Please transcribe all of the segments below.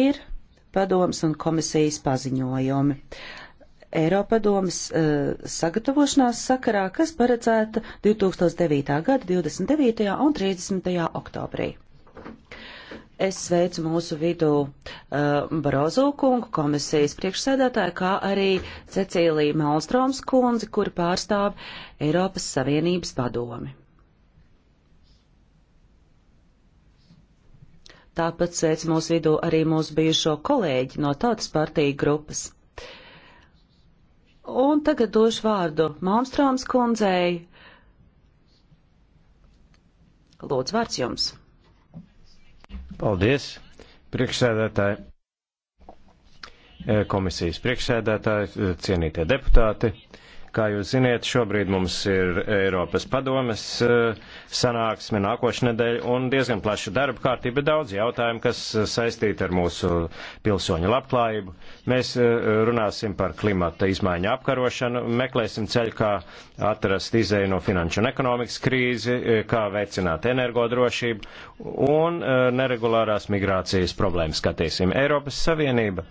ir padomas un komisijas paziņojumi. Eiropadomas uh, sagatavošanās sakarā, kas paredzēta 2009. gada 29. un 30. oktobrī. Es sveicu mūsu vidū uh, Barozo kungu, komisijas priekšsēdētāju, kā arī Cecīliju Malstroms kundzi, kuri pārstāv Eiropas Savienības padomi. Tāpat sēdz mūsu vidū arī mūsu bijušo kolēģi no Tautas partija grupas. Un tagad došu vārdu Malmstrāms kundzei. Lūdzu, vārds jums. Paldies, priekšsēdētāji, komisijas priekšsēdētāji, cienītie deputāti. Kā jūs ziniet, šobrīd mums ir Eiropas padomes eh, sanāksme nākošnedēļ un diezgan plaša darba kārtība, daudz jautājumu, kas eh, saistīti ar mūsu pilsoņu labklājību. Mēs eh, runāsim par klimata izmaiņu apkarošanu, meklēsim ceļu, kā atrast izēju no finanšu un ekonomikas krīzi, kā veicināt energodrošību un neregulārās migrācijas problēmas skatīsim. Eiropas Savienība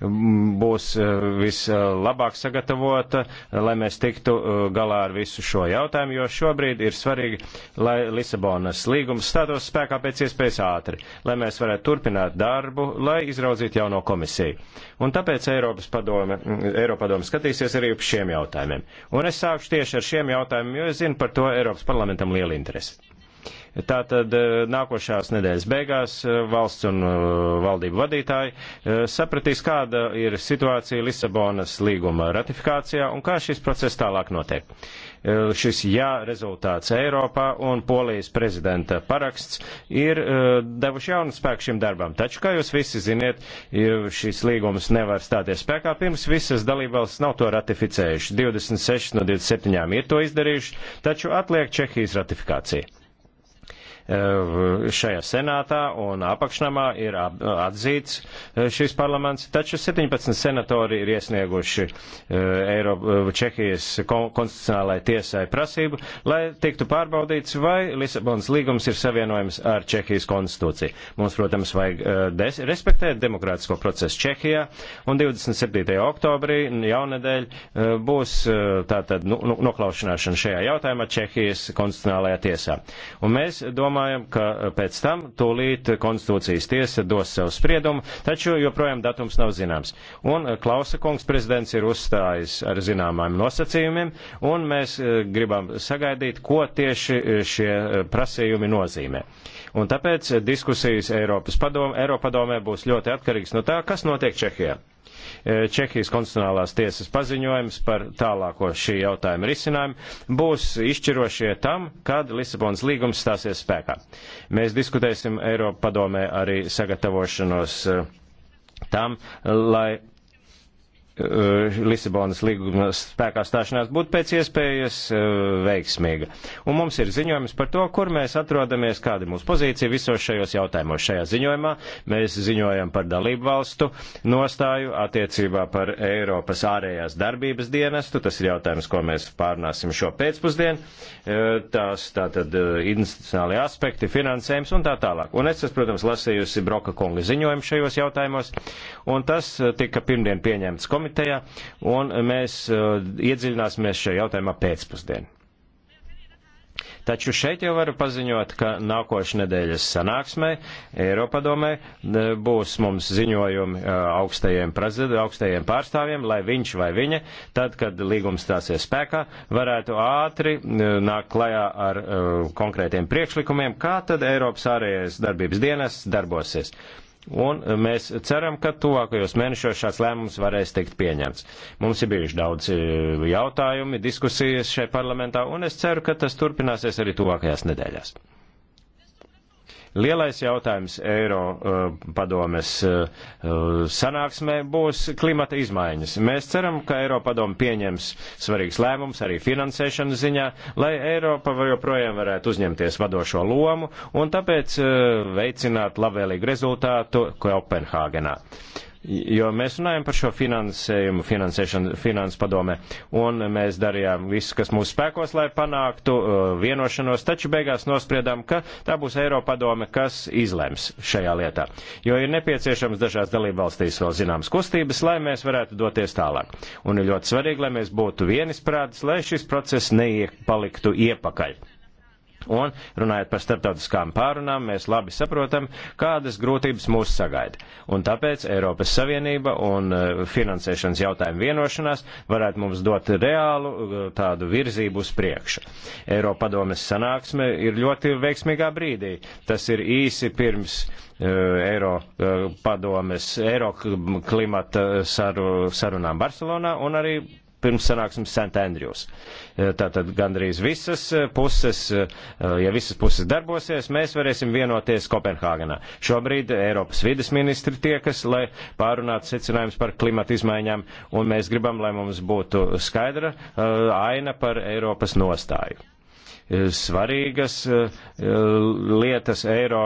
būs eh, vislabāk sagatavota, lai mēs tiktu eh, galā ar visu šo jautājumu, jo šobrīd ir svarīgi, lai Lisabonas līgums stātos spēkā pēc iespējas ātri, lai mēs varētu turpināt darbu, lai izraudzītu jauno komisiju. Un tāpēc Eiropas padome, mm, Eiropa padome skatīsies arī uz šiem jautājumiem. Un es sākšu tieši ar šiem jautājumiem, jo es zinu par to Eiropas parlamentam lielu interesi. Tātad eh, nākošās nedēļas beigās eh, valsts un eh, valdību vadītāji sapratīs, kāda ir situācija Lisabonas līguma ratifikācijā un kā šis process tālāk notiek. Šis jā rezultāts Eiropā un Polijas prezidenta paraksts ir devuši jaunu spēku šim darbam. Taču, kā jūs visi ziniet, šis līgums nevar stāties spēkā, pirms visas dalībvalsts nav to ratificējuši. 26 no 27 ir to izdarījuši, taču atliek Čehijas ratifikācija. Eh, šajā senātā un apakšnamā ir atzīts eh, šis parlaments, taču 17 senatori ir iesnieguši eh, Eiropa, Čehijas konstitucionālai tiesai prasību, lai tiktu pārbaudīts, vai Lisabonas līgums ir savienojams ar Čehijas konstitūciju. Mums, protams, vajag des, respektēt demokrātisko procesu Čehijā, un 27. oktobrī jaunedēļ būs tātad nu, nu noklaušanāšana šajā jautājumā Čehijas konstitucionālajā tiesā. Un mēs domājam, domājam, ka pēc tam tūlīt konstitūcijas tiesa dos savu spriedumu, taču joprojām datums nav zināms. Un eh, Klausa kungs prezidents ir uzstājis ar zināmām nosacījumiem, un mēs eh, gribam sagaidīt, ko tieši eh, šie prasījumi nozīmē. Un tāpēc diskusijas Eiropas padom, Eiropadomē būs ļoti atkarīgs no tā, kas notiek Čehijā. Čehijas konstitucionālās tiesas paziņojums par tālāko šī jautājuma risinājumu būs izšķirošie tam, kad Lisabonas līgums stāsies spēkā. Mēs diskutēsim Eiropa padomē arī sagatavošanos eh, tam, lai Eh, Lisabonas līguma spēkā stāšanās būtu pēc iespējas eh, veiksmīga. Un mums ir ziņojums par to, kur mēs atrodamies, kāda ir mūsu pozīcija visos šajos jautājumos. Šajā ziņojumā mēs ziņojam par dalību valstu nostāju attiecībā par Eiropas ārējās darbības dienestu. Tas ir jautājums, ko mēs pārnāsim šo pēcpusdienu. Eh, tās tātad institucionālie aspekti, finansējums un tā tālāk. Un es, protams, lasījusi Broka kunga ziņojumu šajos jautājumos. Un tas tika pirmdien pieņemts komisijā komitejā, un mēs uh, iedziļināsimies šajā jautājumā pēcpusdienā. Taču šeit jau varu paziņot, ka nākošais nedēļas sanāksmē Eiropadomē būs mums ziņojumi uh, augstajiem, augstajiem pārstāvjiem, lai viņš vai viņa, tad, kad līgums stāsies spēkā, varētu ātri uh, nākt klajā ar konkrētiem priekšlikumiem, kā tad Eiropas ārējais darbības dienas darbosies. Un e, mēs ceram, ka tuvākajos mēnešos šāds lēmums varēs tikt pieņemts. Mums ir bijuši daudz e, jautājumi, diskusijas šajā parlamentā, un es ceru, ka tas turpināsies arī tuvākajās nedēļās. Lielais jautājums Eiro uh, padomes uh, uh, sanāksmē būs klimata izmaiņas. Mēs ceram, ka Eiro padome pieņems svarīgs lēmums arī finansēšanas ziņā, lai Eiropa joprojām varētu uzņemties vadošo lomu un tāpēc uh, veicināt labvēlīgu rezultātu Kopenhāgenā jo mēs runājam par šo finansējumu, finansēšanu, finanses padomē, un mēs darījām visu, kas mūsu spēkos, lai panāktu uh, vienošanos, taču beigās nospriedām, ka tā būs Eiropadome, kas izlems šajā lietā, jo ir nepieciešams dažās dalībvalstīs vēl zināmas kustības, lai mēs varētu doties tālāk. Un ir ļoti svarīgi, lai mēs būtu vienisprātis, lai šis process nepaliktu iepakaļ. Un, runājot par starptautiskām pārunām, mēs labi saprotam, kādas grūtības mūs sagaida. Un tāpēc Eiropas Savienība un e, finansēšanas jautājumu vienošanās varētu mums dot reālu e, tādu virzību uz priekšu. Eiropadomes sanāksme ir ļoti veiksmīgā brīdī. Tas ir īsi pirms e, Eiro padomes, Eiro klimata saru, sarunām Barcelonā un arī pirms sanāksmes St. Andrews. E, tātad gandrīz visas puses, e, ja visas puses darbosies, mēs varēsim vienoties Kopenhāgenā. Šobrīd Eiropas vides ministri tiekas, lai pārunātu secinājumus par klimatu izmaiņām, un mēs gribam, lai mums būtu skaidra e, aina par Eiropas nostāju. Svarīgas lietas Eiro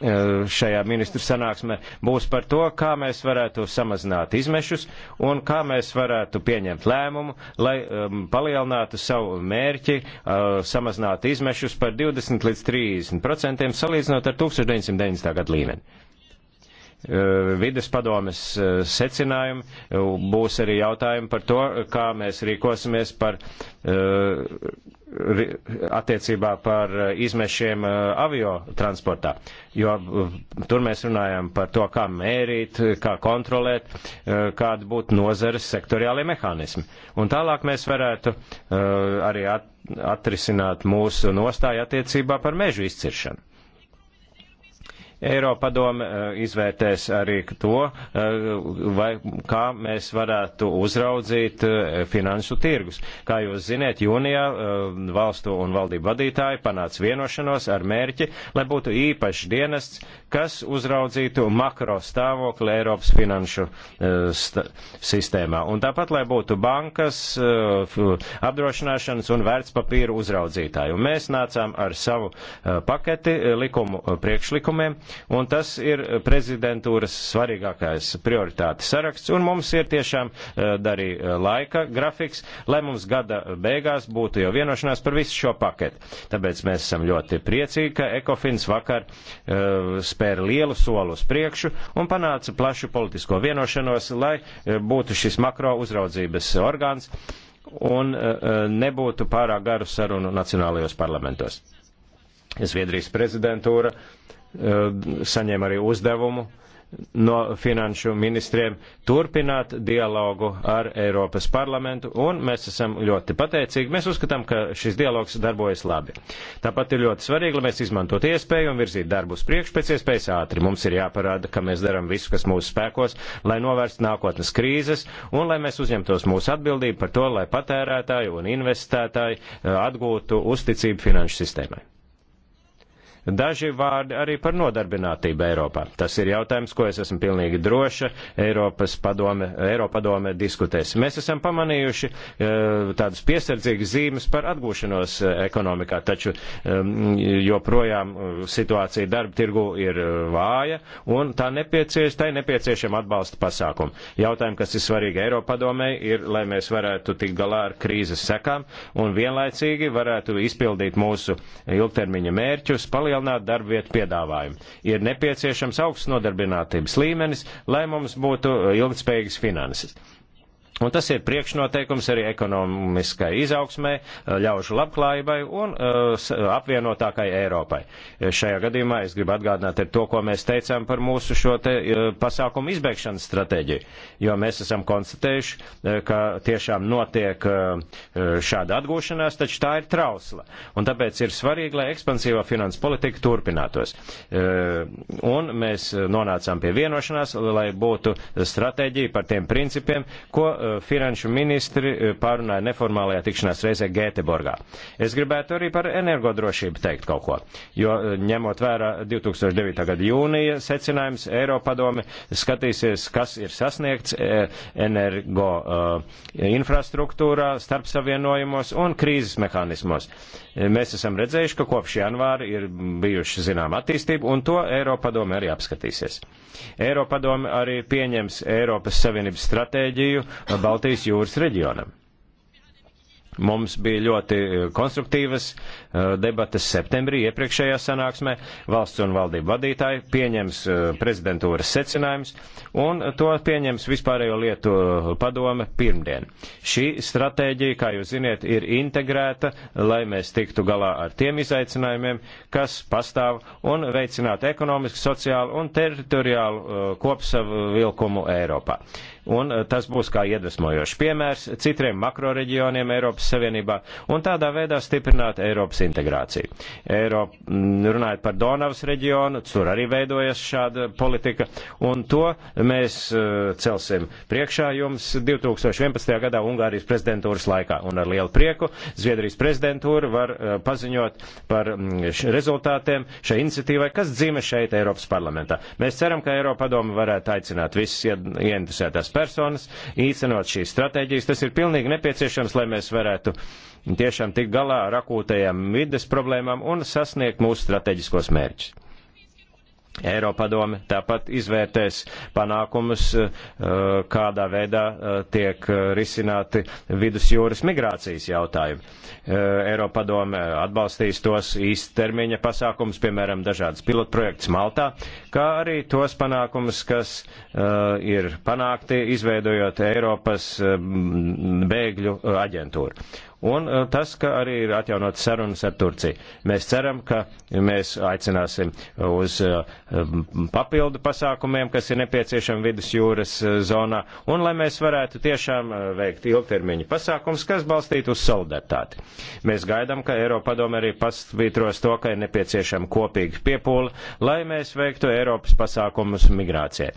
E, šajā ministru sanāksmē būs par to, kā mēs varētu samazināt izmešus un kā mēs varētu pieņemt lēmumu, lai um, palielinātu savu mērķi uh, samazināt izmešus par 20 līdz 30 procentiem salīdzinot ar 1990. gadu līmeni. Eh, vides padomes eh, secinājumi, eh, būs arī jautājumi par to, kā mēs rīkosimies par attiecībā par izmešiem avio transportā. Jo tur mēs runājam par to, kā mērīt, kā kontrolēt, kāda būtu nozares sektoriālie mehānismi. Un tālāk mēs varētu arī atrisināt mūsu nostāju attiecībā par mežu izciršanu. Eiropadome eh, izvērtēs arī to, eh, vai, kā mēs varētu uzraudzīt eh, finanšu tirgus. Kā jūs ziniet, jūnijā valstu un valdību vadītāji panāca vienošanos ar mērķi, lai būtu īpašs dienests, kas uzraudzītu makro stāvokli Eiropas finanšu sistēmā. Un tāpat, lai būtu bankas, apdrošināšanas un vērtspapīru uzraudzītāji. Un mēs nācām ar savu paketi likumu priekšlikumiem, Un tas ir prezidentūras svarīgākais prioritāte saraksts, un mums ir tiešām eh, arī eh, laika grafiks, lai mums gada beigās būtu jau vienošanās par visu šo paketu. Tāpēc mēs esam ļoti priecīgi, ka Ekofins vakar eh, spēra lielu solu uz priekšu un panāca plašu politisko vienošanos, lai būtu šis makro uzraudzības orgāns un nebūtu pārāk garu sarunu nacionālajos parlamentos. Zviedrijas prezidentūra uh, Eh, saņēma arī uzdevumu no finanšu ministriem turpināt dialogu ar Eiropas parlamentu, un mēs esam ļoti pateicīgi. Mēs uzskatām, ka šis dialogs darbojas labi. Tāpat ir ļoti svarīgi, lai mēs izmantot iespēju un virzīt darbus priekš pēc iespējas ātri. Mums ir jāparāda, ka mēs darām visu, kas mūsu spēkos, lai novērstu nākotnes krīzes, un lai mēs uzņemtos mūsu atbildību par to, lai patērētāji un investētāji eh, atgūtu uzticību finanšu sistēmai. Daži vārdi arī par nodarbinātību Eiropā. Tas ir jautājums, ko es esmu pilnīgi droša. Eiropas padome, Eiropa padome diskutēs. Mēs esam pamanījuši e, tādas piesardzīgas zīmes par atgūšanos e, ekonomikā, taču e, joprojām situācija darba tirgu ir vāja un tā nepiecieš, tai nepieciešama atbalsta pasākuma. Jautājumi, kas ir svarīgi Eiropa padomē, ir, lai mēs varētu tikt galā ar krīzes sekām un vienlaicīgi varētu izpildīt mūsu ilgtermiņa mērķus, palīdzēt palielināt darbvietu piedāvājumu. Ir nepieciešams augsts nodarbinātības līmenis, lai mums būtu uh, ilgspējīgas finanses. Un tas ir priekšnoteikums arī ekonomiskai izaugsmai, eh, ļaužu labklājībai un eh, apvienotākai Eiropai. Eh, šajā gadījumā es gribu atgādināt ar to, ko mēs teicām par mūsu šo te pasākumu izbēgšanas stratēģiju, jo mēs esam konstatējuši, ka tiešām notiek šāda atgūšanās, taču tā ir trausla. Un tāpēc ir svarīgi, lai ekspansīvā finanses politika turpinātos. Un mēs nonācām pie vienošanās, lai būtu stratēģija par tiem principiem, ko finanšu ministri eh, pārunāja neformālajā tikšanās reizē Gēteborgā. Es gribētu arī par energodrošību teikt kaut ko, jo eh, ņemot vērā 2009. gada jūnija secinājums, Eiropadome skatīsies, kas ir sasniegts eh, energo infrastruktūrā, starpsavienojumos un krīzes mehānismos. Mēs esam redzējuši, ka kopš janvāra ir bijuši zinām attīstību, un to Eiropadome arī apskatīsies. Eiropadome arī pieņems Eiropas Savienības stratēģiju Baltijas jūras reģionam. Mums bija ļoti e, konstruktīvas e, debatas septembrī iepriekšējā sanāksmē. Valsts un valdību vadītāji pieņems e, prezidentūras secinājumus un to pieņems vispārējo lietu padome pirmdien. Šī stratēģija, kā jūs ziniet, ir integrēta, lai mēs tiktu galā ar tiem izaicinājumiem, kas pastāv un veicinātu ekonomisku, sociālu un teritoriālu kopsavilkumu Eiropā un eh, tas būs kā iedvesmojošs piemērs citiem makroreģioniem Eiropas Savienībā un tādā veidā stiprināt Eiropas integrāciju. Eiropa, mm, runājot par Donavas reģionu, tur arī veidojas šāda politika, un to mēs eh, celsim priekšā jums 2011. gadā Ungārijas prezidentūras laikā, un ar lielu prieku Zviedrijas prezidentūra var eh, paziņot par mm, rezultātiem šai iniciatīvai, kas dzīve šeit Eiropas parlamentā. Mēs ceram, ka Eiropa padoma varētu aicināt visas ieinteresētās privātās personas, īstenot šīs stratēģijas. Tas ir pilnīgi nepieciešams, lai mēs varētu tiešām tikt galā ar akūtajām vides problēmām un sasniegt mūsu strateģiskos mērķus. Eiropadome tāpat izvērtēs panākumus, eh, kādā veidā eh, tiek eh, risināti vidusjūras migrācijas jautājumi. Eiropadome atbalstīs tos īstermiņa pasākumus, piemēram, dažādas pilotprojekts Maltā, kā arī tos panākumus, kas ir panākti, izveidojot Eiropas bēgļu aģentūru un eh, tas, ka arī ir atjaunot sarunas ar Turciju. Mēs ceram, ka mēs aicināsim uz eh, papildu pasākumiem, kas ir nepieciešami vidus jūras eh, zonā, un lai mēs varētu tiešām veikt ilgtermiņu pasākums, kas balstītu uz solidaritāti. Mēs gaidām, ka Eiropa padome arī pasvītros to, ka ir nepieciešama kopīga piepūle, lai mēs veiktu Eiropas pasākumus migrācijai.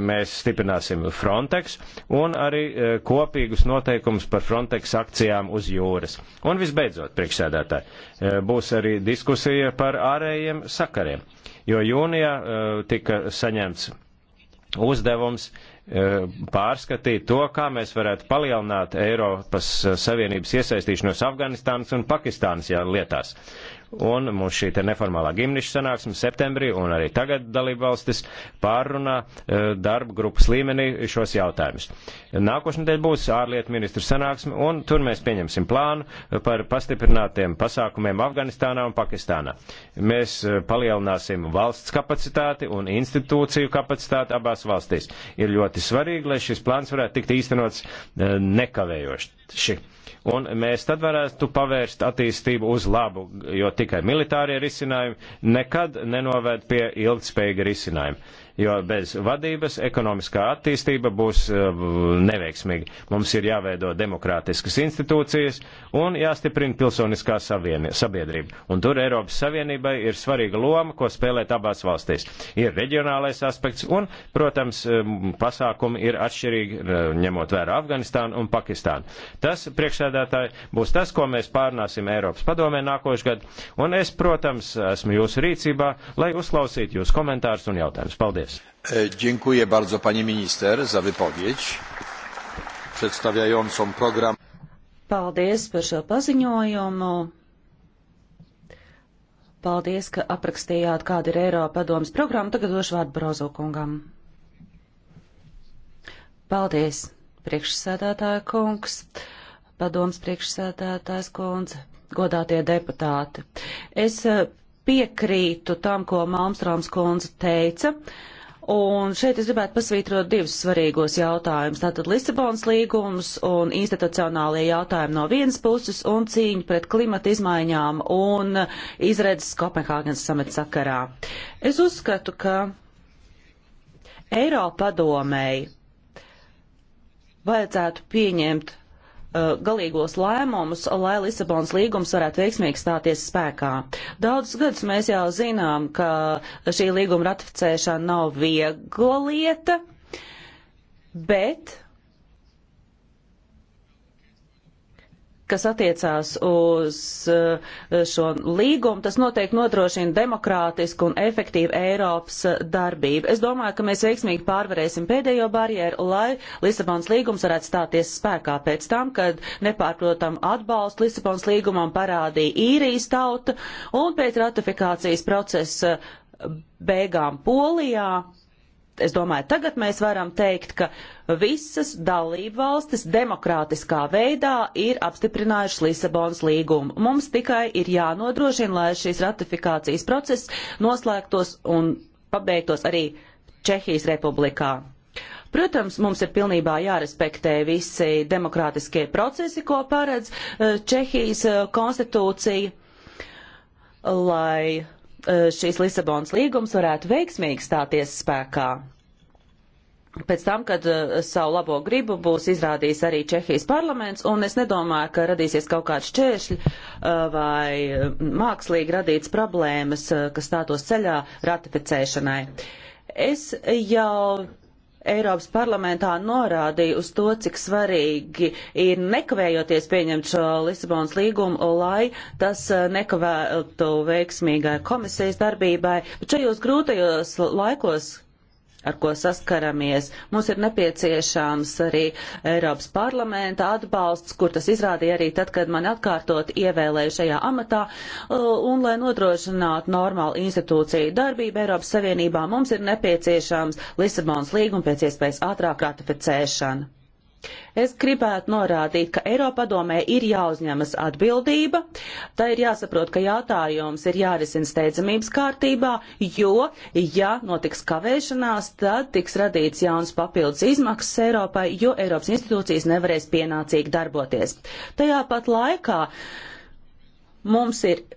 Mēs stiprināsim Frontex un arī kopīgus noteikumus par Frontex akcijām uz jūras. Un visbeidzot, priekšsēdētāji, e, būs arī diskusija par ārējiem sakariem, jo jūnijā e, tika saņemts uzdevums e, pārskatīt to, kā mēs varētu palielināt Eiropas Savienības iesaistīšanos Afganistānas un Pakistānas lietās un mums šī te neformālā gimniša sanāksme septembrī un arī tagad dalībvalstis pārunā e, darba grupas līmenī šos jautājumus. Nākošnedēļ būs ārlietu ministru sanāksme un tur mēs pieņemsim plānu e, par pastiprinātiem pasākumiem Afganistānā un Pakistānā. Mēs e, palielināsim valsts kapacitāti un institūciju kapacitāti abās valstīs. Ir ļoti svarīgi, lai šis plāns varētu tikt īstenots nekavējoši un mēs tad varētu pavērst attīstību uz labu, jo tikai militārie risinājumi nekad nenovēd pie ilgtspējīga risinājuma jo bez vadības ekonomiskā attīstība būs eh, neveiksmīga. Mums ir jāveido demokrātiskas institūcijas un jāstiprina pilsoniskā sabiedrība. Un tur Eiropas Savienībai ir svarīga loma, ko spēlēt abās valstīs. Ir reģionālais aspekts un, protams, eh, pasākumi ir atšķirīgi, eh, ņemot vērā Afganistānu un Pakistānu. Tas, priekšsēdētāji, būs tas, ko mēs pārnāsim Eiropas padomē nākošu gadu, un es, protams, esmu jūsu rīcībā, lai uzklausītu jūsu komentārus un jautājumus. Paldies! Paldies! E, dziękuję bardzo pani minister za wypowiedź przedstawiającą program. Paldies par šo paziņojumu. Paldies, ka aprakstījāt, kāda ir Eiropa padomas programma. Tagad došu vārdu Brozo kungam. Paldies, priekšsēdētāja kungs, padomas priekšsēdētājs kundze, godātie deputāti. Es e, piekrītu tam, ko Malmstroms kundze teica. Uh, Un šeit es gribētu pasvītrot divus svarīgos jautājumus. Tātad Lisabonas līgums un institucionālie jautājumi no vienas puses un cīņa pret klimata izmaiņām un izredzes Kopenhāgenes samets sakarā. Es uzskatu, ka Eiropa padomēji vajadzētu pieņemt Uh, galīgos lēmumus, lai Lisabonas līgums varētu veiksmīgi stāties spēkā. Daudzus gadus mēs jau zinām, ka šī līguma ratificēšana nav viegla lieta, bet kas attiecās uz eh, šo līgumu, tas noteikti nodrošina demokrātisku un efektīvu Eiropas darbību. Es domāju, ka mēs veiksmīgi pārvarēsim pēdējo barjeru, lai Lisabons līgums varētu stāties spēkā pēc tam, kad nepārprotam atbalstu Lisabons līgumam parādīja īrijas tauta un pēc ratifikācijas procesa beigām Polijā es domāju, tagad mēs varam teikt, ka visas dalība valstis demokrātiskā veidā ir apstiprinājušas Lisabonas līgumu. Mums tikai ir jānodrošina, lai šīs ratifikācijas process noslēgtos un pabeigtos arī Čehijas republikā. Protams, mums ir pilnībā jārespektē visi demokrātiskie procesi, ko paredz eh, Čehijas eh, konstitūcija, lai Eh, šīs Lisabonas līgums varētu veiksmīgi stāties spēkā. Pēc tam, kad eh, savu labo gribu būs izrādījis arī Čehijas parlaments, un es nedomāju, ka radīsies kaut kāds šķēršļi eh, vai mākslīgi radīts problēmas, kas stātos ceļā ratificēšanai. Es jau Eiropas parlamentā norādīja uz to, cik svarīgi ir nekavējoties pieņemt šo Lisabonas līgumu, lai tas eh, nekavētu veiksmīgai komisijas darbībai. Bet šajos grūtajos laikos, ar ko saskaramies. Mums ir nepieciešams arī Eiropas parlamenta atbalsts, kur tas izrādīja arī tad, kad man atkārtot ievēlēju šajā amatā, uh, un lai nodrošinātu normālu institūciju darbību Eiropas Savienībā, mums ir nepieciešams Lisabonas līguma pēc iespējas ātrāk ratificēšana. Es gribētu norādīt, ka Eiropadomē ir jāuzņemas atbildība, tā ir jāsaprot, ka jātājums ir jārisina steidzamības kārtībā, jo, ja notiks kavēšanās, tad tiks radīts jauns papildus izmaksas Eiropai, jo Eiropas institūcijas nevarēs pienācīgi darboties. Tajā pat laikā mums ir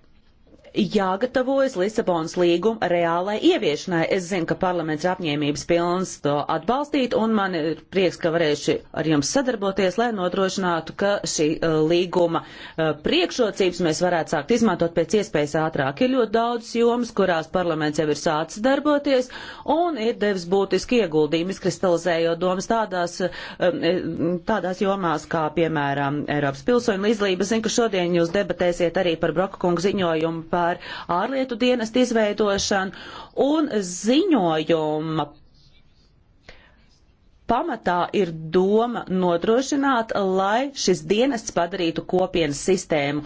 jāgatavojas Lisabonas līguma reālai ieviešanai. Es zinu, ka parlaments ir apņēmības pilns to atbalstīt, un man ir prieks, ka varēšu ar jums sadarboties, lai nodrošinātu, ka šī uh, līguma uh, priekšrocības mēs varētu sākt izmantot pēc iespējas ātrāk. Ir ļoti daudz jomas, kurās parlaments jau ir sācis darboties, un ir devis būtiski ieguldījumi, izkristalizējot domas tādās, uh, tādās jomās, kā, piemēram, Eiropas pilsoņu līdzlība. Zinu, ka šodien jūs debatēsiet arī par Broka kungu ziņojumu par par ārlietu dienestu izveidošanu un ziņojuma pamatā ir doma nodrošināt, lai šis dienests padarītu kopienas sistēmu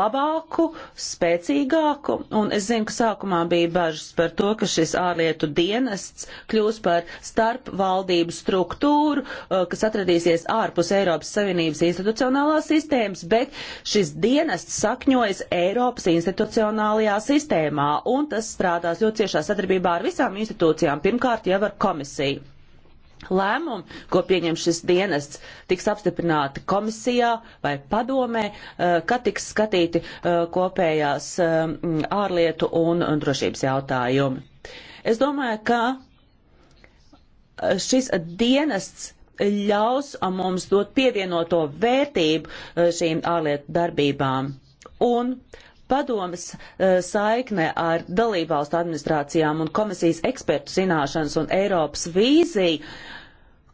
labāku, spēcīgāku, un es zinu, ka sākumā bija bažas par to, ka šis ārlietu dienests kļūs par starpvaldību struktūru, uh, kas atradīsies ārpus Eiropas Savienības institucionālās sistēmas, bet šis dienests sakņojas Eiropas institucionālajā sistēmā, un tas strādās ļoti ciešā sadarbībā ar visām institūcijām, pirmkārt jau ar komisiju. Lēmumi, ko pieņem šis dienests, tiks apstiprināti komisijā vai padomē, eh, kad tiks skatīti eh, kopējās eh, ārlietu un drošības jautājumi. Es domāju, ka šis dienests ļaus mums dot pievienoto vērtību šīm ārlietu darbībām. Un uh, padomas eh, saikne ar dalībvalstu administrācijām un komisijas ekspertu zināšanas un Eiropas vīziju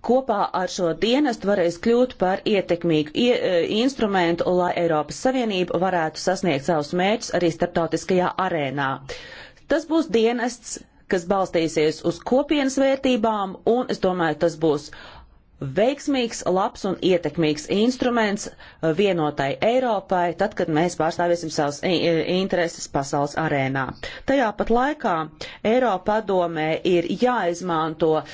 kopā ar šo dienestu varēs kļūt par ietekmīgu ie, eh, instrumentu, lai Eiropas Savienība varētu sasniegt savus mērķus arī starptautiskajā arēnā. Tas būs dienests, kas balstīsies uz kopienas vērtībām, un es domāju, tas būs veiksmīgs, labs un ietekmīgs instruments uh, vienotai Eiropai, tad, kad mēs pārstāvēsim savus intereses pasaules arēnā. Tajā pat laikā Eiropa padomē ir jāizmanto uh,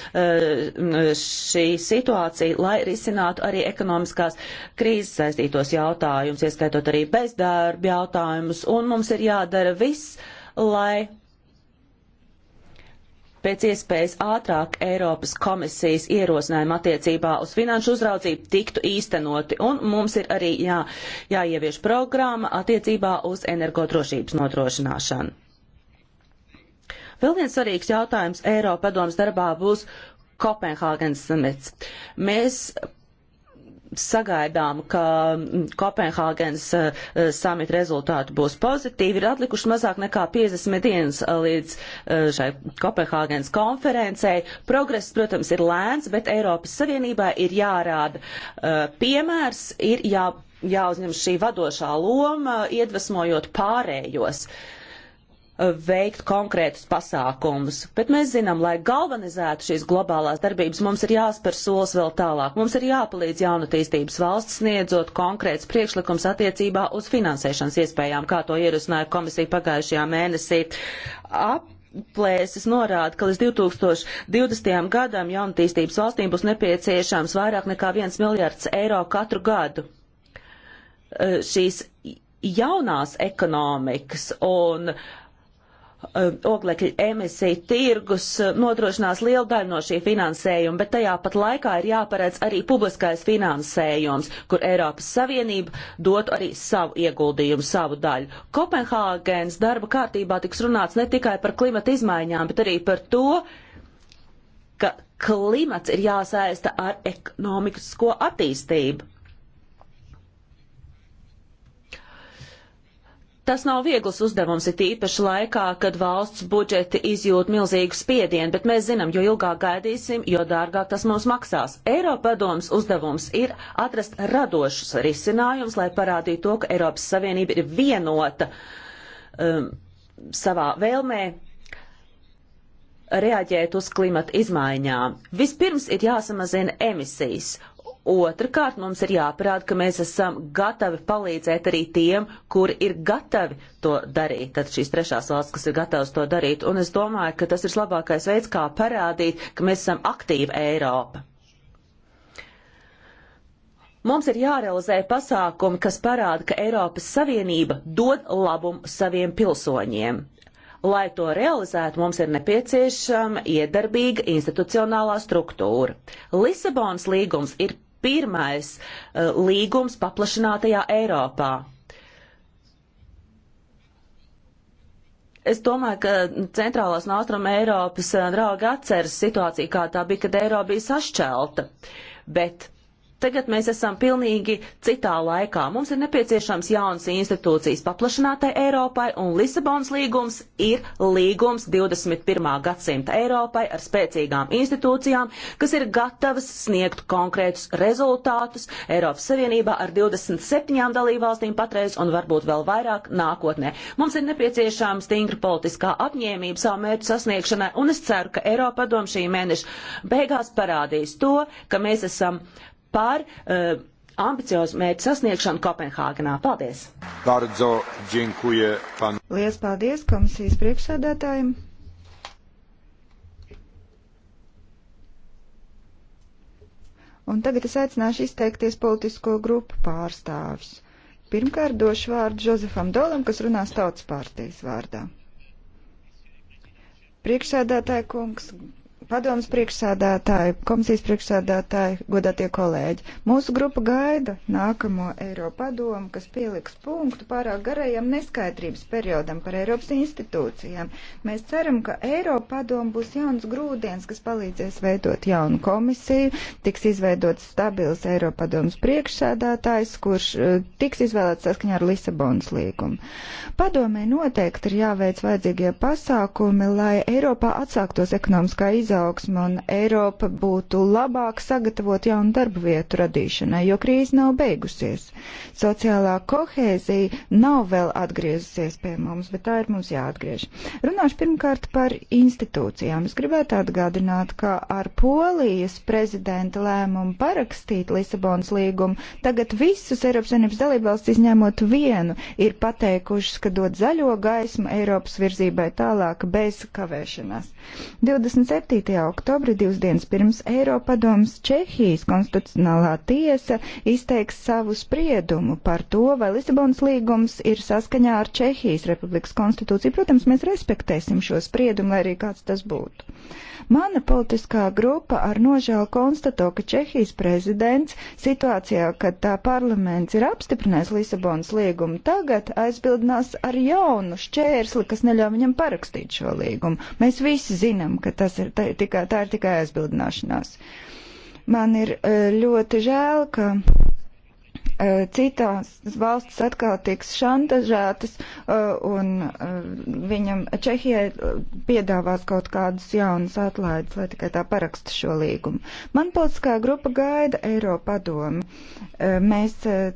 šī situācija, lai risinātu arī ekonomiskās krīzes saistītos jautājumus, ieskaitot arī bezdarba jautājumus, un mums ir jādara viss, lai pēc iespējas ātrāk Eiropas komisijas ierosinājumu attiecībā uz finanšu uzraudzību tiktu īstenoti, un mums ir arī jā, jāievieš programma attiecībā uz energodrošības nodrošināšanu. Vēl viens svarīgs jautājums Eiropa padomas darbā būs Kopenhāgenes samits. Mēs sagaidām, ka mm, Kopenhāgenes eh, eh, samita rezultāti būs pozitīvi. Ir atlikuši mazāk nekā 50 dienas eh, līdz šai Kopenhāgenes konferencei. Progress, protams, ir lēns, bet Eiropas Savienībā ir jārāda piemērs, ir jā, jāuzņem šī vadošā loma, iedvesmojot pārējos. Uh, veikt konkrētus pasākumus. Bet mēs zinām, lai galvanizētu šīs globālās darbības, mums ir jāspēr solis vēl tālāk. Mums ir jāpalīdz jaunatīstības valsts sniedzot konkrēts priekšlikums attiecībā uz finansēšanas iespējām, kā to ierosināja komisija pagājušajā mēnesī. Ap Plēsis norāda, ka līdz 2020. gadam jaunatīstības valstīm būs nepieciešams vairāk nekā 1 miljards eiro katru gadu. Šīs jaunās ekonomikas un uh, Uh, oglekļa emisiju tirgus uh, nodrošinās lielu daļu no šī finansējuma, bet tajā pat laikā ir jāparedz arī publiskais finansējums, kur Eiropas Savienība dot arī savu ieguldījumu, savu daļu. Kopenhāgenes darba kārtībā tiks runāts ne tikai par klimata izmaiņām, bet arī par to, ka klimats ir jāsaista ar ekonomisko attīstību. Tas nav viegls uzdevums, it īpaši laikā, kad valsts budžeti izjūt milzīgu spiedienu, bet mēs zinām, jo ilgāk gaidīsim, jo dārgāk tas mums maksās. Eiropadomas uzdevums ir atrast radošus risinājumus, lai parādītu to, ka Eiropas Savienība ir vienota um, savā vēlmē reaģēt uz klimata izmaiņām. Vispirms ir jāsamazina emisijas, Otrakārt, mums ir jāparāda, ka mēs esam gatavi palīdzēt arī tiem, kuri ir gatavi to darīt. Tad šīs trešās valsts, kas ir gatavas to darīt. Un es domāju, ka tas ir labākais veids, kā parādīt, ka mēs esam aktīva Eiropa. Mums ir jārealizē pasākumi, kas parāda, ka Eiropas Savienība dod labumu saviem pilsoņiem. Lai to realizētu, mums ir nepieciešama iedarbīga institucionālā struktūra. Lisabonas līgums ir pirmais uh, līgums paplašinātajā Eiropā. Es domāju, ka centrālās un austruma Eiropas eh, draugi atceras situāciju, kā tā bija, kad Eiropa bija sašķelta. Bet Tagad mēs esam pilnīgi citā laikā. Mums ir nepieciešams jauns institūcijas paplašinātai Eiropai, un Lisabons līgums ir līgums 21. gadsimta Eiropai ar spēcīgām institūcijām, kas ir gatavas sniegt konkrētus rezultātus Eiropas Savienībā ar 27 dalībvalstīm patreiz un varbūt vēl vairāk nākotnē. Mums ir nepieciešama stingra politiskā apņēmība savu mērķu sasniegšanai, un es ceru, ka Eiropa dom šī mēneša beigās parādīs to, ka mēs esam par uh, ambiciozu mērķu sasniegšanu Kopenhāgenā. Paldies! Bardzo, dziękuję, pan... Lielas paldies komisijas priekšsēdētājiem! Un tagad es aicināšu izteikties politisko grupu pārstāvis. Pirmkārt došu vārdu Jozefam Dolam, kas runās tautas pārtīs vārdā. Priekšsēdētāja kungs, padomas priekšsādātāji, komisijas priekšsādātāji, godātie kolēģi. Mūsu grupa gaida nākamo Eiropadomu, kas pieliks punktu pārāk garajam neskaidrības periodam par Eiropas institūcijām. Mēs ceram, ka Eiropadoma būs jauns grūdienis, kas palīdzēs veidot jaunu komisiju, tiks izveidots stabils Eiropadomas priekšsādātājs, kurš eh, tiks izvēlēts saskaņā ar Lisabonas līgumu. Padomē noteikti ir jāveic vajadzīgie pasākumi, lai Eiropā atsāktos ekonomiskā izaugsme izaugsmu un Eiropa būtu labāk sagatavot jaunu darbu vietu radīšanai, jo krīze nav beigusies. Sociālā kohēzija nav vēl atgriezusies pie mums, bet tā ir mums jāatgriež. Runāšu pirmkārt par institūcijām. Es gribētu atgādināt, ka ar Polijas prezidenta lēmumu parakstīt Lisabonas līgumu tagad visus Eiropas Savienības dalībvalsts izņemot vienu ir pateikušas, ka dod zaļo gaismu Eiropas virzībai tālāk bez kavēšanās. 27. 9. oktobri, divas dienas pirms Eiropadoms, Čehijas konstitucionālā tiesa izteiks savu spriedumu par to, vai Lisabonas līgums ir saskaņā ar Čehijas republikas konstitūciju. Protams, mēs respektēsim šo spriedumu, lai arī kāds tas būtu. Mana politiskā grupa ar nožēlu konstato, ka Čehijas prezidents situācijā, kad tā parlaments ir apstiprinājis Lisabonas līgumu, tagad aizbildinās ar jaunu šķērsli, kas neļauj viņam parakstīt šo līgumu. Mēs visi zinām, ka tas ir tā, tā ir tikai aizbildināšanās. Man ir eh, ļoti žēl, ka Eh, citās valstis atkal tiks šantažētas, eh, un eh, viņam Čehijai piedāvās kaut kādus jaunus atlaides, lai tikai tā paraksta šo līgumu. Man politiskā grupa gaida Eiropadomi. Mēs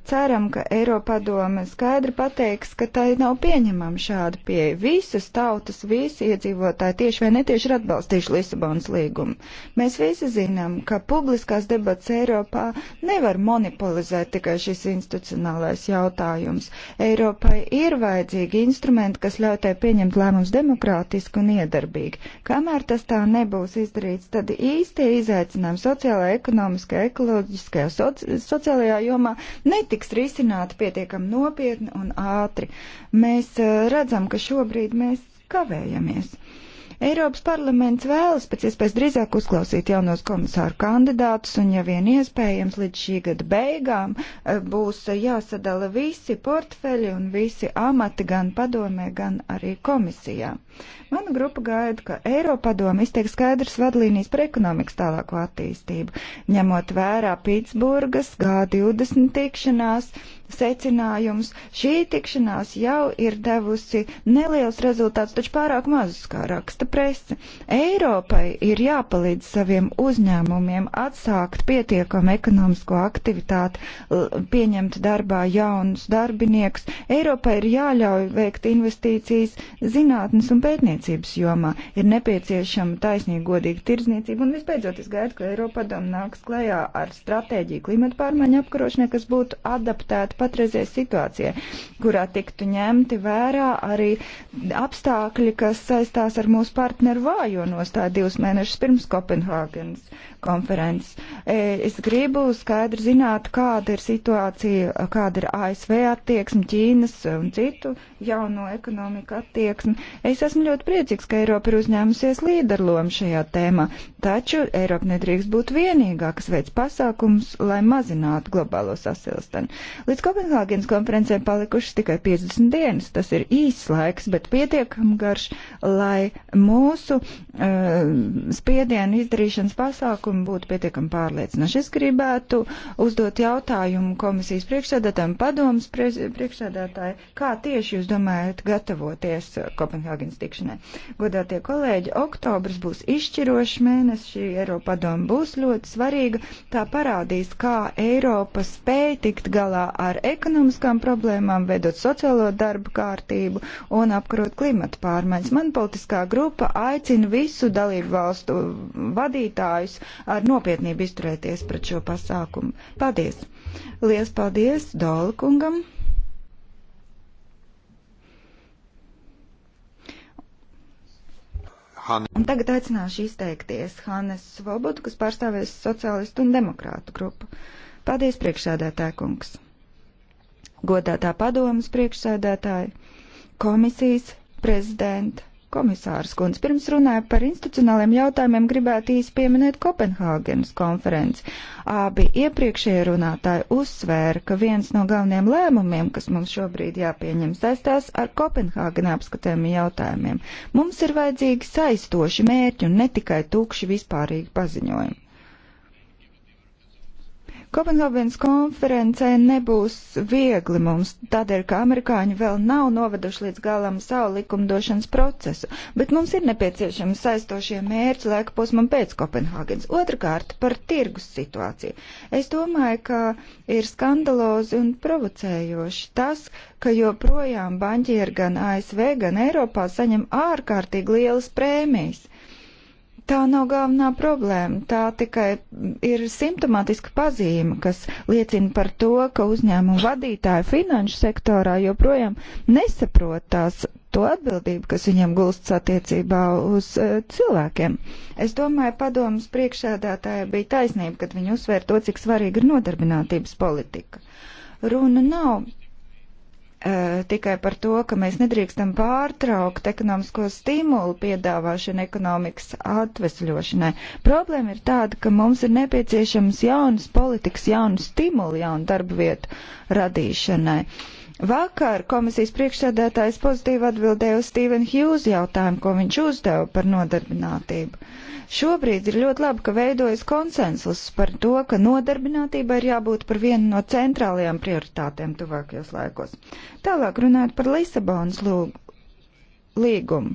ceram, ka Eiropadome skaidri pateiks, ka tai nav pieņemama šāda pieeja. Visas tautas, visi iedzīvotāji tieši vai netieši ir atbalstījuši Lisabonas līgumu. Mēs visi zinām, ka publiskās debats Eiropā nevar monopolizēt tikai šī šis institucionālais jautājums. Eiropai ir vajadzīgi instrumenti, kas ļauj tai pieņemt lēmums demokrātiski un iedarbīgi. Kamēr tas tā nebūs izdarīts, tad īstie izaicinājumi sociālajā, ekonomiskajā, ekoloģiskajā, soci sociālajā jomā netiks risināti pietiekami nopietni un ātri. Mēs eh, redzam, ka šobrīd mēs kavējamies. Eiropas parlaments vēlas pēc iespējas drīzāk uzklausīt jaunos komisāru kandidātus, un ja vien iespējams līdz šī gada beigām eh, būs jāsadala visi portfeļi un visi amati gan padomē, gan arī komisijā. Mana grupa gaida, ka Eiropadoma izteiks skaidrs vadlīnijas par ekonomikas tālāko attīstību, ņemot vērā Pitsburgas G20 tikšanās secinājumus. Šī tikšanās jau ir devusi neliels rezultāts, taču pārāk mazus, kā raksta prese. Eiropai ir jāpalīdz saviem uzņēmumiem atsākt pietiekamu ekonomisko aktivitāti, pieņemt darbā jaunus darbiniekus. Eiropai ir jāļauj veikt investīcijas zinātnes un pētniecības jomā. Ir nepieciešama taisnīga godīga tirdzniecība un visbeidzot es gaidu, ka Eiropa doma nāks klajā ar stratēģiju klimata pārmaiņu apkarošanai, kas būtu adaptēta patreizē situācijai, kurā tiktu ņemti vērā arī apstākļi, kas saistās ar mūsu partneru vājo nostāju divus mēnešus pirms Kopenhāgenes konferences. E, es gribu skaidri zināt, kāda ir situācija, kāda ir ASV attieksme, Ķīnas un citu jauno ekonomiku attieksme. Es esmu ļoti priecīgs, ka Eiropa ir uzņēmusies līderlomu šajā tēmā, taču Eiropa nedrīkst būt vienīgā, kas veids pasākums, lai mazinātu globālo sasilstanu. Līdz Kopenhāgenes konferencē palikušas tikai 50 dienas. Tas ir īss laiks, bet pietiekam garš, lai mūsu uh, spiedienu izdarīšanas pasākumu priekšlikumi būtu pietiekami pārliecinoši. Es gribētu uzdot jautājumu komisijas priekšsēdētājiem, padomas priekšsēdētāji, kā tieši jūs domājat gatavoties uh, Kopenhāgenes tikšanai. Godātie kolēģi, oktobris būs izšķirošs mēnesis, šī Eiropa padoma būs ļoti svarīga. Tā parādīs, kā Eiropa spēja tikt galā ar ekonomiskām problēmām, veidot sociālo darbu kārtību un apkarot klimatu pārmaiņas. Man politiskā grupa aicina visu dalību valstu vadītājus ar nopietnību izturēties pret šo pasākumu. Paldies! Lielas paldies Dolkungam! Han. Un tagad aicināšu izteikties Hannes Svobodu, kas pārstāvēs sociālistu un demokrātu grupu. Paldies, priekšsēdētāja kungs! Godātā padomas priekšsēdētāja, komisijas prezidenta, Komisārs Kunds, pirms runāju par institucionāliem jautājumiem, gribētu īsi pieminēt Kopenhāgenes konferenci. Abi iepriekšējie runātāji uzsvēra, ka viens no galvenajiem lēmumiem, kas mums šobrīd jāpieņem, saistās ar Kopenhāgenē apskatējumiem jautājumiem. Mums ir vajadzīgi saistoši mērķi un ne tikai tūkši vispārīgi paziņojumi. Kopenhāgenes konferencē nebūs viegli mums, tādēļ, ka amerikāņi vēl nav noveduši līdz galam savu likumdošanas procesu, bet mums ir nepieciešami saistošie mērķi laika posmam pēc Kopenhāgenes. Otrakārt, par tirgus situāciju. Es domāju, ka ir skandalozi un provocējoši tas, ka joprojām banķieri gan ASV, gan Eiropā saņem ārkārtīgi lielas prēmijas tā nav galvenā problēma. Tā tikai ir simptomātiska pazīme, kas liecina par to, ka uzņēmumu vadītāji finanšu sektorā joprojām nesaprot tās to atbildību, kas viņam gulsts attiecībā uz uh, cilvēkiem. Es domāju, padomas priekšsēdētāja bija taisnība, kad viņa uzsvēra to, cik svarīga ir nodarbinātības politika. Runa nav Eh, tikai par to, ka mēs nedrīkstam pārtraukt ekonomisko stimulu piedāvāšanu ekonomikas atvesļošanai. Problēma ir tāda, ka mums ir nepieciešams jaunas politikas, jaunu stimulu, jaunu darba vietu radīšanai. Vakar komisijas priekšsēdētājs pozitīvi atbildēja uz Stephen Hughes jautājumu, ko viņš uzdeva par nodarbinātību. Uh, Šobrīd ir ļoti labi, ka veidojas konsensus par to, ka nodarbinātība ir jābūt par vienu no centrālajām prioritātēm tuvākajos laikos. Tālāk runājot par Lisabonas līgumu.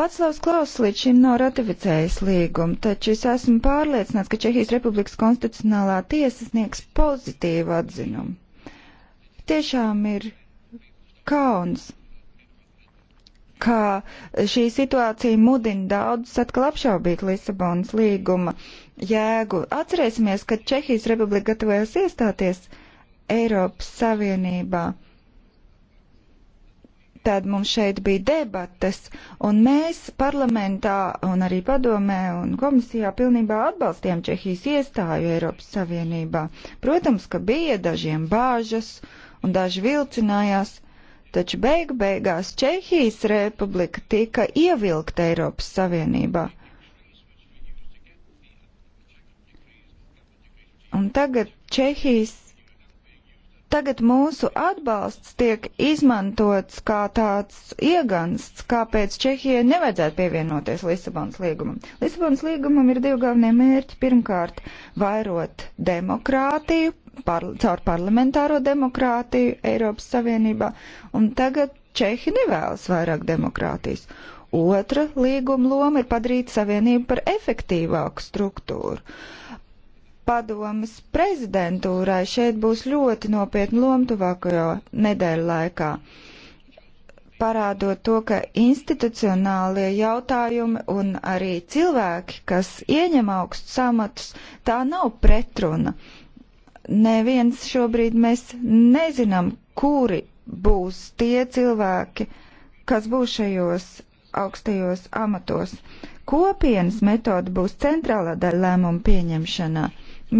Vaclavs Klaus līdz šim nav ratificējis līgumu, taču es esmu pārliecināts, ka Čehijas Republikas konstitucionālā tiesa sniegs pozitīvu atzinumu. Tiešām ir kauns ka šī situācija mudina daudzus atkal apšaubīt Lisabonas līguma jēgu. Atcerēsimies, kad Čehijas republika gatavojās iestāties Eiropas Savienībā. Tad mums šeit bija debates, un mēs parlamentā un arī padomē un komisijā pilnībā atbalstījām Čehijas iestāju Eiropas Savienībā. Protams, ka bija dažiem bāžas un daži vilcinājās, Taču beigu beigās Čehijas republika tika ievilkta Eiropas Savienībā. Un tagad Čehijas tagad mūsu atbalsts tiek izmantots kā tāds iegansts, kāpēc Čehijai nevajadzētu pievienoties Lisabonas līgumam. Lisabonas līgumam ir divi galvenie mērķi. Pirmkārt, vairot demokrātiju par, caur parlamentāro demokrātiju Eiropas Savienībā, un tagad Čehi nevēlas vairāk demokrātijas. Otra līguma loma ir padarīt savienību par efektīvāku struktūru. Padomas prezidentūrai šeit būs ļoti nopietna loma tuvākajo nedēļu laikā, parādot to, ka institucionālie jautājumi un arī cilvēki, kas ieņem augstus samatus, tā nav pretruna neviens šobrīd mēs nezinām, kuri būs tie cilvēki, kas būs šajos augstajos amatos. Kopienas metode būs centrālā daļa lēmumu pieņemšanā.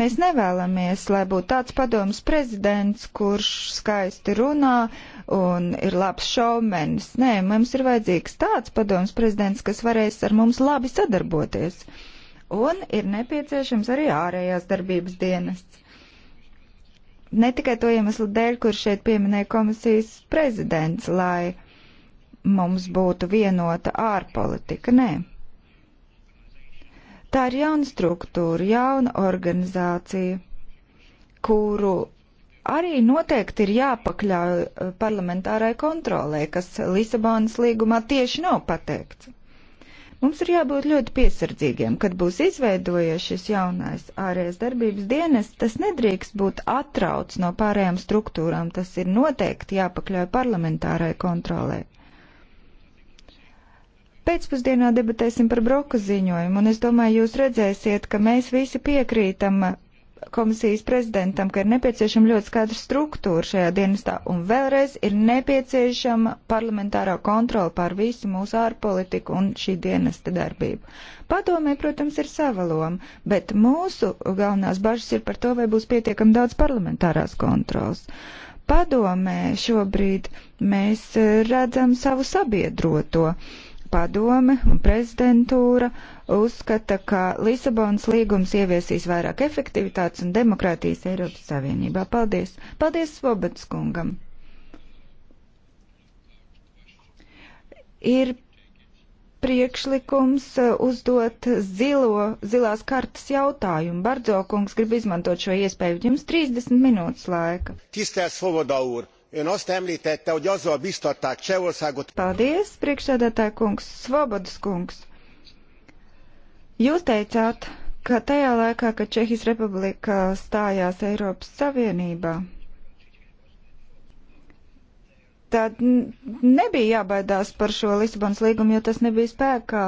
Mēs nevēlamies, lai būtu tāds padomas prezidents, kurš skaisti runā un ir labs šaumenis. Nē, mums ir vajadzīgs tāds padomas prezidents, kas varēs ar mums labi sadarboties. Un ir nepieciešams arī ārējās darbības dienests ne tikai to iemeslu dēļ, kur šeit pieminēja komisijas prezidents, lai mums būtu vienota ārpolitika. Nē. Tā ir jauna struktūra, jauna organizācija, kuru arī noteikti ir jāpakļauj eh, parlamentārai kontrolē, kas Lisabonas līgumā tieši nav pateikts. Mums ir jābūt ļoti piesardzīgiem, kad būs izveidojies šis jaunais ārējais darbības dienas, tas nedrīkst būt atrauc no pārējām struktūrām, tas ir noteikti jāpakļauj parlamentārai kontrolē. Pēcpusdienā debatēsim par broka ziņojumu, un es domāju, jūs redzēsiet, ka mēs visi piekrītam komisijas prezidentam, ka ir nepieciešama ļoti skaidra struktūra šajā dienestā un vēlreiz ir nepieciešama parlamentārā kontrola pār visu mūsu ārpolitiku un šī dienesta darbību. Padomē, protams, ir sava loma, bet mūsu galvenās bažas ir par to, vai būs pietiekami daudz parlamentārās kontrolas. Padomē šobrīd mēs redzam savu sabiedroto. Uh, padome un prezidentūra uzskata, ka Lisabonas līgums ieviesīs vairāk efektivitātes un demokrātijas Eiropas Savienībā. Paldies! Paldies Svobats kungam! Ir priekšlikums uh, uzdot zilo, zilās kartas jautājumu. Bardzo kungs grib izmantot šo iespēju. Jums 30 minūtes laika. Tistēs Svoboda ūr! Ön azt említette, hogy azzal biztatták Csehországot. Paldies, priekšsēdētāja kungs, Svobodas kungs. Jūs teicāt, ka tajā laikā, kad Čehijas republika stājās Eiropas Savienībā, tad nebija jābaidās par šo Lisabonas līgumu, jo tas nebija spēkā.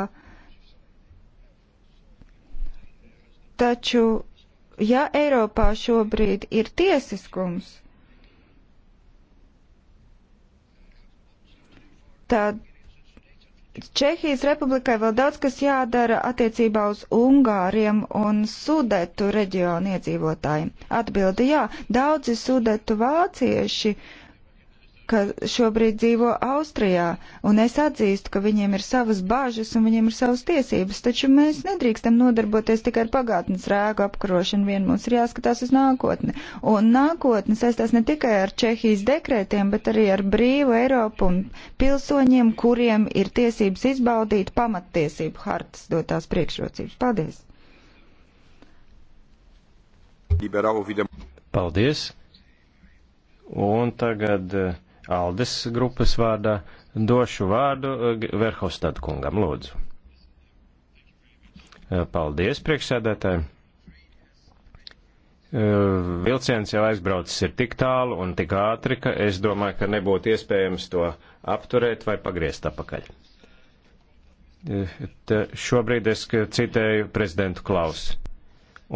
Taču, ja Eiropā šobrīd ir tiesiskums, Tad Čehijas republikai vēl daudz kas jādara attiecībā uz Ungāriem un Sudetu reģionu iedzīvotājiem. Atbildi jā, daudzi Sudetu vācieši uh, ka šobrīd dzīvo Austrijā, un es atzīstu, ka viņiem ir savas bāžas un viņiem ir savas tiesības, taču mēs nedrīkstam nodarboties tikai ar pagātnes rēku apkarošanu, vien mums ir jāskatās uz nākotni. Un nākotne saistās ne tikai ar Čehijas dekrētiem, bet arī ar brīvu Eiropu un pilsoņiem, kuriem ir tiesības izbaudīt pamattiesību hartas dotās priekšrocības. Paldies! Paldies! Un tagad eh, Aldes grupas vārdā došu vārdu eh, Verhofstad kungam, lūdzu. Eh, paldies, priekšsēdētāji. Eh, vilciens jau aizbraucis ir tik tālu un tik ātri, ka es domāju, ka nebūtu iespējams to apturēt vai pagriezt apakaļ. Te šobrīd es citēju prezidentu Klausu.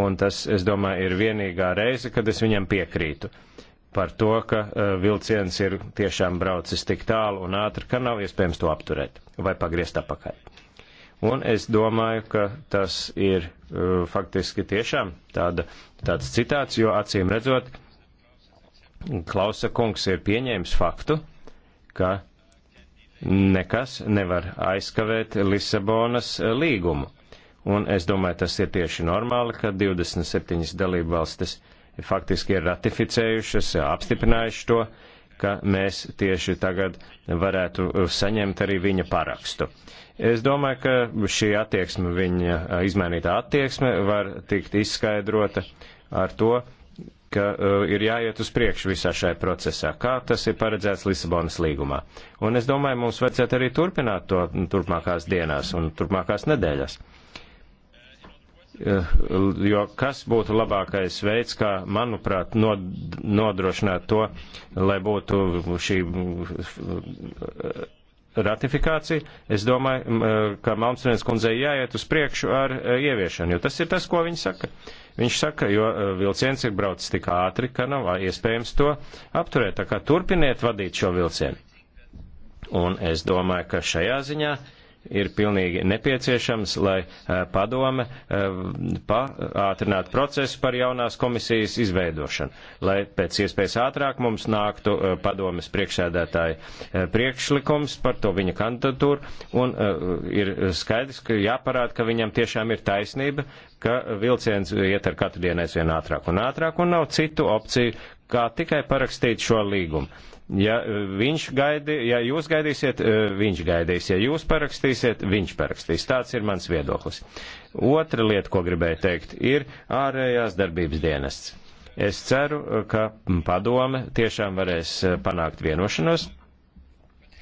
Un tas, es domāju, ir vienīgā reize, kad es viņam piekrītu par to, ka e, vilciens ir tiešām braucis tik tālu un ātri, ka nav iespējams to apturēt vai pagriezt apakaļ. Un es domāju, ka tas ir uh, faktiski tiešām tāda, tāds citāts, jo acīm redzot, Klausa kungs ir pieņēmis faktu, ka nekas nevar aizkavēt Lisabonas e, līgumu. Un es domāju, tas ir tieši normāli, ka 27 dalību valstis uh, faktiski ir ratificējušas, apstiprinājuši to, ka mēs tieši tagad varētu saņemt arī viņa parakstu. Es domāju, ka šī attieksme, viņa izmainītā attieksme var tikt izskaidrota ar to, ka uh, ir jāiet uz priekšu visā šajā procesā, kā tas ir paredzēts Lisabonas līgumā. Un es domāju, mums vajadzētu arī turpināt to turpmākās dienās un turpmākās nedēļas. Uh, Eh, jo kas būtu labākais veids, kā, manuprāt, nodrošināt to, lai būtu šī eh, ratifikācija, es domāju, eh, ka Malmstrēns kundzei jāiet uz priekšu ar ieviešanu, jo tas ir tas, ko viņi saka. Viņš saka, jo vilciens ir braucis tik ātri, ka nav iespējams to apturēt, tā kā turpiniet vadīt šo vilcienu. Un es domāju, ka šajā ziņā uh, ir pilnīgi nepieciešams, lai padome paātrinātu procesu par jaunās komisijas izveidošanu, lai pēc iespējas ātrāk mums nāktu padomes priekšsēdētāja priekšlikums par to viņa kandidatūru, un ir skaidrs, ka jāparāda, ka viņam tiešām ir taisnība, ka vilciens iet ar katru dienu aizvien ātrāk un ātrāk, un nav citu opciju, kā tikai parakstīt šo līgumu. Ja eh, viņš gaidīs, ja jūs gaidīsiet, eh, viņš gaidīs. Ja jūs parakstīsiet, viņš parakstīs. Tāds ir mans viedoklis. Otra lieta, ko gribēju teikt, ir ārējās darbības dienests. Es ceru, eh, ka padome tiešām varēs panākt vienošanos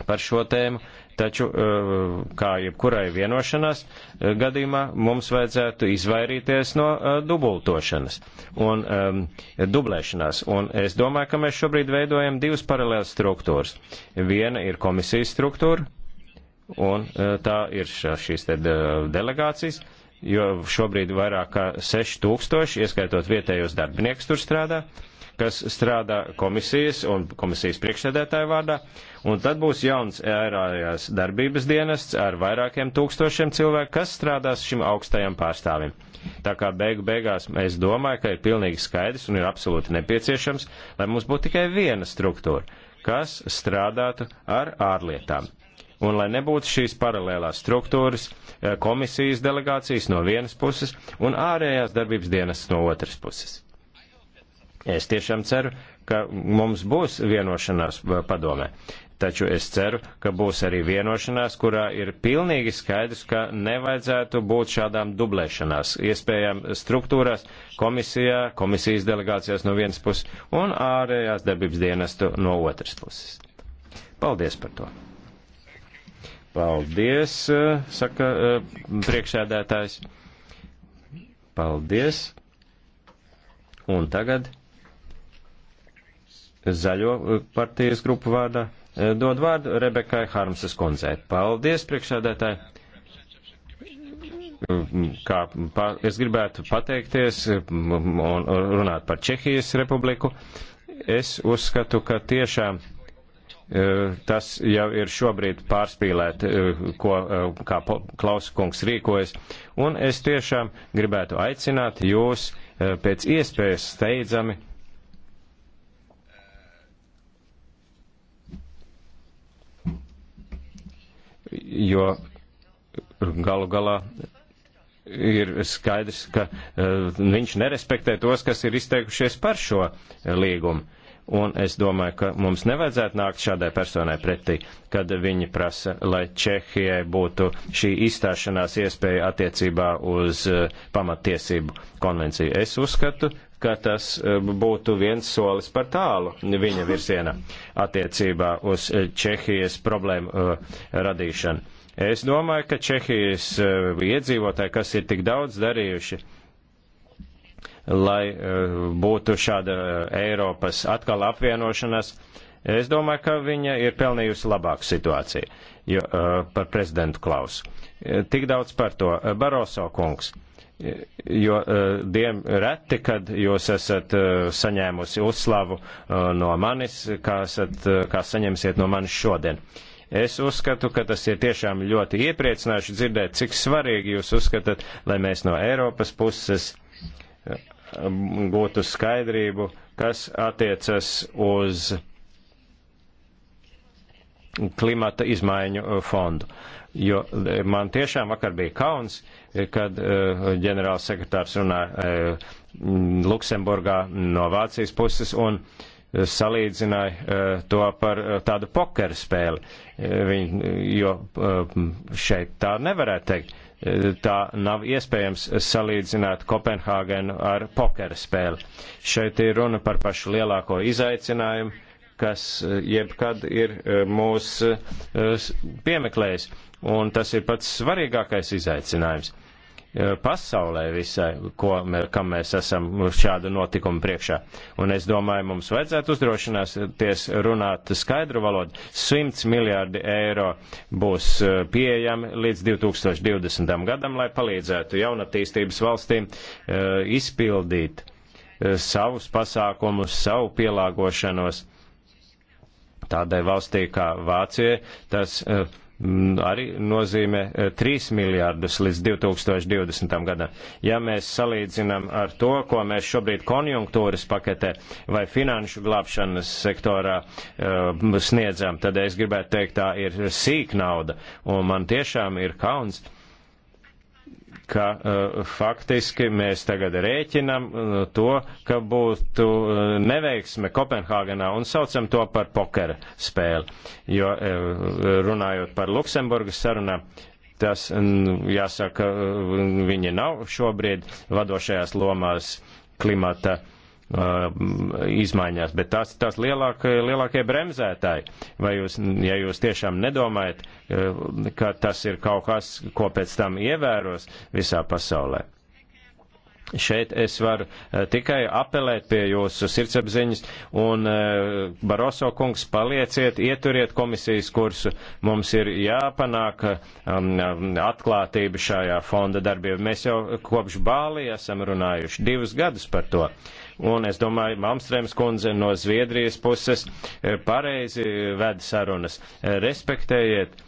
par šo tēmu, Taču, eh, kā jebkurai vienošanās eh, gadījumā, mums vajadzētu izvairīties no eh, dubultošanas un um, dublēšanās. Un es domāju, ka mēs šobrīd veidojam divas paralēlas struktūras. Viena ir komisijas struktūra, un tā ir šīs te delegācijas, jo šobrīd vairāk kā 6000, ieskaitot vietējos darbinieks, tur strādā. Uh, kas strādā komisijas un komisijas priekšsēdētāju vārdā, un tad būs jauns ērājās darbības dienests ar vairākiem tūkstošiem cilvēku, kas strādās šim augstajam pārstāvim. Tā kā beigu beigās es domāju, ka ir pilnīgi skaidrs un ir absolūti nepieciešams, lai mums būtu tikai viena struktūra, kas strādātu ar ārlietām un lai nebūtu šīs paralēlās struktūras, eh, komisijas delegācijas no vienas puses un ārējās darbības dienas no otras puses. Es tiešām ceru, ka mums būs vienošanās eh, padomē. Taču es ceru, ka būs arī vienošanās, kurā ir pilnīgi skaidrs, ka nevajadzētu būt šādām dublēšanās iespējām struktūrās, komisijā, komisijas delegācijās no vienas puses un ārējās debības dienestu no otras puses. Paldies par to. Paldies, eh, saka eh, priekšēdētājs. Paldies. Un tagad zaļo eh, partijas grupu vārdā. Eh, dod vārdu Rebekai Harmsas kundzei. Paldies, priekšsēdētāji. Mm, kā, pa, es gribētu pateikties eh, un runāt par Čehijas republiku. Es uzskatu, ka tiešām tas jau ir šobrīd pārspīlēt, ko, kā Klauskungs rīkojas. Un es tiešām gribētu aicināt jūs pēc iespējas steidzami jo galu galā ir skaidrs, ka eh, viņš nerespektē tos, kas ir izteikušies par šo eh, līgumu. Un es domāju, ka mums nevajadzētu nākt šādai personai pretī, kad viņi prasa, lai Čehijai būtu šī izstāšanās iespēja attiecībā uz eh, pamatiesību konvenciju. Es uzskatu, ka tas eh, būtu viens solis par tālu viņa virzienā attiecībā uz eh, Čehijas problēmu eh, radīšanu. Es domāju, ka Čehijas iedzīvotāji, kas ir tik daudz darījuši, lai būtu šāda Eiropas atkal apvienošanās, es domāju, ka viņa ir pelnījusi labāku situāciju jo, par prezidentu Klausu. Tik daudz par to. Baroso kungs. Uh, jo eh, diem reti, kad jūs esat eh, saņēmusi uzslavu eh, no manis, kā, esat, kā saņemsiet no manis šodien. Es uzskatu, ka tas ir tiešām ļoti iepriecinājuši dzirdēt, cik svarīgi jūs uzskatāt, lai mēs no Eiropas puses gūtu skaidrību, kas attiecas uz klimata izmaiņu fondu jo e, man tiešām vakar bija kauns, e, kad e, ģenerāls sekretārs runāja Luksemburgā no Vācijas puses un salīdzināja to par tādu pokeru spēli, Viņi, jo šeit tā nevarētu teikt. Tā nav iespējams salīdzināt Kopenhāgenu ar pokeru spēli. Šeit ir runa par pašu lielāko izaicinājumu, kas jebkad ir mūs piemeklējis un tas ir pats svarīgākais izaicinājums e, pasaulē visai, ko, mē, kam mēs esam šāda notikuma priekšā. Un es domāju, mums vajadzētu uzdrošināties runāt skaidru valodu. 100 miljārdi eiro būs e, pieejami līdz 2020. gadam, lai palīdzētu jaunatīstības valstīm e, izpildīt savus pasākumus, savu pielāgošanos. Tādai valstī kā Vācija tas uh, Mm, arī nozīmē 3 e, miljārdus līdz 2020. gadam. Ja mēs salīdzinām ar to, ko mēs šobrīd konjunktūras paketē vai finanšu glābšanas sektorā uh, sniedzam, tad es gribētu teikt, tā ir sīk nauda. Un man tiešām ir kauns, ka eh, faktiski mēs tagad rēķinam eh, to, ka būtu eh, neveiksme Kopenhāgenā un saucam to par pokera spēli. Jo runājot par Luksemburgas sarunām, tas, jāsaka, viņi nav šobrīd vadošajās lomās klimata uh, Uh, izmaiņās, bet tās ir tās lielāk, lielākie bremzētāji. Vai jūs, ja jūs tiešām nedomājat, uh, ka tas ir kaut kas, ko pēc tam ievēros visā pasaulē? Šeit es varu uh, tikai apelēt pie jūsu sirdsapziņas un Baroso kungs palieciet, ieturiet komisijas kursu. Mums ir jāpanāk um, um, atklātība šajā fonda darbībā. Mēs jau kopš Bāli esam runājuši divus gadus par to. Uh, un es domāju, Mamstrēms kundze no Zviedrijas puses eh, pareizi ved sarunas. Eh, respektējiet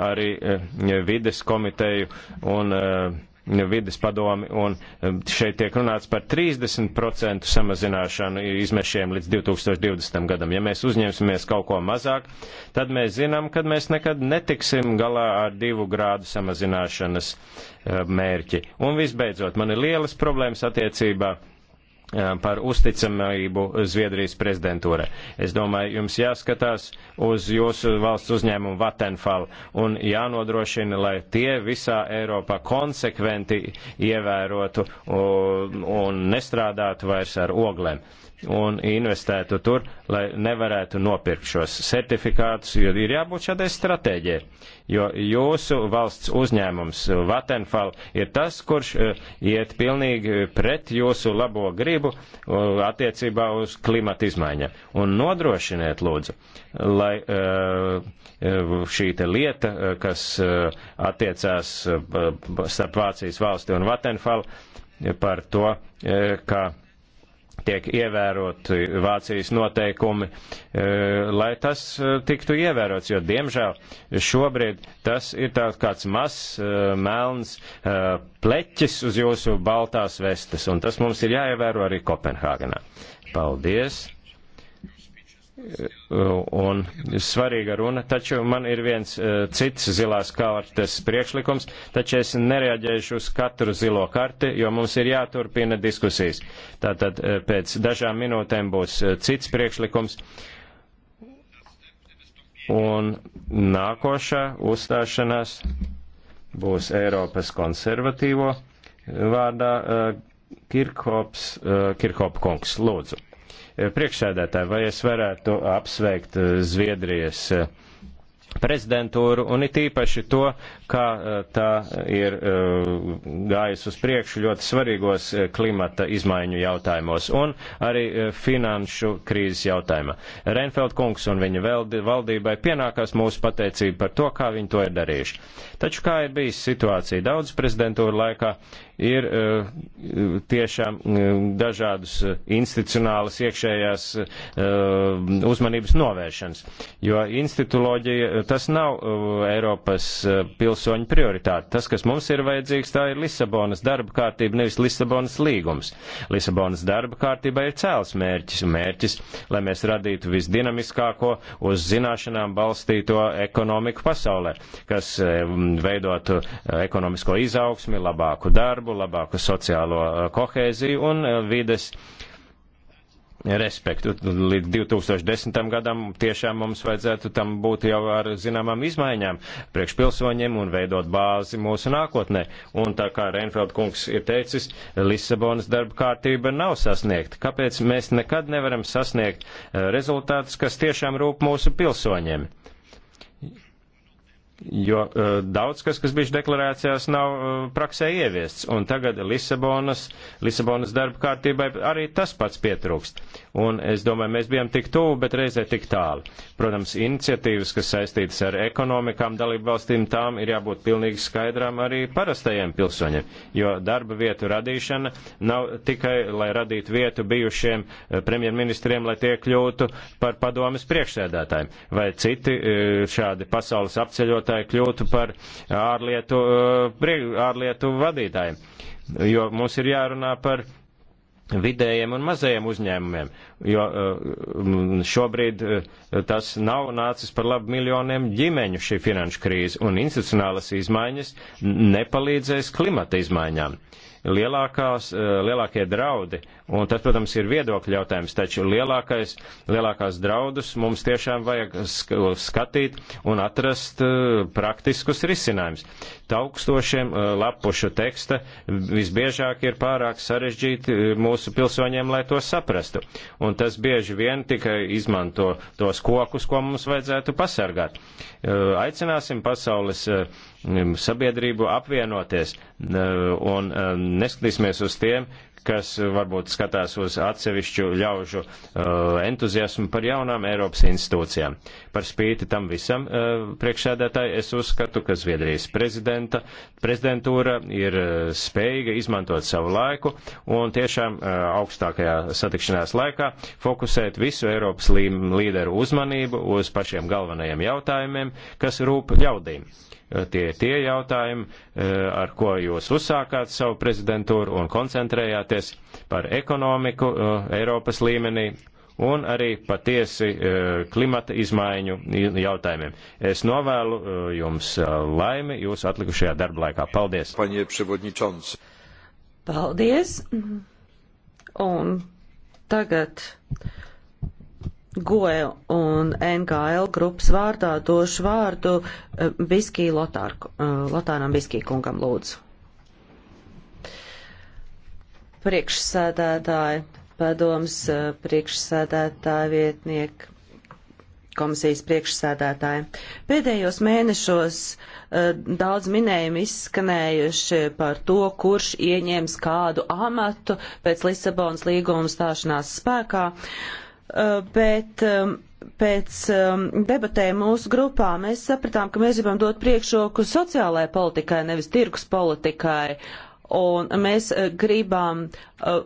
arī eh, vides komiteju un vides padomi, un šeit tiek runāts par 30% samazināšanu izmešiem līdz 2020. gadam. Ja mēs uzņemsimies kaut ko mazāk, tad mēs zinām, ka mēs nekad netiksim galā ar divu grādu samazināšanas mērķi. Un visbeidzot, man ir lielas problēmas attiecībā par uzticamību Zviedrijas prezidentūrai. Es domāju, jums jāskatās uz jūsu valsts uzņēmumu Vattenfall un jānodrošina, lai tie visā Eiropā konsekventi ievērotu un nestrādātu vairs ar oglēm un investētu tur, lai nevarētu nopirkt šos certifikātus, jo ir jābūt šādai stratēģijai. Jo jūsu valsts uzņēmums Vatenfall ir tas, kurš eh, iet pilnīgi pret jūsu labo gribu eh, attiecībā uz klimata izmaiņām. Un nodrošiniet, lūdzu, lai eh, šī lieta, kas attiecās starp Vācijas valsti un Vatenfall par to, ka tiek ievēroti Vācijas noteikumi, e, lai tas e, tiktu ievērots, jo diemžēl šobrīd tas ir tāds kāds mazs e, melns pleķis uz jūsu baltās vestes, un tas mums ir jāievēro arī Kopenhāgenā. Paldies! un svarīga runa, taču man ir viens e, cits zilās kārtas priekšlikums, taču es nereaģēšu uz katru zilo karti, jo mums ir jāturpina diskusijas. Tātad e, pēc dažām minūtēm būs e, cits priekšlikums. Un nākošā uzstāšanās būs Eiropas konservatīvo vārdā Kirkhops, Kirkhop kungs. Lūdzu. Priekšsēdētāji, vai es varētu apsveikt eh, Zviedrijas eh, prezidentūru un it īpaši to, kā eh, tā ir gājusi uz priekšu ļoti svarīgos klimata izmaiņu jautājumos un arī finanšu krīzes jautājumā. Reinfeld kungs un viņa valdībai pienākās mūsu pateicība par to, kā viņi to ir darījuši. Taču kā ir bijis situācija daudz prezidentūra laikā, ir eh, tiešām eh, dažādas eh, institucionālas iekšējās uzmanības novēršanas. Jo instituloģija tas nav Eiropas pilsoņu prioritāte. Tas, kas mums ir vajadzīgs, tā ir Lisabonas darba kārtība, nevis Lisabonas līgums. Lisabonas darba kārtībā ir cēls mērķis un mērķis, lai mēs radītu visdinamiskāko uz zināšanām balstīto ekonomiku pasaulē, kas veidotu ekonomisko izaugsmi, labāku darbu, darbu, labāku sociālo uh, kohēziju un uh, vides respektu. Līdz 2010. gadam tiešām mums vajadzētu tam būt jau ar zināmām izmaiņām priekš pilsoņiem un veidot bāzi mūsu nākotnē. Un tā kā Reinfeld kungs ir teicis, Lisabonas darba kārtība nav sasniegta. Kāpēc mēs nekad nevaram sasniegt uh, rezultātus, kas tiešām rūp mūsu pilsoņiem? jo uh, daudz kas, kas bijuši deklarācijās, nav uh, praksē ieviests. Un tagad Lisabonas, Lisabonas darba kārtībai arī tas pats pietrūkst. Un es domāju, mēs bijām tik tuvu, bet reizē tik tālu. Protams, iniciatīvas, kas saistītas ar ekonomikām dalību valstīm, tām ir jābūt pilnīgi skaidrām arī parastajiem pilsoņiem, jo darba vietu radīšana nav tikai, lai radītu vietu bijušiem uh, premjerministriem, lai tie kļūtu par padomis priekšsēdētājiem vai citi uh, šādi pasaules apceļot iedzīvotāji kļūtu par ārlietu, eh, ārlietu vadītāju. Jo mums ir jārunā par vidējiem un mazajiem uzņēmumiem, jo eh, šobrīd eh, tas nav nācis par labu miljoniem ģimeņu šī finanšu krīze, un institucionālas izmaiņas nepalīdzēs klimata izmaiņām. Uh, lielākās, eh, lielākie draudi, un tas, protams, ir viedokļa jautājums, taču lielākais, lielākās draudus mums tiešām vajag skatīt un atrast eh, praktiskus risinājumus. Taukstošiem eh, lapušu teksta visbiežāk ir pārāk sarežģīti mūsu pilsoņiem, lai to saprastu, un tas bieži vien tikai izmanto tos kokus, ko mums vajadzētu pasargāt. Aicināsim pasaules Um, sabiedrību apvienoties uh, un um, neskatīsimies uz tiem, kas varbūt skatās uz atsevišķu ļaužu uh, entuziasmu par jaunām Eiropas institūcijām. Par spīti tam visam uh, priekšsēdētāji es uzskatu, ka Zviedrijas prezidenta, prezidentūra ir spējīga izmantot savu laiku un tiešām augstākajā satikšanās laikā fokusēt visu Eiropas līderu uzmanību uz pašiem galvenajiem jautājumiem, kas rūp ļaudīm. Uh, Eh, tie tie jautājumi, eh, ar ko jūs uzsākāt savu prezidentūru un koncentrējāties par ekonomiku eh, Eiropas līmenī un arī patiesi klimata izmaiņu jautājumiem. Es novēlu jums laimi jūsu atlikušajā darba laikā. Paldies! Paldies! Un tagad Goe un NKL grupas vārdā došu vārdu eh, Biskī Lotārku, eh, Lotāram Biskī kungam lūdzu. Priekšsēdētāji, padoms eh, priekšsēdētāji vietnieki, komisijas priekšsēdētāji. Pēdējos mēnešos daudz minējumu izskanējuši par to, kurš ieņems kādu amatu pēc Lisabonas līguma stāšanās spēkā. Uh, Eh, bet pēc debatēm mūsu grupā mēs sapratām, ka mēs gribam dot priekšroku sociālajai politikai, nevis tirgus politikai, un mēs eh, gribam eh,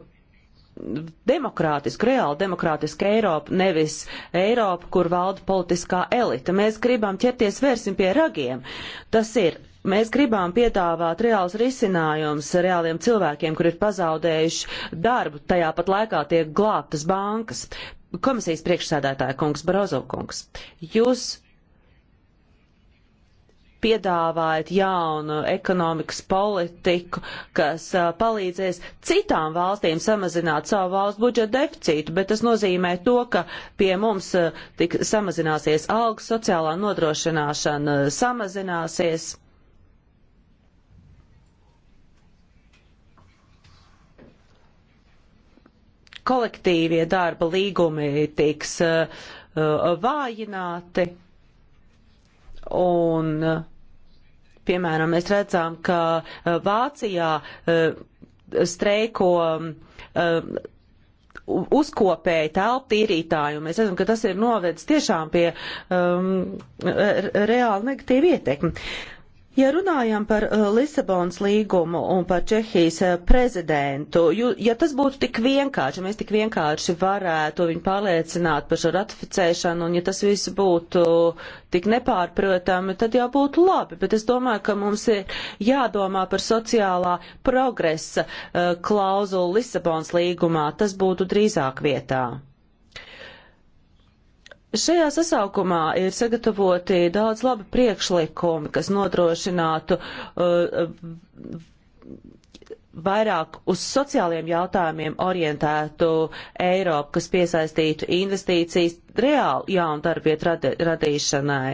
demokrātisku, reāli demokrātisku Eiropu, nevis Eiropu, kur valda politiskā elita. Mēs gribam ķerties vērsim pie ragiem. Tas ir Mēs gribam piedāvāt reāls risinājums reāliem cilvēkiem, kur ir pazaudējuši darbu, tajā pat laikā tiek glābtas bankas. Komisijas priekšsēdētāja kungs Barozo kungs, jūs piedāvājat jaunu ekonomikas politiku, kas uh, palīdzēs citām valstīm samazināt savu valstu budžeta deficītu, bet tas nozīmē to, ka pie mums uh, tik samazināsies algas, sociālā nodrošināšana uh, samazināsies. kolektīvie darba līgumi tiks uh, uh, vājināti. Un, uh, piemēram, mēs redzam, ka Vācijā streiko um, uzkopēji telpu tīrītāji, un mēs redzam, ka tas ir novedis tiešām pie um, reāli negatīva ietekme. Uh, Ja runājam par uh, Lisabonas līgumu un par Čehijas uh, prezidentu, jo, ja tas būtu tik vienkārši, ja mēs tik vienkārši varētu viņu pārliecināt par šo ratificēšanu, un ja tas viss būtu tik nepārprotami, tad jau būtu labi. Bet es domāju, ka mums ir jādomā par sociālā progresa uh, klauzulu Lisabonas līgumā. Tas būtu drīzāk vietā. Šajā sasaukumā ir sagatavoti daudz labi priekšlikumi, kas nodrošinātu uh, vairāk uz sociāliem jautājumiem orientētu Eiropu, kas piesaistītu investīcijas, reāli jaunu darbvietu radi, radīšanai.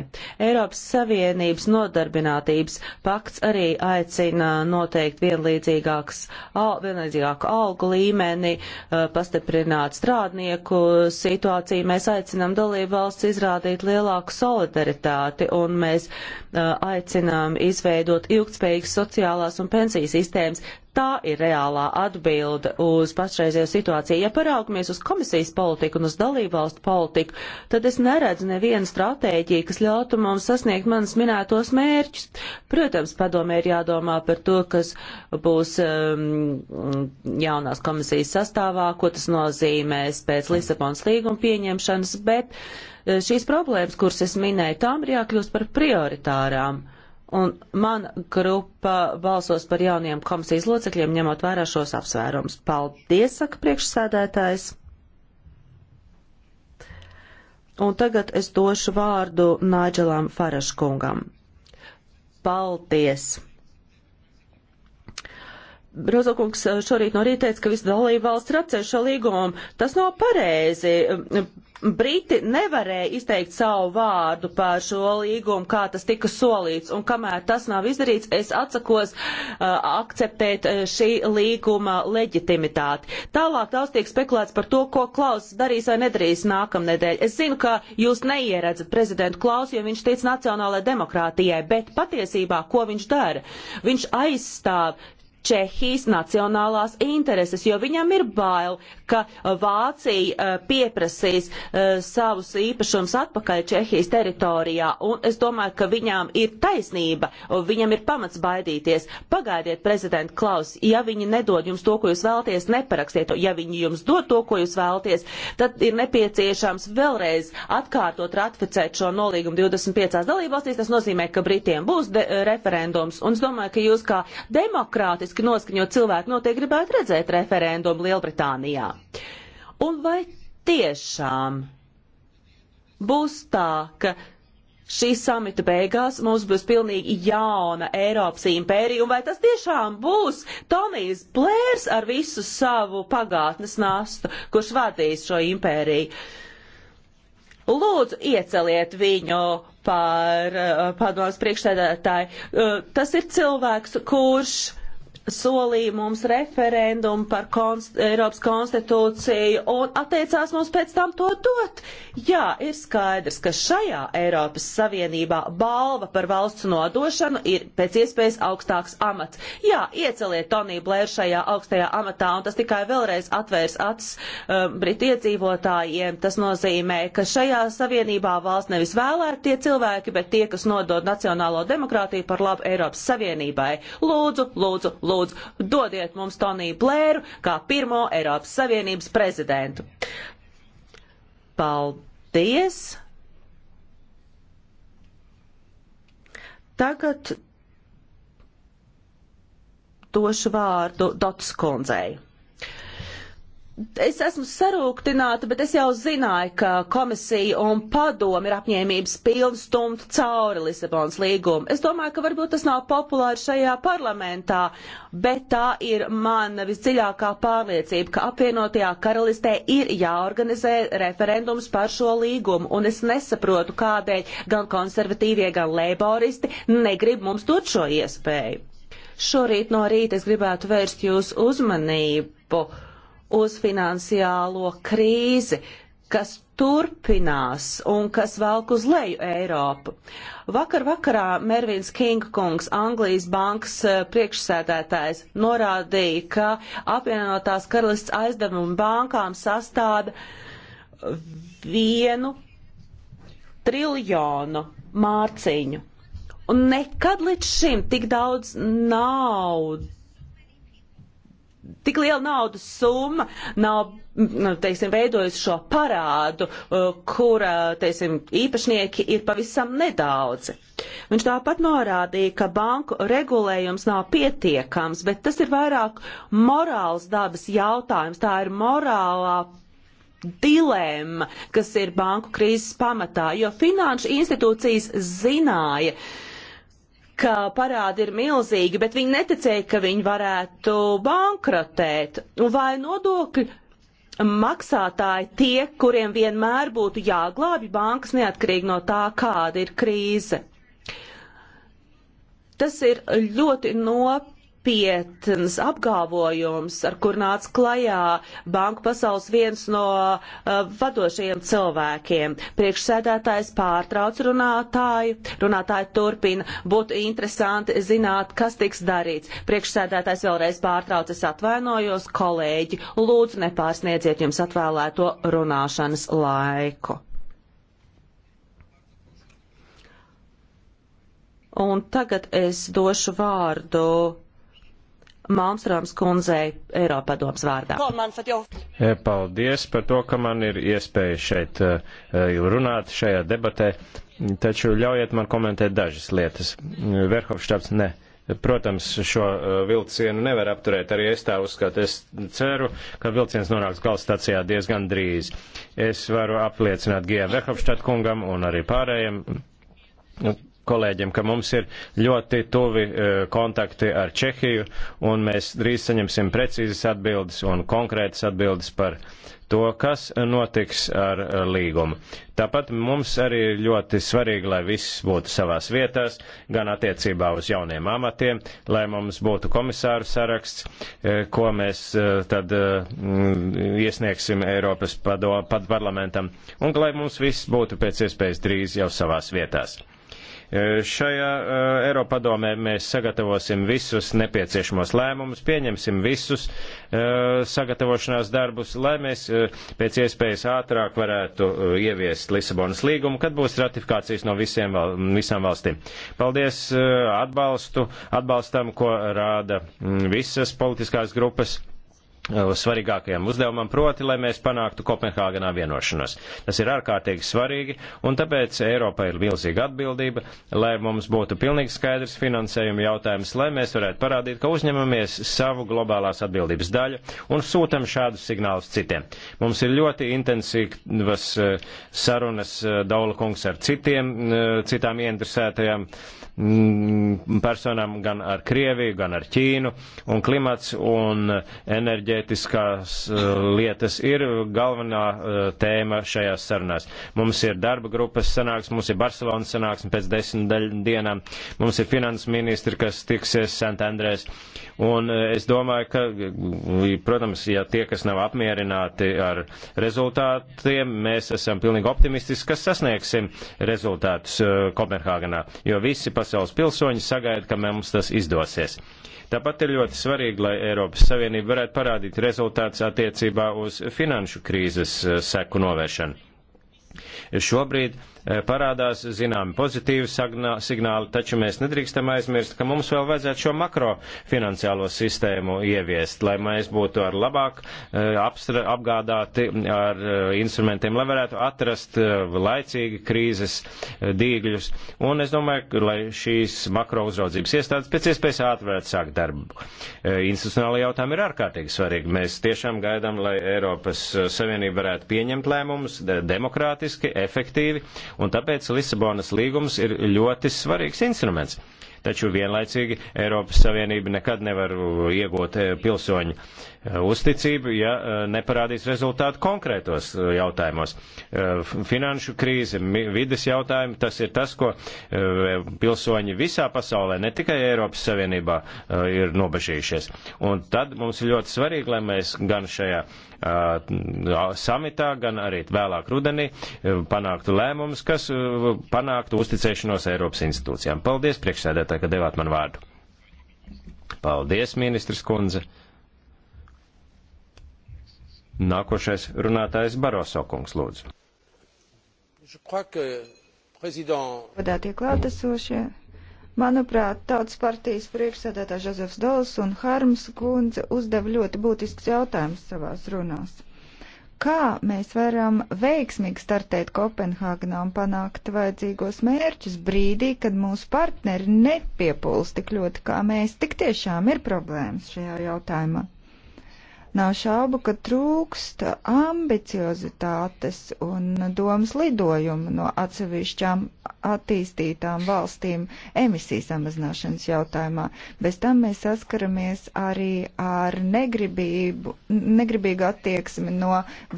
Eiropas Savienības nodarbinātības pakts arī aicina noteikt vienlīdzīgāks, al, vienlīdzīgāku algu līmeni, eh, pastiprināt strādnieku situāciju. Mēs aicinām dalību valsts izrādīt lielāku solidaritāti un mēs eh, aicinām izveidot ilgtspējīgas sociālās un pensijas sistēmas Tā ir reālā atbilde uz pašreizējo situāciju. Ja paraugamies uz komisijas politiku un uz dalībvalstu politiku, politiku, tad es neredzu nevienu stratēģiju, kas ļautu mums sasniegt manas minētos mērķus. Protams, padomē ir jādomā par to, kas būs um, jaunās komisijas sastāvā, ko tas nozīmēs pēc Lisabonas līguma pieņemšanas, bet uh, šīs problēmas, kuras es minēju, tām ir jākļūst par prioritārām. Un mana grupa balsos par jauniem komisijas locekļiem, ņemot vērā šos apsvērums. Paldies, saka priekšsēdētājs. Un tagad es došu vārdu Nāģelam Faraškungam. Paldies! Rozokungs šorīt no rīta teica, ka visi dalība valsts ir atceļ šo līgumu. Tas nav pareizi. Briti nevarēja izteikt savu vārdu par šo līgumu, kā tas tika solīts, un kamēr tas nav izdarīts, es atsakos uh, akceptēt uh, šī līguma leģitimitāti. Tālāk daudz tiek spekulēts par to, ko Klaus darīs vai nedarīs nākamnedēļ. Es zinu, ka jūs neieredzat prezidentu Klausu, jo viņš tic nacionālajai demokrātijai, bet patiesībā, ko viņš dara? Viņš aizstāv Čehijas nacionālās intereses, jo viņam ir bail, ka uh, Vācija uh, pieprasīs uh, savus īpašumus atpakaļ Čehijas teritorijā. Un es domāju, ka viņām ir taisnība, viņam ir pamats baidīties. Pagaidiet, prezident Klaus, ja viņi nedod jums to, ko jūs vēlties, neparakstiet to. Ja viņi jums dod to, ko jūs vēlties, tad ir nepieciešams vēlreiz atkārtot ratificēt šo nolīgumu 25 dalībvalstīs. Tas nozīmē, ka Britiem būs referendums. Un es domāju, ka jūs kā demokrātiski skeptiski noskaņot cilvēki noteikti gribētu redzēt referendumu Lielbritānijā. Un vai tiešām būs tā, ka šī samita beigās mums būs pilnīgi jauna Eiropas impērija, un vai tas tiešām būs Tonijs Blērs ar visu savu pagātnes nastu, kurš vadīs šo impēriju? Lūdzu, ieceliet viņu par eh, padomus priekšsēdētāju. Eh, tas ir cilvēks, kurš solīja mums referendumu par konst Eiropas konstitūciju un atteicās mums pēc tam to dot. Jā, ir skaidrs, ka šajā Eiropas Savienībā balva par valsts nodošanu ir pēc iespējas augstāks amats. Jā, ieceliet Toniju Blēru šajā augstajā amatā un tas tikai vēlreiz atvērs acis um, Brit iedzīvotājiem. Tas nozīmē, ka šajā Savienībā valsts nevis vēlēt tie cilvēki, bet tie, kas nodod nacionālo demokrātiju par labu Eiropas Savienībai. Lūdzu, lūdzu, lūdzu lūdzu, dodiet mums Toniju Blēru kā pirmo Eiropas Savienības prezidentu. Paldies! Tagad došu vārdu Dots kundzei. Es esmu sarūktināta, bet es jau zināju, ka komisija un padomi ir apņēmības pilni stumt cauri Lisabonas līgumu. Es domāju, ka varbūt tas nav populāri šajā parlamentā, bet tā ir mana visdziļākā pārliecība, ka apvienotajā karalistē ir jāorganizē referendums par šo līgumu, un es nesaprotu, kādēļ gan konservatīvie, gan leiboristi negrib mums dot šo iespēju. Šorīt no rīta es gribētu vērst jūsu uzmanību uz finansiālo krīzi, kas turpinās un kas velk uz leju Eiropu. Vakar vakarā Mervins Kingkungs, Anglijas bankas eh, priekšsēdētājs, norādīja, ka apvienotās karalists aizdevumi bankām sastāda vienu triljonu mārciņu. Un nekad līdz šim tik daudz naudas tik liela naudas summa nav, nu, teiksim, veidojusi šo parādu, uh, kura, teiksim, īpašnieki ir pavisam nedaudzi. Viņš tāpat norādīja, ka banku regulējums nav pietiekams, bet tas ir vairāk morāls dabas jautājums. Tā ir morālā dilemma, kas ir banku krīzes pamatā, jo finanšu institūcijas zināja, uh, ka parādi ir milzīgi, bet viņi neticēja, ka viņi varētu bankrotēt. Vai nodokļi maksātāji tie, kuriem vienmēr būtu jāglābi bankas neatkarīgi no tā, kāda ir krīze. Tas ir ļoti nopietni nopietns apgāvojums, ar kur nāca klajā Banku pasaules viens no uh, vadošajiem cilvēkiem. Priekšsēdētājs pārtrauc runātāju, runātāji turpina, būtu interesanti zināt, kas tiks darīts. Priekšsēdētājs vēlreiz pārtrauc, es atvainojos, kolēģi, lūdzu nepārsniedziet jums atvēlēto runāšanas laiku. Un tagad es došu vārdu Malmstrāms kundzei Eiropadoms vārdā. E, paldies par to, ka man ir iespēja šeit e, runāt šajā debatē, taču ļaujiet man komentēt dažas lietas. Verhofštāps ne. Protams, šo e, vilcienu nevar apturēt, arī es tā uzskatu. Es ceru, ka vilciens nonāks galvstacijā diezgan drīz. Es varu apliecināt Gijam Verhofštat kungam un arī pārējiem kolēģiem, ka mums ir ļoti tuvi e, kontakti ar Čehiju, un mēs drīz saņemsim precīzas atbildes un konkrētas atbildes par to, kas notiks ar e, līgumu. Tāpat mums arī ir ļoti svarīgi, lai viss būtu savās vietās, gan attiecībā uz jauniem amatiem, lai mums būtu komisāru saraksts, e, ko mēs tad iesniegsim Eiropas pado, parlamentam, un lai mums viss būtu pēc iespējas drīz jau savās vietās. E, šajā e, Eiropadomē mēs sagatavosim visus nepieciešamos lēmumus, pieņemsim visus e, sagatavošanās darbus, lai mēs pēc iespējas ātrāk varētu ieviest Lisabonas līgumu, kad būs ratifikācijas no visiem, visām valstīm. Paldies atbalstu, atbalstam, ko rāda visas politiskās grupas. Uh, svarīgākajam uzdevumam, proti, lai mēs panāktu Kopenhāgenā vienošanos. Tas ir ārkārtīgi svarīgi, un tāpēc Eiropa ir milzīga atbildība, lai mums būtu pilnīgi skaidrs finansējuma jautājums, lai mēs varētu parādīt, ka uzņemamies savu globālās atbildības daļu un sūtam šādus signālus citiem. Mums ir ļoti intensīvas uh, sarunas uh, Daula kungs ar citiem, citām ieinteresētajām personām gan ar Krieviju, gan ar Ķīnu, un klimats un enerģētiskās eh, lietas ir galvenā eh, tēma šajās sarunās. Mums ir darba grupas sanāks, mums ir Barcelonas sanāksme pēc desmit dienām, mums ir finanses ministri, kas tiksies Santandrēs, un eh, es domāju, ka, mm, protams, ja tie, kas nav apmierināti ar rezultātiem, mēs esam pilnīgi optimistiski, kas sasniegsim rezultātus Kopenhāganā, jo visi pas pasaules pilsoņi sagaida, ka mums tas izdosies. Tāpat ir ļoti svarīgi, lai Eiropas Savienība varētu parādīt rezultātus attiecībā uz finanšu krīzes eh, seku novēršanu. Šobrīd Eh, parādās zināmi pozitīvi signāli, taču mēs nedrīkstam aizmirst, ka mums vēl vajadzētu šo makrofinanciālo sistēmu ieviest, lai mēs būtu ar labāk eh, apstra, apgādāti ar eh, instrumentiem, lai varētu atrast laicīgi krīzes dīgļus. Un es domāju, lai šīs makro uzraudzības iestādes pēc iespējas ātri varētu sākt darbu. Institucionāli jautājumi ir ārkārtīgi svarīgi. Mēs tiešām gaidām, lai Eiropas Savienība varētu pieņemt lēmumus demokrātiski, efektīvi un tāpēc Lisabonas līgums ir ļoti svarīgs instruments. Taču vienlaicīgi Eiropas Savienība nekad nevar iegūt eh, pilsoņu eh, uzticību, ja eh, neparādīs rezultātu konkrētos jautājumos. Finanšu krīze, vides jautājumi, tas ir tas, ko pilsoņi visā pasaulē, ne tikai Eiropas Savienībā, ir nobežījušies. Un tad mums ir ļoti svarīgi, lai mēs gan šajā samitā, gan arī vēlāk rudenī panāktu lēmumus, kas panāktu uzticēšanos Eiropas institūcijām. Paldies, priekšsēdētāji, ka devāt man vārdu. Paldies, ministrs kundze. Nākošais runātājs Baroso kungs, lūdzu. Godātie klātesošie, Manuprāt, Tautas partijas priekšsēdētā Žozefs Dols un Harms kundze uzdeva ļoti būtisks jautājums savās runās. Kā mēs varam veiksmīgi startēt Kopenhāgenā un panākt vajadzīgos mērķus brīdī, kad mūsu partneri nepiepuls tik ļoti kā mēs, tik tiešām ir problēmas šajā jautājumā. Nav šaubu, ka trūkst ambiciozitātes un domas lidojuma no atsevišķām attīstītām valstīm emisiju samazināšanas jautājumā. Bez tam mēs saskaramies arī ar negribīgu attieksmi no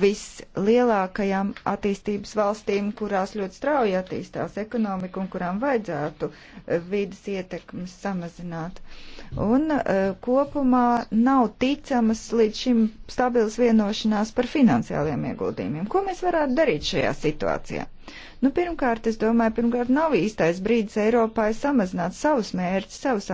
vislielākajām attīstības valstīm, kurās ļoti strauji attīstās ekonomika un kurām vajadzētu vidas ietekmes samazināt. Uh, un e, kopumā nav ticamas līdz šim stabilas vienošanās par finansiāliem ieguldījumiem. Ko mēs varētu darīt šajā situācijā? Nu, pirmkārt, es domāju, pirmkārt, nav īstais brīdis Eiropai samazināt savus mērķus, savus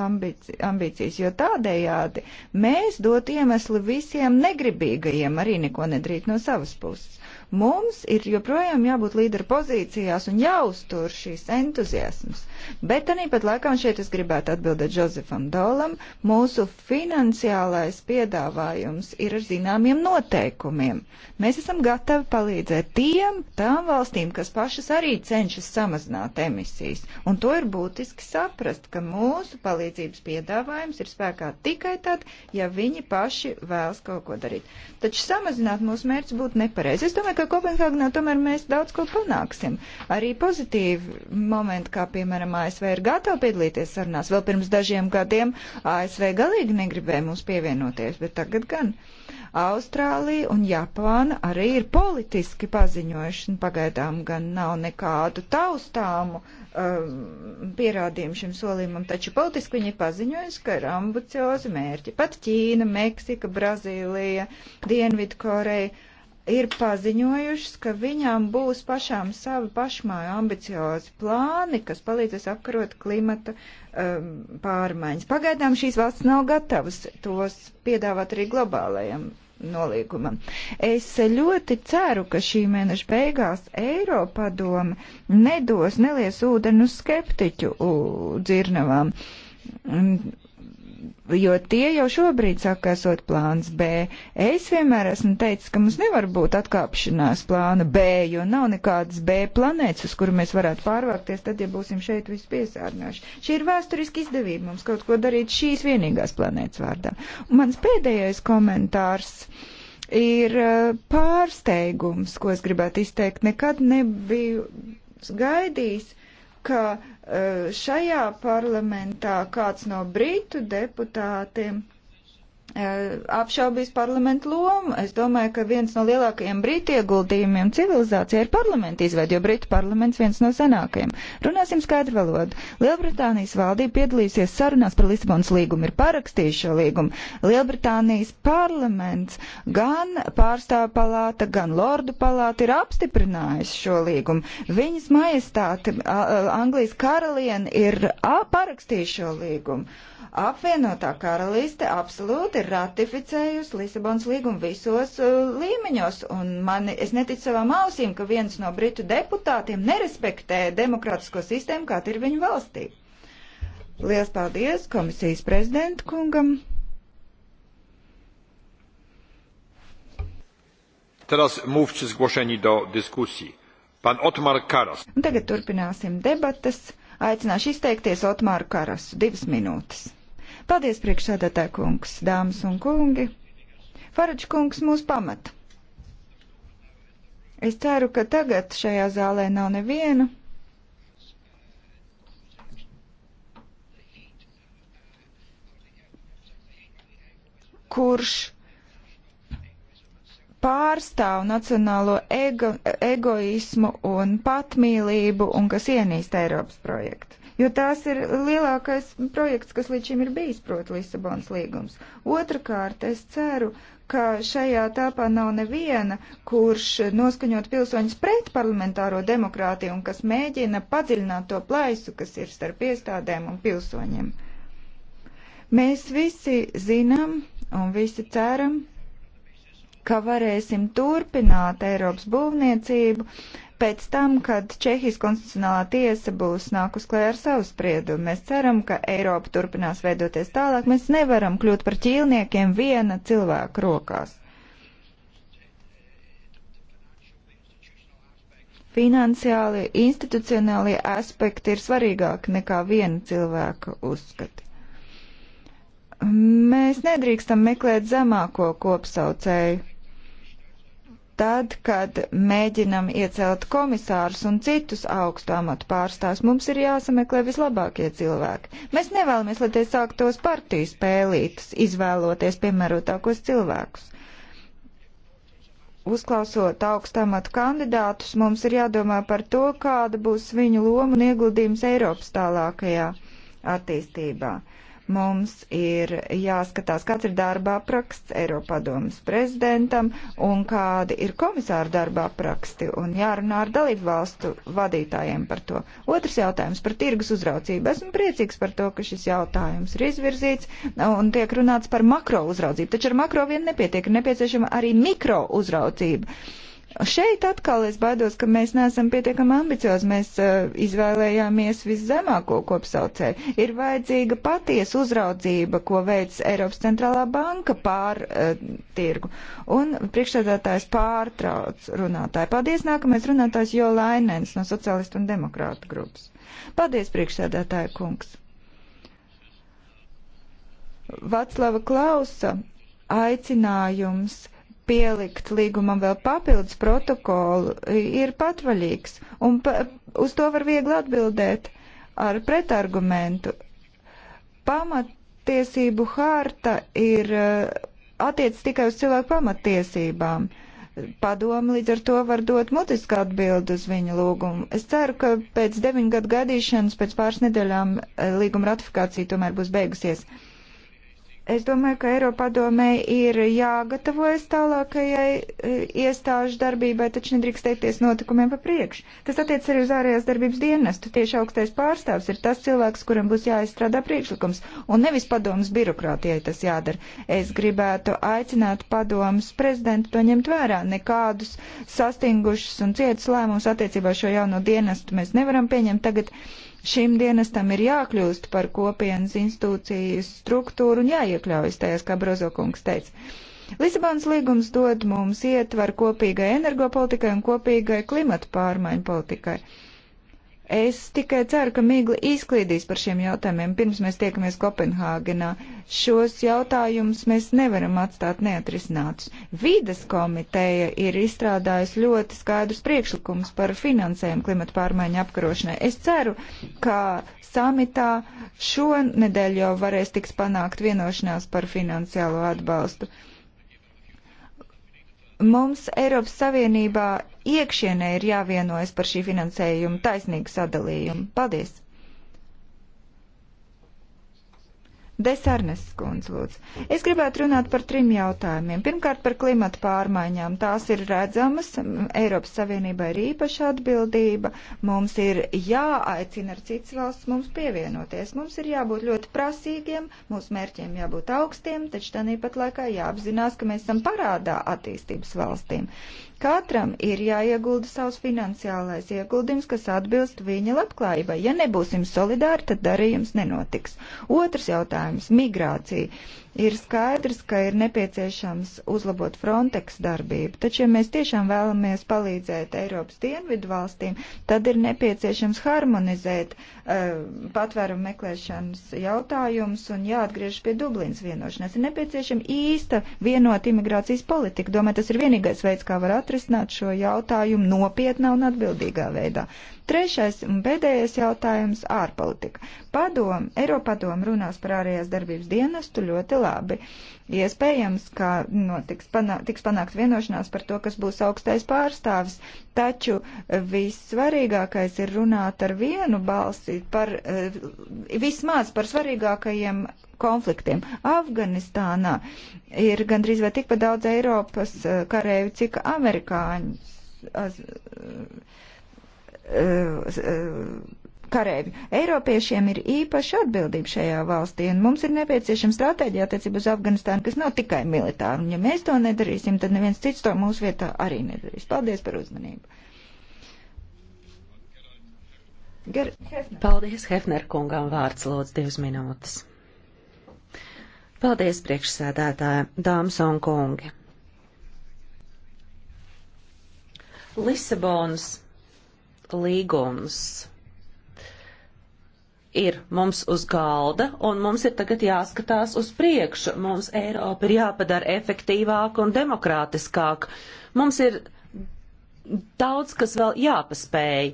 ambici, ambīcijas, jo tādējādi mēs dot iemeslu visiem negribīgajiem arī neko nedarīt no savas puses. Mums ir joprojām jābūt līderu pozīcijās un jāuztur šīs entuziasmas. Bet tāpat laikā, un šeit es gribētu atbildēt Josefam Dolam, mūsu finansiālais piedāvājums ir ar zināmiem noteikumiem. Mēs esam gatavi palīdzēt tiem, tām valstīm, kas pašas arī cenšas samazināt emisijas. Un to ir būtiski saprast, ka mūsu palīdzības piedāvājums ir spēkā tikai tad, ja viņi paši vēlas kaut ko darīt. Taču samazināt mūsu mērķus būtu nepareizi. Es domāju, ka Kopenhāgnā tomēr mēs daudz ko panāksim. Arī pozitīvi momenti, kā piemēram ASV ir gatava piedalīties sarunās. Vēl pirms dažiem gadiem ASV galīgi negribēja mums pievienoties, bet tagad gan. Austrālija un Japāna arī ir politiski paziņojuši, un pagaidām gan nav nekādu taustāmu um, pierādījumu šim solījumam, taču politiski viņi ir paziņojuši, ka ir ambiciozi mērķi. Pat Ķīna, Meksika, Brazīlija, Dienvidkoreja ir paziņojušas, ka viņām būs pašām savi pašmāju ambiciozi plāni, kas palīdzēs apkarot klimata um, pārmaiņas. Pagaidām šīs valsts nav gatavas tos piedāvāt arī globālajiem nolīgumam. Es ļoti ceru, ka šī mēneša beigās Eiropadome nedos nelies ūdeni uz skeptiķu dzirnavām jo tie jau šobrīd saka, esot plāns B. Es vienmēr esmu teicis, ka mums nevar būt atkāpšanās plāna B, jo nav nekādas B planētas, uz kuru mēs varētu pārvākties, tad, ja būsim šeit visi piesārņojuši. Šī ir vēsturiski izdevība mums kaut ko darīt šīs vienīgās planētas vārdā. Un mans pēdējais komentārs ir uh, pārsteigums, ko es gribētu izteikt. Nekad nebiju gaidījis, ka Eh, šajā parlamentā kāds no britu deputātiem Eh, apšaubīs parlamentu lomu. Es domāju, ka viens no lielākajiem brītu ieguldījumiem civilizācijā ir parlamenta izveidi, jo brītu parlaments viens no senākajiem. Runāsim skaidru valodu. Lielbritānijas valdība piedalīsies sarunās par Lisabonas līgumu, ir parakstījuši šo līgumu. Lielbritānijas parlaments gan pārstāvu palāta, gan lordu palāta ir apstiprinājusi šo līgumu. Viņas majestāte, Anglijas karaliene, ir parakstījuši šo līgumu. Apvienotā karaliste absolūti ir ratificējusi Lisabonas līgumu visos uh, līmeņos, un man, es neticu savām ausīm, ka viens no britu deputātiem nerespektē demokrātisko sistēmu, kā ir viņu valstī. Lielas paldies komisijas prezidenta kungam. Teraz mówcy zgłoszeni do dyskusji. Pan Otmar Karas. Tagad turpināsim debatas. Aicināšu izteikties Otmāru Karasu. Divas minūtes. Paldies, priekšsēdētāj kungs, dāmas un kungi. Faraģ kungs mūs pamata. Es ceru, ka tagad šajā zālē nav nevienu, kurš pārstāv nacionālo ego, egoismu un patmīlību un kas ienīst Eiropas projektu. Jo tās ir lielākais projekts, kas līdz šim ir bijis, proti, Lisabonas līgums. Otrakārt, es ceru, ka šajā tāpā nav neviena, kurš noskaņot pilsoņus pret parlamentāro demokrātiju un kas mēģina padziļināt to plaisu, kas ir starp iestādēm un pilsoņiem. Mēs visi zinām un visi ceram, ka varēsim turpināt Eiropas būvniecību pēc tam, kad Čehijas konstitucionālā tiesa būs nākus klē ar savu spriedumu. Mēs ceram, ka Eiropa turpinās veidoties tālāk. Mēs nevaram kļūt par ķīlniekiem viena cilvēka rokās. Finansiāli, institucionālie aspekti ir svarīgāki nekā viena cilvēka uzskati mēs nedrīkstam meklēt zemāko kopsaucēju. Tad, kad mēģinam iecelt komisārus un citus augstu amatu pārstāvs, mums ir jāsameklē vislabākie cilvēki. Mēs nevēlamies, lai tie sāktos partiju spēlītas, izvēloties piemērotākos cilvēkus. Uzklausot augstamatu kandidātus, mums ir jādomā par to, kāda būs viņu loma un ieguldījums Eiropas tālākajā attīstībā. Mums ir jāskatās, kāds ir darbā praksts Eiropadomas prezidentam un kādi ir komisāru darbā praksti un jārunā ar dalību valstu vadītājiem par to. Otrs jautājums par tirgus uzraucību. Esmu priecīgs par to, ka šis jautājums ir izvirzīts un tiek runāts par makro uzraudzību. Taču ar makro vien nepietiek, ir nepieciešama arī mikro uzraudzība. Uh, Šeit atkal es baidos, ka mēs neesam pietiekami ambiciozi. Mēs uh, izvēlējāmies viszemāko kopsaucēju. Ir vajadzīga patiesa uzraudzība, ko veic Eiropas centrālā banka pār uh, tirgu. Un priekšsēdētājs pārtrauc runātāju. Paldies, nākamais runātājs Jo Lainens no Socialistu un Demokrātu grupas. Paldies, priekšsēdētāja kungs. Vaclava Klausa aicinājums pielikt līgumam vēl papildus protokolu, ir patvaļīgs, un pa, uz to var viegli atbildēt ar pretargumentu. Pamattiesību harta ir e, attiec tikai uz cilvēku pamattiesībām. Padomu līdz ar to var dot mutisku atbildi uz viņa lūgumu. Es ceru, ka pēc deviņu gadu gadīšanas, pēc pāris nedēļām e, līguma ratifikācija tomēr būs beigusies. Es domāju, ka Eiropadomē ir jāgatavojas tālākajai e, iestāžu darbībai, taču nedrīkst teikties notikumiem pa priekšu. Tas attiec arī uz ārējās darbības dienestu. Tieši augstais pārstāvs ir tas cilvēks, kuram būs jāizstrādā priekšlikums, un nevis padomas birokrātijai tas jādara. Es gribētu aicināt padomas prezidentu to ņemt vērā. Nekādus sastingušus un cietus lēmumus attiecībā šo jauno dienestu mēs nevaram pieņemt tagad. Uh, Šim dienestam ir jākļūst par kopienas institūcijas struktūru un jāiekļaujas tajās, kā Brozokungs teica. Lisabonas līgums dod mums ietvaru kopīgai energopolitikai un kopīgai klimatu pārmaiņu politikai. Es tikai ceru, ka Mīgli izklīdīs par šiem jautājumiem, pirms mēs tiekamies Kopenhāgenā. Šos jautājumus mēs nevaram atstāt neatrisinātus. Vides komiteja ir izstrādājusi ļoti skaidrus priekšlikumus par finansējumu klimatu pārmaiņu apkarošanai. Es ceru, ka samitā šonedēļ jau varēs tiks panākt vienošanās par finansiālo atbalstu. Uh, Mums Eiropas Savienībā iekšienē ir jāvienojas par šī finansējuma taisnīgu sadalījumu. Paldies! Desarnes skundz, lūdzu. Es gribētu runāt par trim jautājumiem. Pirmkārt, par klimata pārmaiņām. Tās ir redzamas, Eiropas Savienībai ir īpaša atbildība, mums ir jāaicina ar citas valsts mums pievienoties. Mums ir jābūt ļoti prasīgiem, mūsu mērķiem jābūt augstiem, taču tā nīpat laikā jāapzinās, ka mēs esam parādā attīstības valstīm. Katram ir jāiegulda savs finansiālais ieguldījums, kas atbilst viņa labklājībai. Ja nebūsim solidāri, tad darījums nenotiks. Otrs jautājums - migrācija. Ir skaidrs, ka ir nepieciešams uzlabot Frontex darbību, taču, ja mēs tiešām vēlamies palīdzēt Eiropas dienvidu valstīm, tad ir nepieciešams harmonizēt uh, patvērumu meklēšanas jautājumus un jāatgriež pie Dublinas vienošanās. Ir nepieciešama īsta vienota imigrācijas politika. Domāju, tas ir vienīgais veids, kā var atrisināt šo jautājumu nopietnā un atbildīgā veidā. Trešais un pēdējais jautājums - ārpolitika. Padom, Eiropadom runās par ārējās darbības dienestu ļoti labi. Iespējams, ka no, tiks, panā, tiks panākt vienošanās par to, kas būs augstais pārstāvis, taču vissvarīgākais ir runāt ar vienu balsi par, eh, vismaz par svarīgākajiem konfliktiem. Afganistānā ir gandrīz vai tikpat daudz Eiropas eh, karēju, cik amerikāņu. Eh, eh, karēvi. Eiropiešiem ir īpaša atbildība šajā valstī, un mums ir nepieciešama stratēģija attiecībā uz Afganistānu, kas nav tikai militāra. Un ja mēs to nedarīsim, tad neviens cits to mūsu vietā arī nedarīs. Paldies par uzmanību. Ger Hefner. Paldies, Hefner kungām vārds lūdzu divas minūtes. Paldies, priekšsēdētāja, dāmas un kungi. Lisabonas līgums ir mums uz galda, un mums ir tagad jāskatās uz priekšu. Mums Eiropa ir jāpadara efektīvāka un demokrātiskāka. Mums ir daudz, kas vēl jāpaspēj.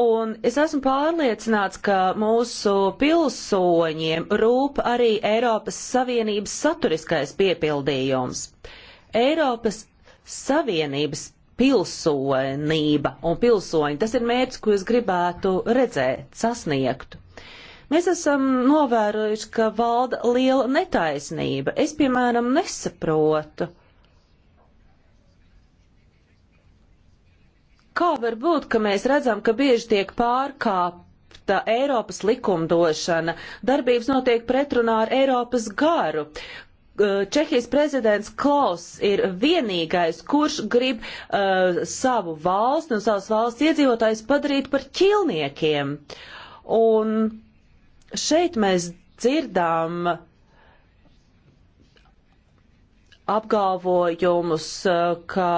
Un es esmu pārliecināts, ka mūsu pilsoņiem rūp arī Eiropas Savienības saturiskais piepildījums. Eiropas Savienības pilsonība un pilsoņi. Tas ir mērķis, ko es gribētu redzēt, sasniegt. Mēs esam novērojuši, ka valda liela netaisnība. Es, piemēram, nesaprotu. Kā var būt, ka mēs redzam, ka bieži tiek pārkāpta Eiropas likumdošana, darbības notiek pretrunā ar Eiropas garu? Čehijas prezidents Klaus ir vienīgais, kurš grib uh, savu valsti un savas valsts iedzīvotājus padarīt par ķilniekiem. Un šeit mēs dzirdām apgalvojumus, uh, ka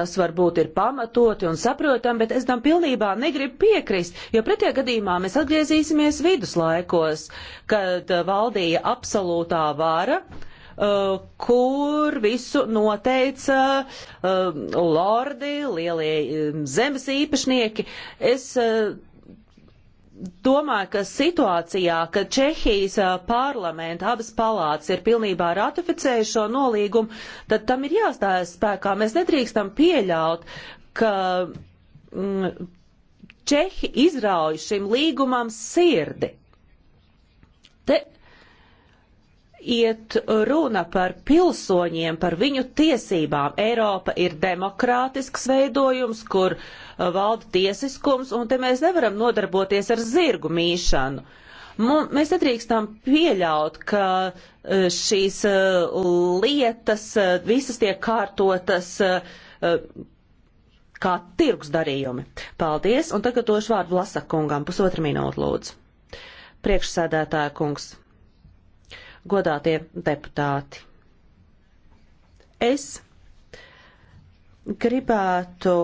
tas varbūt ir pamatoti un saprotami, bet es tam pilnībā negribu piekrist, jo pretie gadījumā mēs atgriezīsimies viduslaikos, kad uh, valdīja absolūtā vara, uh, Eh, kur visu noteica eh, lordi, lielie eh, zemes īpašnieki. Es domāju, ka situācijā, kad Čehijas parlamenta abas palātas ir pilnībā ratificējuši šo nolīgumu, tad tam ir jāstājas spēkā. Mēs nedrīkstam pieļaut, ka mm, Čehi izrauj šim līgumam sirdi. Te iet runa par pilsoņiem, par viņu tiesībām. Eiropa ir demokrātisks veidojums, kur uh, valda tiesiskums, un te mēs nevaram nodarboties ar zirgu mīšanu. Mums, mēs nedrīkstam pieļaut, ka uh, šīs uh, lietas visas tiek kārtotas kā tirgus darījumi. Paldies, un tagad došu vārdu Lasakungam, pusotra minūte lūdzu. Priekšsēdētāja kungs godātie deputāti. Es gribētu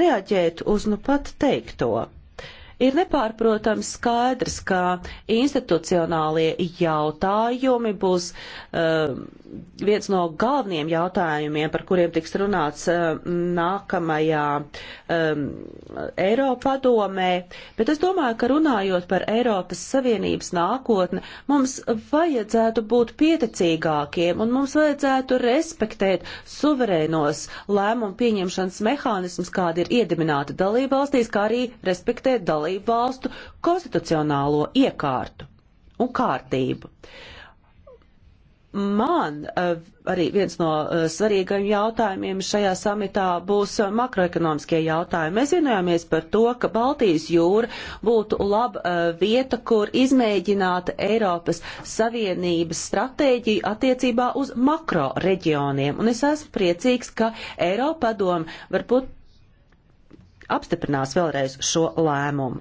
reaģēt uz nu pat teikto. Ir nepārprotams skaidrs, ka institucionālie jautājumi būs um, viens no galvenajiem jautājumiem, par kuriem tiks runāts eh, nākamajā um, Eiropadomē, bet es domāju, ka runājot par Eiropas Savienības nākotni, mums vajadzētu būt pieticīgākiem un mums vajadzētu respektēt suverēnos lēmumu pieņemšanas mehānismus, kādi ir iedibināti dalību valstīs, kā arī respektēt dalību valstu konstitucionālo iekārtu un kārtību. Uh, man eh, arī viens no eh, svarīgajiem jautājumiem šajā samitā būs eh, makroekonomiskie jautājumi. Mēs vienojāmies par to, ka Baltijas jūra būtu laba vieta, kur izmēģināt Eiropas Savienības stratēģiju attiecībā uz makro reģioniem. Un es esmu priecīgs, ka Eiropa doma varbūt apstiprinās vēlreiz šo lēmumu.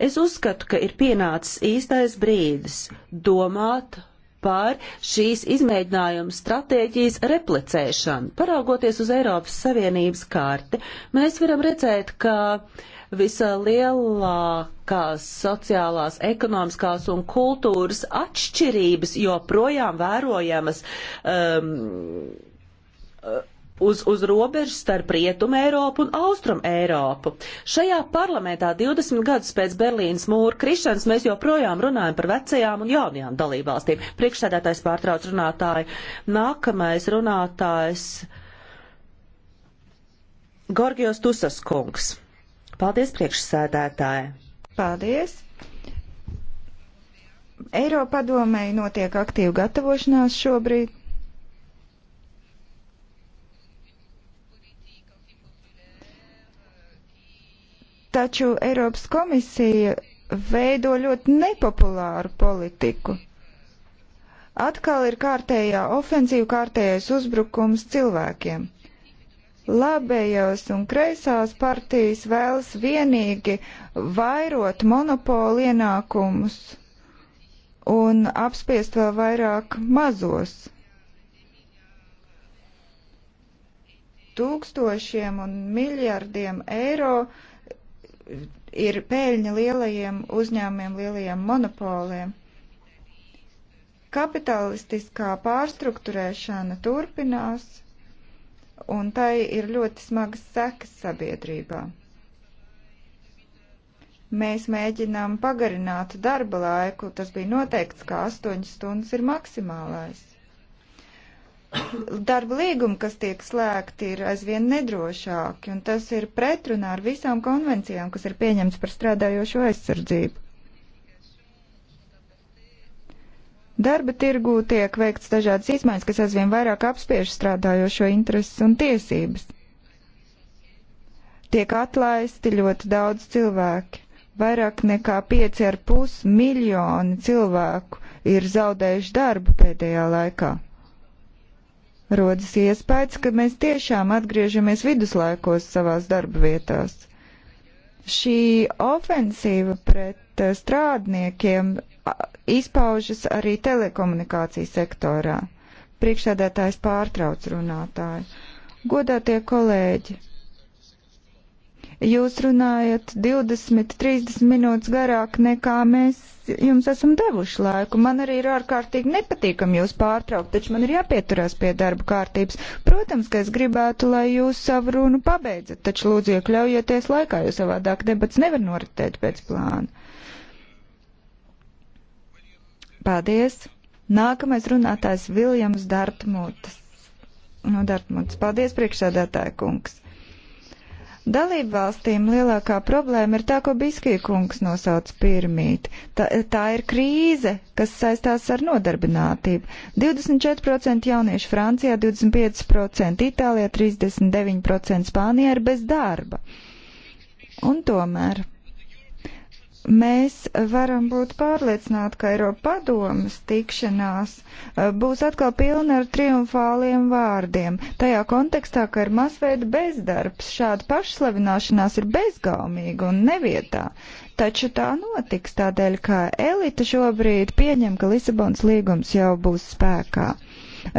Es uzskatu, ka ir pienācis īstais brīdis domāt par šīs izmēģinājuma stratēģijas replicēšanu. Paraugoties uz Eiropas Savienības karti, mēs varam redzēt, ka vislielākās sociālās, ekonomiskās un kultūras atšķirības joprojām vērojamas. Um, uh, uz, uz robežas starp Rietumu Eiropu un Austrumu Eiropu. Šajā parlamentā 20 gadus pēc Berlīnas mūra krišanas mēs joprojām runājam par vecajām un jaunajām dalībvalstīm. Priekšsēdētājs pārtrauc runātāju. Nākamais runātājs Gorgijos Tusas kungs. Paldies, priekšsēdētāji. Paldies. Eiropadomēji notiek aktīva gatavošanās šobrīd Taču Eiropas komisija veido ļoti nepopulāru politiku. Atkal ir kārtējā ofensīva, kārtējais uzbrukums cilvēkiem. Labējos un kreisās partijas vēlas vienīgi vairot monopolu ienākumus un apspiest vēl vairāk mazos. Tūkstošiem un miljardiem eiro uh, ir pēļņa lielajiem uzņēmumiem, lielajiem monopoliem. Kapitalistiskā pārstruktūrēšana turpinās, un tai ir ļoti smagas sekas sabiedrībā. Mēs mēģinām pagarināt darba laiku, tas bija noteikts, ka 8 stundas ir maksimālais darba līgumi, kas tiek slēgti, ir aizvien nedrošāki, un tas ir pretrunā ar visām konvencijām, kas ir pieņemts par strādājošo aizsardzību. Darba tirgū tiek veikts dažādas izmaiņas, kas aizvien vairāk apspiež strādājošo intereses un tiesības. Tiek atlaisti ļoti daudz cilvēki. Vairāk nekā 5,5 miljoni cilvēku ir zaudējuši darbu pēdējā laikā rodas iespējas, ka mēs tiešām atgriežamies viduslaikos savās darba vietās. Šī ofensīva pret eh, strādniekiem izpaužas arī telekomunikācijas sektorā. Priekšsēdētājs pārtrauc runātāju. Godātie kolēģi! Jūs runājat 20-30 minūtes garāk nekā mēs jums esam devuši laiku. Man arī ir ārkārtīgi nepatīkam jūs pārtraukt, taču man ir jāpieturās pie darba kārtības. Protams, ka es gribētu, lai jūs savu runu pabeidzat, taču lūdzu iekļaujieties laikā, jo savādāk debats nevar noritēt pēc plāna. Paldies! Nākamais runātājs Viljams Dartmūtas. No Dartmūtas. Paldies, priekšsēdētāja kungs! Dalību valstīm lielākā problēma ir tā, ko Biskija kungs nosauc pirmīt. Tā, tā ir krīze, kas saistās ar nodarbinātību. 24% jauniešu Francijā, 25% Itālijā, 39% Spānijā ir bez darba. Un tomēr Mēs varam būt pārliecināti, ka Eiropa padomas tikšanās eh, būs atkal pilna ar triumfāliem vārdiem. Tajā kontekstā, ka ir masveida bezdarbs, šāda pašslavināšanās ir bezgaumīga un nevietā. Taču tā notiks tādēļ, ka elita šobrīd pieņem, ka Lisabons līgums jau būs spēkā.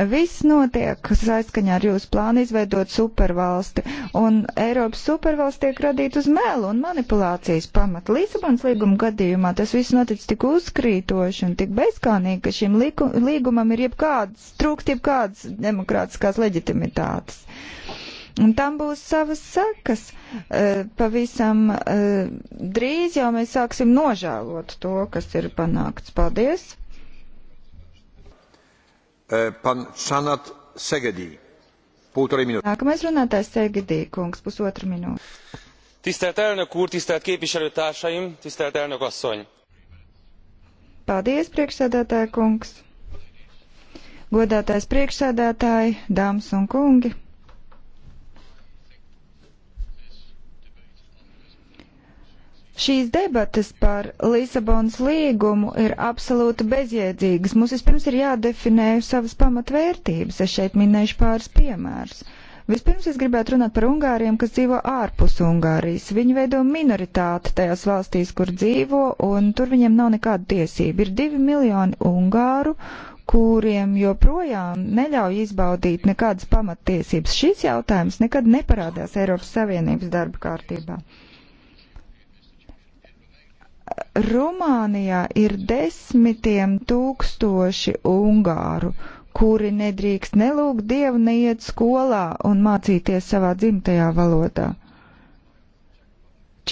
Viss notiek saskaņā ar jūsu plānu izveidot supervalsti, un Eiropas supervalsts tiek radīta uz melu un manipulācijas pamata. Līsabons līguma gadījumā tas viss notic tik uzkrītoši un tik bezkānīgi, ka šim līgumam ir jebkādas, trūkst jebkādas demokrātiskās leģitimitātes. Un tam būs savas sekas. E, pavisam e, drīz jau mēs sāksim nožēlot to, kas ir panākts. Paldies! E, pan Šanat Segedī. Pūtorai minūte. Nākamais runātājs Segedī, kungs, pusotra minūte. Tisztelt elnök úr, tisztelt képviselőtársaim, tisztelt elnök asszony! Paldies, priekšsēdētāja kungs! Godātais priekšsēdētāji, dāmas un kungi! Šīs debatas par Lisabonas līgumu ir absolūti bezjēdzīgas. Mums vispirms ir jādefinē savas pamatvērtības. Es šeit minēšu pāris piemērus. Vispirms es gribētu runāt par Ungāriem, kas dzīvo ārpus Ungārijas. Viņi veido minoritāti tajās valstīs, kur dzīvo, un tur viņiem nav nekāda tiesība. Ir divi miljoni Ungāru, kuriem joprojām neļauj izbaudīt nekādas pamattiesības. Šis jautājums nekad neparādās Eiropas Savienības darba kārtībā. Rumānijā ir desmitiem tūkstoši ungāru, kuri nedrīkst nelūgt dievu, neiet skolā un mācīties savā dzimtajā valodā.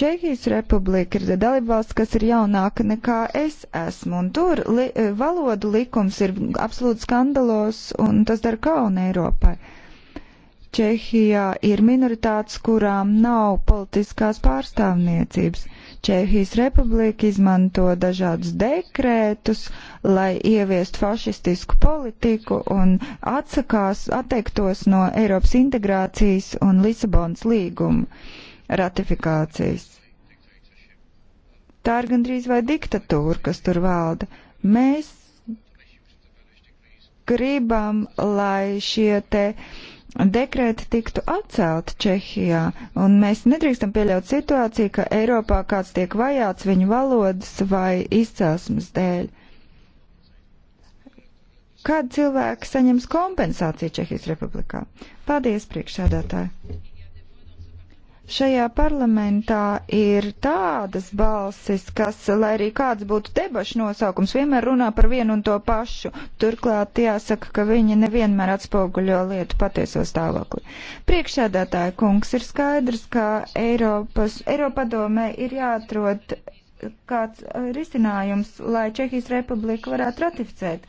Čehijas republika ir dalībvalsts, kas ir jaunāka nekā es esmu, un tur li e, valodu likums ir absolūti skandalos, un tas dara kaunu Eiropai. Čehijā ir minoritātes, kurām nav politiskās pārstāvniecības. Čehijas republika izmanto dažādus dekrētus, lai ieviestu fašistisku politiku un atsakās, atteiktos no Eiropas integrācijas un Lisabonas līguma ratifikācijas. Tā ir gandrīz vai diktatūra, kas tur valda. Mēs gribam, lai šie te uh, dekrēti tiktu atcelti Čehijā, un mēs nedrīkstam pieļaut situāciju, ka Eiropā kāds tiek vajāts viņu valodas vai izcelsmes dēļ. Kāda cilvēka saņems kompensāciju Čehijas republikā? Paldies, priekšsēdētāji! Šajā parlamentā ir tādas balsis, kas, lai arī kāds būtu debašu nosaukums, vienmēr runā par vienu un to pašu. Turklāt jāsaka, ka viņi nevienmēr atspoguļo lietu patieso stāvokli. Priekšsēdētāja kungs ir skaidrs, ka Eiropas, Eiropadomē ir jāatrod kāds uh, risinājums, lai Čehijas republika varētu ratificēt.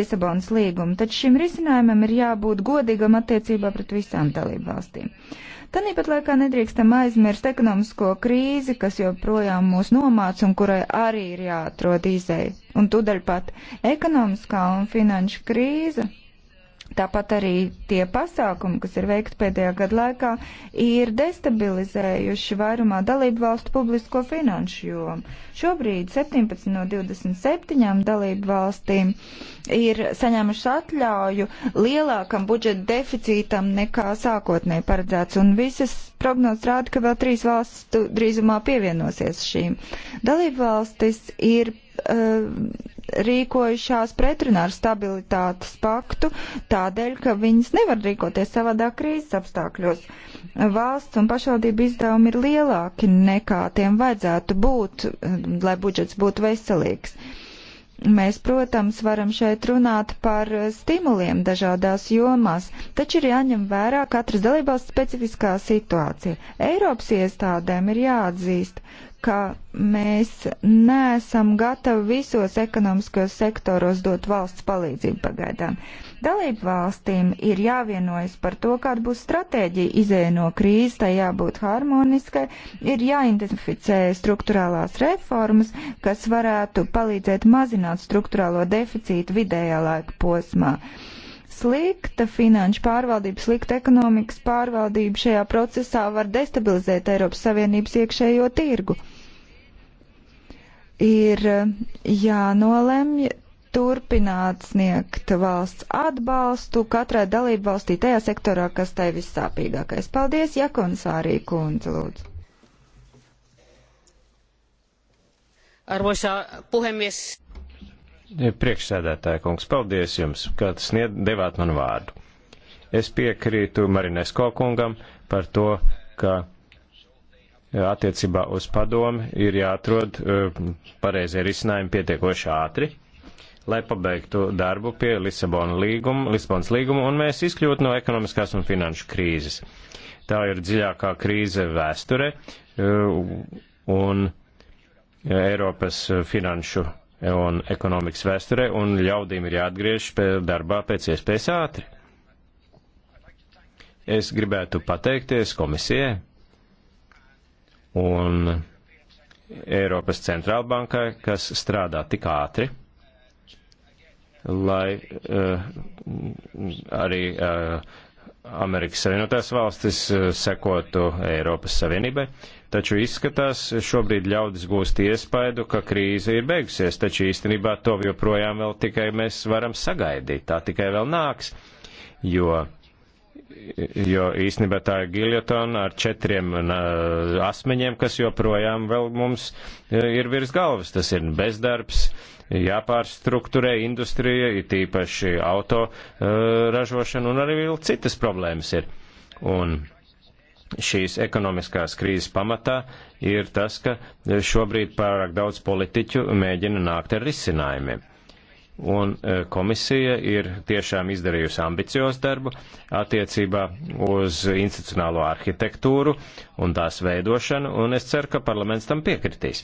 Lisabonas līgumu, tad šim risinājumam ir jābūt godīgam attiecībā pret visām dalībvalstīm. valstīm. Tāpat laikā nedrīkstam aizmirst ekonomisko krīzi, kas joprojām mūs nomāca un kurai arī ir jāatrod izēja. Un tūdaļ pat ekonomiskā un finanšu krīze Tāpat arī tie pasākumi, kas ir veikti pēdējā gada laikā, ir destabilizējuši vairumā dalību valstu publisko finanšu jomu. Šobrīd 17 no 27 dalību valstīm ir saņēmuši atļauju lielākam budžeta deficītam nekā sākotnēji paredzēts, un visas prognozes rāda, ka vēl trīs valsts drīzumā pievienosies šīm. Dalību valstis ir. Uh, rīkojušās pretrunā ar stabilitātes paktu, tādēļ, ka viņas nevar rīkoties savādā krīzes apstākļos. Valsts un pašvaldību izdevumi ir lielāki nekā tiem vajadzētu būt, lai budžets būtu veselīgs. Mēs, protams, varam šeit runāt par stimuliem dažādās jomās, taču ir jāņem vērā katras dalībvalsts specifiskā situācija. Eiropas iestādēm ir jāatzīst, ka mēs neesam gatavi visos ekonomiskos sektoros dot valsts palīdzību pagaidām. Dalību valstīm ir jāvienojas par to, kāda būs stratēģija izēja no krīzes, tai jābūt harmoniskai, ir jāidentificē struktūrālās reformas, kas varētu palīdzēt mazināt struktūrālo deficītu vidējā laika posmā slikta finanšu pārvaldība, slikta ekonomikas pārvaldība šajā procesā var destabilizēt Eiropas Savienības iekšējo tirgu ir eh, jānolemj turpināt sniegt valsts atbalstu katrai dalību valstī tajā sektorā, kas tai vissāpīgākais. Paldies, Jakonsārī kundze, lūdzu. Arvoisa puhemies. Priekšsēdētāja kungs, paldies jums, ka devāt man vārdu. Es piekrītu Marinesko kungam par to, ka attiecībā uz padomi ir jāatrod e, pareizie risinājumi pietiekoši ātri, lai pabeigtu darbu pie Lisabona līguma, Lisabonas līguma un mēs izkļūtu no ekonomiskās un finanšu krīzes. Tā ir dziļākā krīze vēsture e, un Eiropas finanšu un ekonomikas vēsture, un ļaudīm ir jāatgriež pie darbā pēc iespējas ātri. Es gribētu pateikties komisijai un Eiropas centrālbankai, kas strādā tik ātri, lai uh, arī uh, Amerikas Savienotās valstis eh, sekotu Eiropas Savienībai, taču izskatās šobrīd ļaudis gūst iespaidu, ka krīze ir beigusies, taču īstenībā to joprojām vēl tikai mēs varam sagaidīt, tā tikai vēl nāks, jo uh, jo īstenībā tā ir giljotona ar četriem asmeņiem, kas joprojām vēl mums ir virs galvas. Tas ir bezdarbs, jāpārstruktūrē industrija, ir tīpaši auto ražošana un arī vēl citas problēmas ir. Un šīs ekonomiskās krīzes pamatā ir tas, ka šobrīd pārāk daudz politiķu mēģina nākt ar risinājumiem un e, komisija ir tiešām izdarījusi ambiciozu darbu attiecībā uz institucionālo arhitektūru un tās veidošanu, un es ceru, ka parlaments tam piekritīs.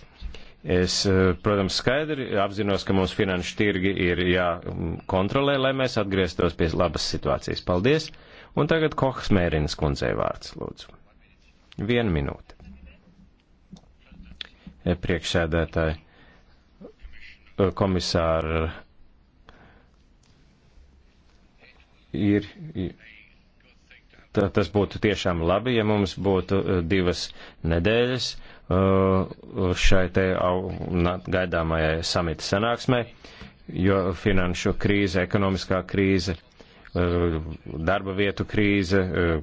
Es, e, protams, skaidri apzinos, ka mūsu finanšu tirgi ir jākontrolē, lai mēs atgrieztos pie labas situācijas. Paldies! Un tagad Kohs Mērinas kundzei vārds, lūdzu. Vienu minūti. E, priekšsēdētāji komisāra ir, tā, tas būtu tiešām labi, ja mums būtu e, divas nedēļas e, šai te gaidāmajai samita sanāksmai, jo finanšu krīze, ekonomiskā krīze, e, darba vietu krīze,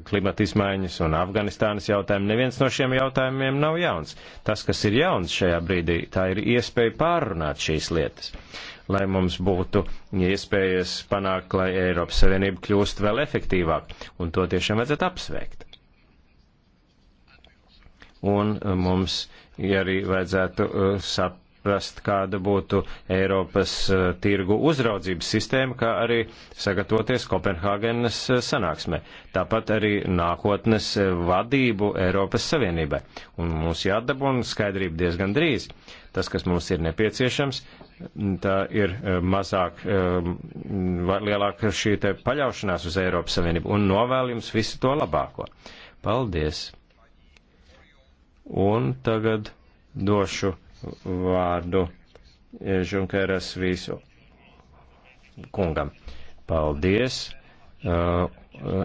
klimata izmaiņas un Afganistānas jautājumi. Neviens no šiem jautājumiem nav jauns. Tas, kas ir jauns šajā brīdī, tā ir iespēja pārrunāt šīs lietas lai mums būtu iespējas panākt, lai Eiropas Savienība kļūst vēl efektīvāk, un to tiešām vajadzētu apsveikt. Un eh, mums arī vajadzētu eh, saprast, kāda būtu Eiropas eh, tirgu uzraudzības sistēma, kā arī sagatavoties Kopenhāgenes sanāksmē. Tāpat arī nākotnes vadību Eiropas Savienībai. Un mums jādabūna skaidrība diezgan drīz tas, kas mums ir nepieciešams, tā ir eh, mazāk, eh, lielāka šī te paļaušanās uz Eiropas Savienību un novēl jums visu to labāko. Paldies! Un tagad došu vārdu Žunkeras eh, visu kungam. Paldies!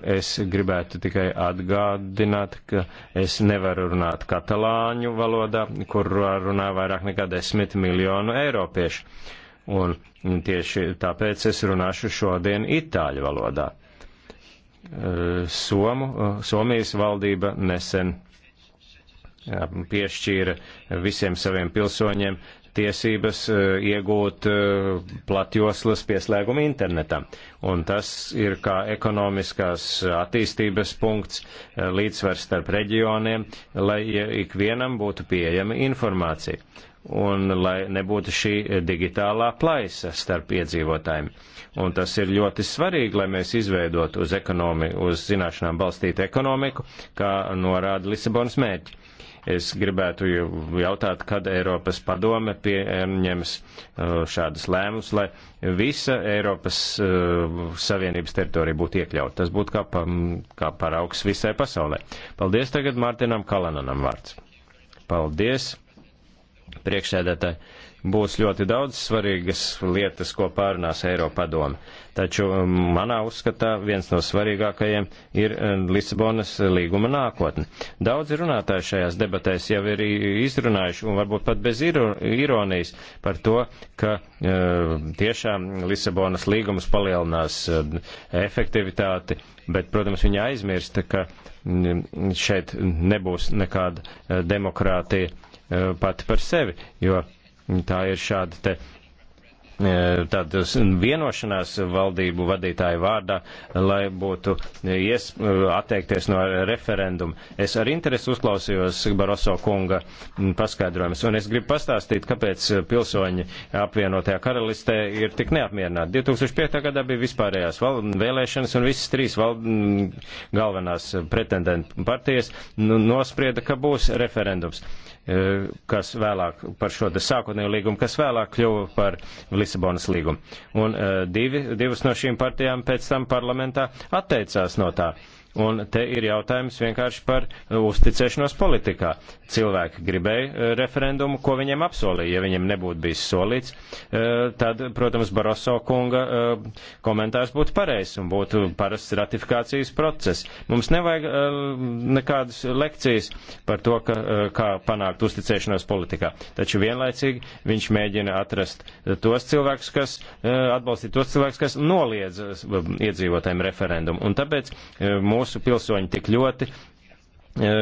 es gribētu tikai atgādināt, ka es nevaru runāt katalāņu valodā, kur runā vairāk nekā desmit miljonu eiropiešu. Un tieši tāpēc es runāšu šodien itāļu valodā. Somu, Somijas valdība nesen piešķīra visiem saviem pilsoņiem tiesības eh, iegūt eh, platjoslas pieslēgumu internetam. Un tas ir kā ekonomiskās attīstības punkts eh, līdzsvars starp reģioniem, lai ikvienam būtu pieejama informācija un lai nebūtu šī digitālā plaisa starp iedzīvotājiem. Un tas ir ļoti svarīgi, lai mēs izveidotu uz, ekonomi, uz zināšanām balstītu ekonomiku, kā norāda Lisabonas mērķi. Es gribētu jautāt, kad Eiropas padome pieņems uh, šādas lēmumus, lai visa Eiropas uh, Savienības teritorija būtu iekļauta. Tas būtu kā, pa, kā paraugs visai pasaulē. Paldies tagad Mārtiņam Kalananam vārds. Paldies, priekšsēdētāji būs ļoti daudz svarīgas lietas, ko pārunās Eiropadome. Taču um, manā uzskatā viens no svarīgākajiem ir um, Lisabonas līguma nākotne. Daudzi runātāji šajās debatēs jau ir izrunājuši, un varbūt pat bez ironijas, par to, ka um, tiešām Lisabonas līgums palielinās efektivitāti, bet, protams, viņi aizmirsta, ka šeit nebūs nekāda uh, demokrātija uh, pati par sevi, jo Tā ir šāda te e, tad vienošanās valdību vadītāju vārdā, lai būtu ies, atteikties no referenduma. Es ar interesi uzklausījos Baroso kunga paskaidrojumus, un es gribu pastāstīt, kāpēc pilsoņi apvienotajā karalistē ir tik neapmierināti. 2005. gadā bija vispārējās vēlēšanas, un visas trīs galvenās pretendentu partijas nu, nosprieda, ka būs referendums. Eh, kas vēlāk par šo te sākotnējo līgumu, kas vēlāk kļuva par Lisabonas līgumu. Un eh, divi, divas no šīm partijām pēc tam parlamentā atteicās no tā. Un te ir jautājums vienkārši par uzticēšanos politikā. Cilvēki gribēja eh, referendumu, ko viņiem apsolīja. Ja viņiem nebūtu bijis solīts, eh, tad, protams, Baroso kunga eh, komentārs būtu pareizs un būtu parasts ratifikācijas process. Mums nevajag nekādas lekcijas par to, ka, kā panākt uzticēšanos politikā. Taču vienlaicīgi viņš mēģina atrast tos cilvēkus, kas atbalstīt tos cilvēkus, kas noliedz iedzīvotājiem referendumu. Un tāpēc mūsu mūsu pilsoņi tik ļoti e,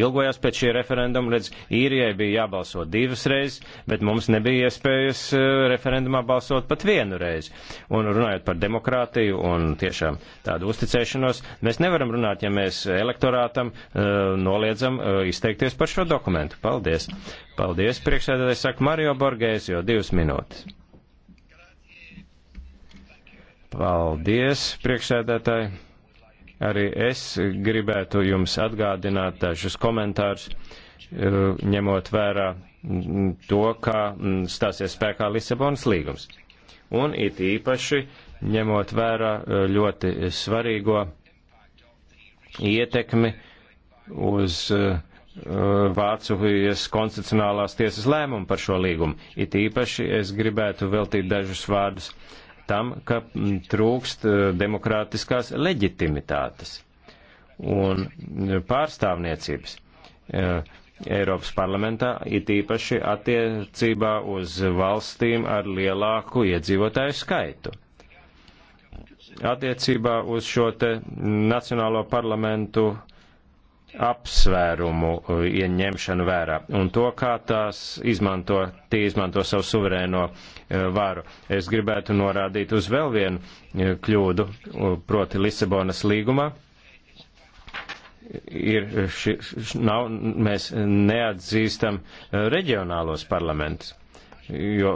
ilgojās pēc šī referenduma, redz, īrijai bija jābalso divas reizes, bet mums nebija iespējas e, referendumā balsot pat vienu reizi. Un runājot par demokrātiju un tiešām tādu uzticēšanos, mēs nevaram runāt, ja mēs elektorātam e, noliedzam izteikties par šo dokumentu. Paldies. Paldies, priekšsēdētājs saka Mario Borgēs, jo divas minūtes. Paldies, priekšsēdētāji. Arī es gribētu jums atgādināt dažus komentārus, eh, ņemot vērā mm, to, kā mm, stāsies spēkā Lisabonas līgums. Un it īpaši ņemot vērā eh, ļoti svarīgo ietekmi uz eh, Vācijas konstitucionālās tiesas lēmumu par šo līgumu. It īpaši es gribētu veltīt dažus vārdus uh, tam, ka mm, trūkst eh, demokrātiskās leģitimitātes un eh, pārstāvniecības. Eh, Eiropas parlamentā it īpaši attiecībā uz valstīm ar lielāku iedzīvotāju skaitu. Attiecībā uz šo te nacionālo parlamentu apsvērumu ieņemšanu vērā un to, kā tās izmanto, tie izmanto savu suverēno uh, Eh, varu. Es gribētu norādīt uz vēl vienu eh, kļūdu, proti Lisabonas līgumā. Ir, eh, ši, nav, mēs neatzīstam reģionālos parlamentus jo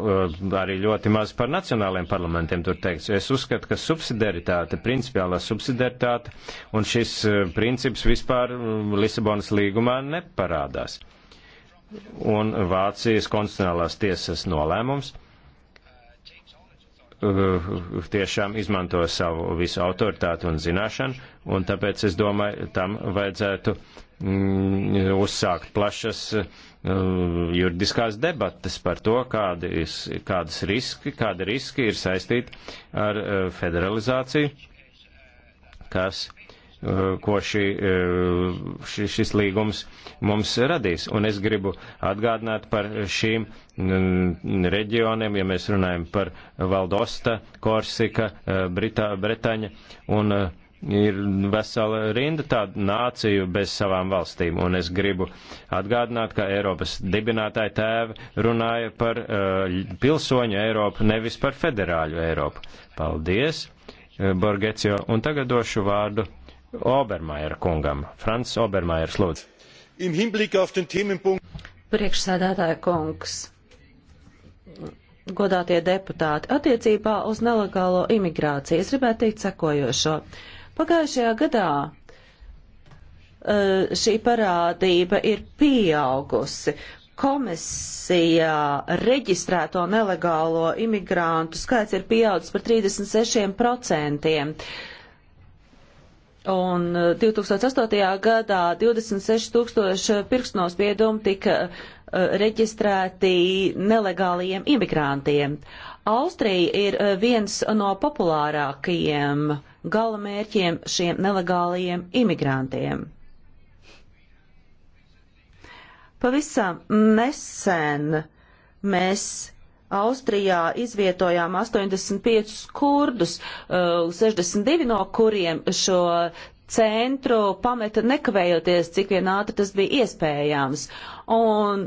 arī ļoti maz par nacionāliem parlamentiem tur teikts. Es uzskatu, ka subsidiaritāte, principiālā subsidiaritāte un šis princips vispār mm, Lisabonas līgumā neparādās. Un Vācijas konstitucionālās tiesas nolēmums tiešām izmanto savu visu autoritāti un zināšanu, un tāpēc es domāju, tam vajadzētu mm, uzsākt plašas mm, juridiskās debatas par to, kādas, kādas riski, kāda riski ir saistīti ar mm, federalizāciju, kas Eh, ko šī, eh, ši, šis līgums mums radīs. Un es gribu atgādināt par šīm mm, reģioniem, ja mēs runājam par Valdosta, Korsika, eh, Britā, Bretaņa un ir vesela rinda tādu nāciju bez savām valstīm. Un es gribu atgādināt, ka Eiropas dibinātāja tēva runāja par uh, pilsoņu Eiropu, nevis par federāļu Eiropu. Paldies, Borgecio. Un tagad došu vārdu Obermaier kungam. Frants Obermaiers, lūdzu. Priekšsēdētāja kungs, godātie deputāti, attiecībā uz nelegālo imigrāciju es gribētu teikt sekojošo. Pagājušajā gadā eh, šī parādība ir pieaugusi. Komisijā reģistrēto nelegālo imigrantu skaits ir pieaudzis par 36%. Un 2008. Eh, gadā 26 tūkstoši pirkstnospiedumu tika uh, reģistrēti nelegāliem imigrantiem. Austrija ir eh, viens no populārākajiem galamērķiem šiem nelegālajiem imigrantiem. Pavisam nesen mēs Austrijā izvietojām 85 kurdus, 62 uh, no kuriem šo centru pameta nekavējoties, cik vien ātri tas bija iespējams. Un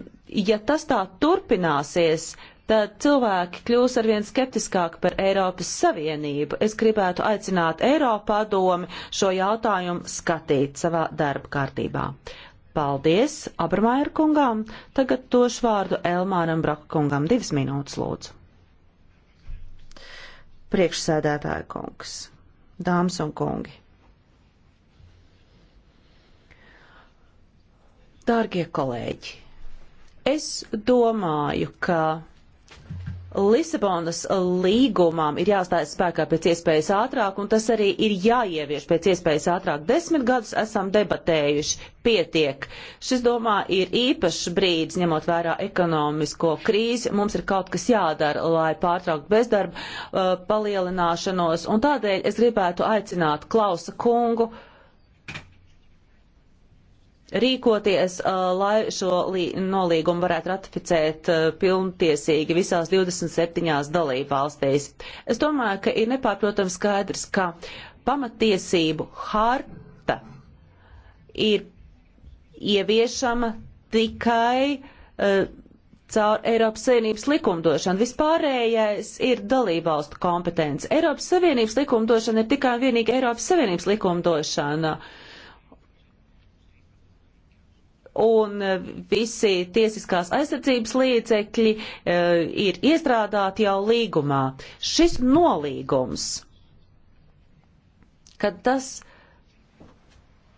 ja tas tā turpināsies, tad cilvēki kļūs arvien skeptiskāki par Eiropas Savienību. Es gribētu aicināt Eiropā domi šo jautājumu skatīt savā darba kārtībā. Paldies Abramēra kungām. Tagad došu vārdu Elmāram Braka kungam. Divas minūtes lūdzu. Priekšsēdētāja kungs, dāmas un kungi. Dārgie kolēģi, es domāju, ka Lisabonas līgumam ir jāstājas spēkā pēc iespējas ātrāk, un tas arī ir jāievieš pēc iespējas ātrāk. Desmit gadus esam debatējuši, pietiek. Šis, domā, ir īpašs brīdis, ņemot vērā ekonomisko krīzi. Mums ir kaut kas jādara, lai pārtrauktu bezdarbu uh, palielināšanos, un tādēļ es gribētu aicināt Klausa kungu uh, rīkoties, lai šo nolīgumu varētu ratificēt pilntiesīgi visās 27 dalībvalstīs. Es domāju, ka ir nepārprotams skaidrs, ka pamatiesību harta ir ieviešama tikai uh, caur Eiropas Savienības likumdošanu. Vispārējais ir dalībvalstu kompetence. Eiropas Savienības likumdošana ir tikai un vienīgi Eiropas Savienības likumdošana. Uh, un eh, visi tiesiskās aizsardzības līdzekļi eh, ir iestrādāti jau līgumā. Šis nolīgums, kad tas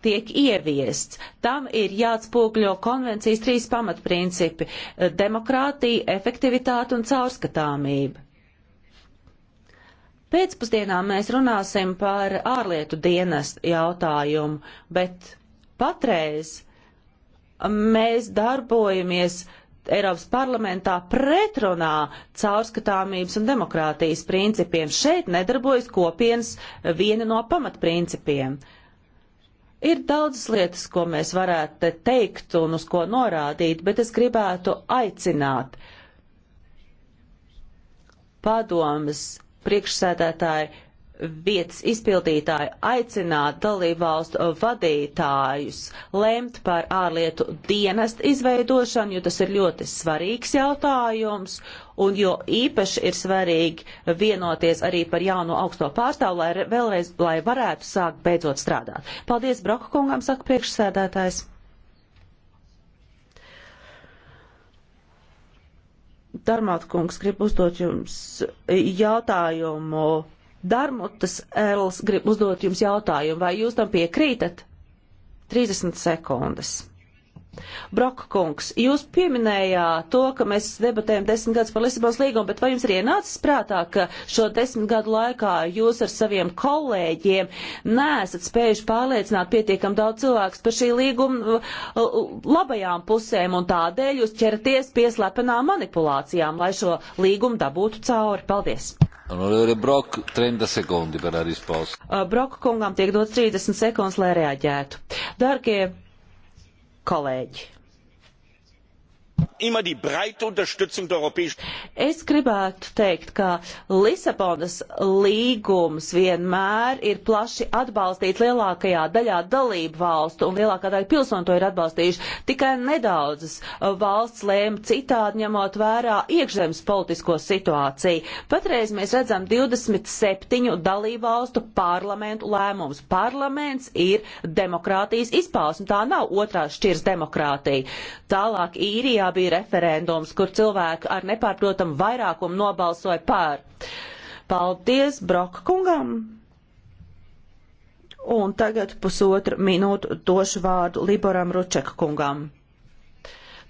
tiek ieviests. Tam ir jāatspūgļo konvencijas trīs pamatprincipi - demokrātija, efektivitāte un caurskatāmība. Pēcpusdienā mēs runāsim par ārlietu dienas jautājumu, bet patreiz mēs darbojamies Eiropas parlamentā pretrunā caurskatāmības un demokrātijas principiem. Šeit nedarbojas kopienas viena no pamatprincipiem. Ir daudzas lietas, ko mēs varētu teikt un uz ko norādīt, bet es gribētu aicināt padomas priekšsēdētāju vietas izpildītāji aicināt dalībvalstu vadītājus lemt par ārlietu dienestu izveidošanu, jo tas ir ļoti svarīgs jautājums, un jo īpaši ir svarīgi vienoties arī par jauno augsto pārstāvu, lai vēlreiz, lai varētu sākt beidzot strādāt. Paldies Broka kungam, saka priekšsēdētājs. Darmāt kungs, grib uzdot jums jautājumu Darmutas Erls grib uzdot jums jautājumu, vai jūs tam piekrītat? 30 sekundes. Broka kungs, jūs pieminējāt to, ka mēs debatējam desmit gadus par Lisabonas līgumu, bet vai jums ir ienācis prātā, ka šo desmit gadu laikā jūs ar saviem kolēģiem nesat spējuši pārliecināt pietiekam daudz cilvēks par šī līguma uh, uh, labajām pusēm un tādēļ jūs ķeraties pie slepenām manipulācijām, lai šo līgumu dabūtu cauri? Paldies! Onorevole Brok, 30 sekundi par rispostu. Uh, Broka kungam tiek dots 30 sekundes, lai reaģētu. Dargie kolēģi! Es gribētu teikt, ka Lisabonas līgums vienmēr ir plaši atbalstīts lielākajā daļā dalību valstu, un lielākā daļa pilsonu to ir atbalstījuši. Tikai nedaudzas uh, valsts lēma citādi, ņemot vērā iekšzemes politisko situāciju. Patreiz mēs redzam 27 dalību valstu parlamentu lēmumus. Parlaments ir demokrātijas izpausme, tā nav otrā šķirs demokrātija. Tālāk īrijā Polijā bija referendums, kur cilvēki ar nepārprotamu vairākumu nobalsoja pār. Paldies Broka kungam! Un tagad pusotru minūtu došu vārdu Liboram Ručeka kungam.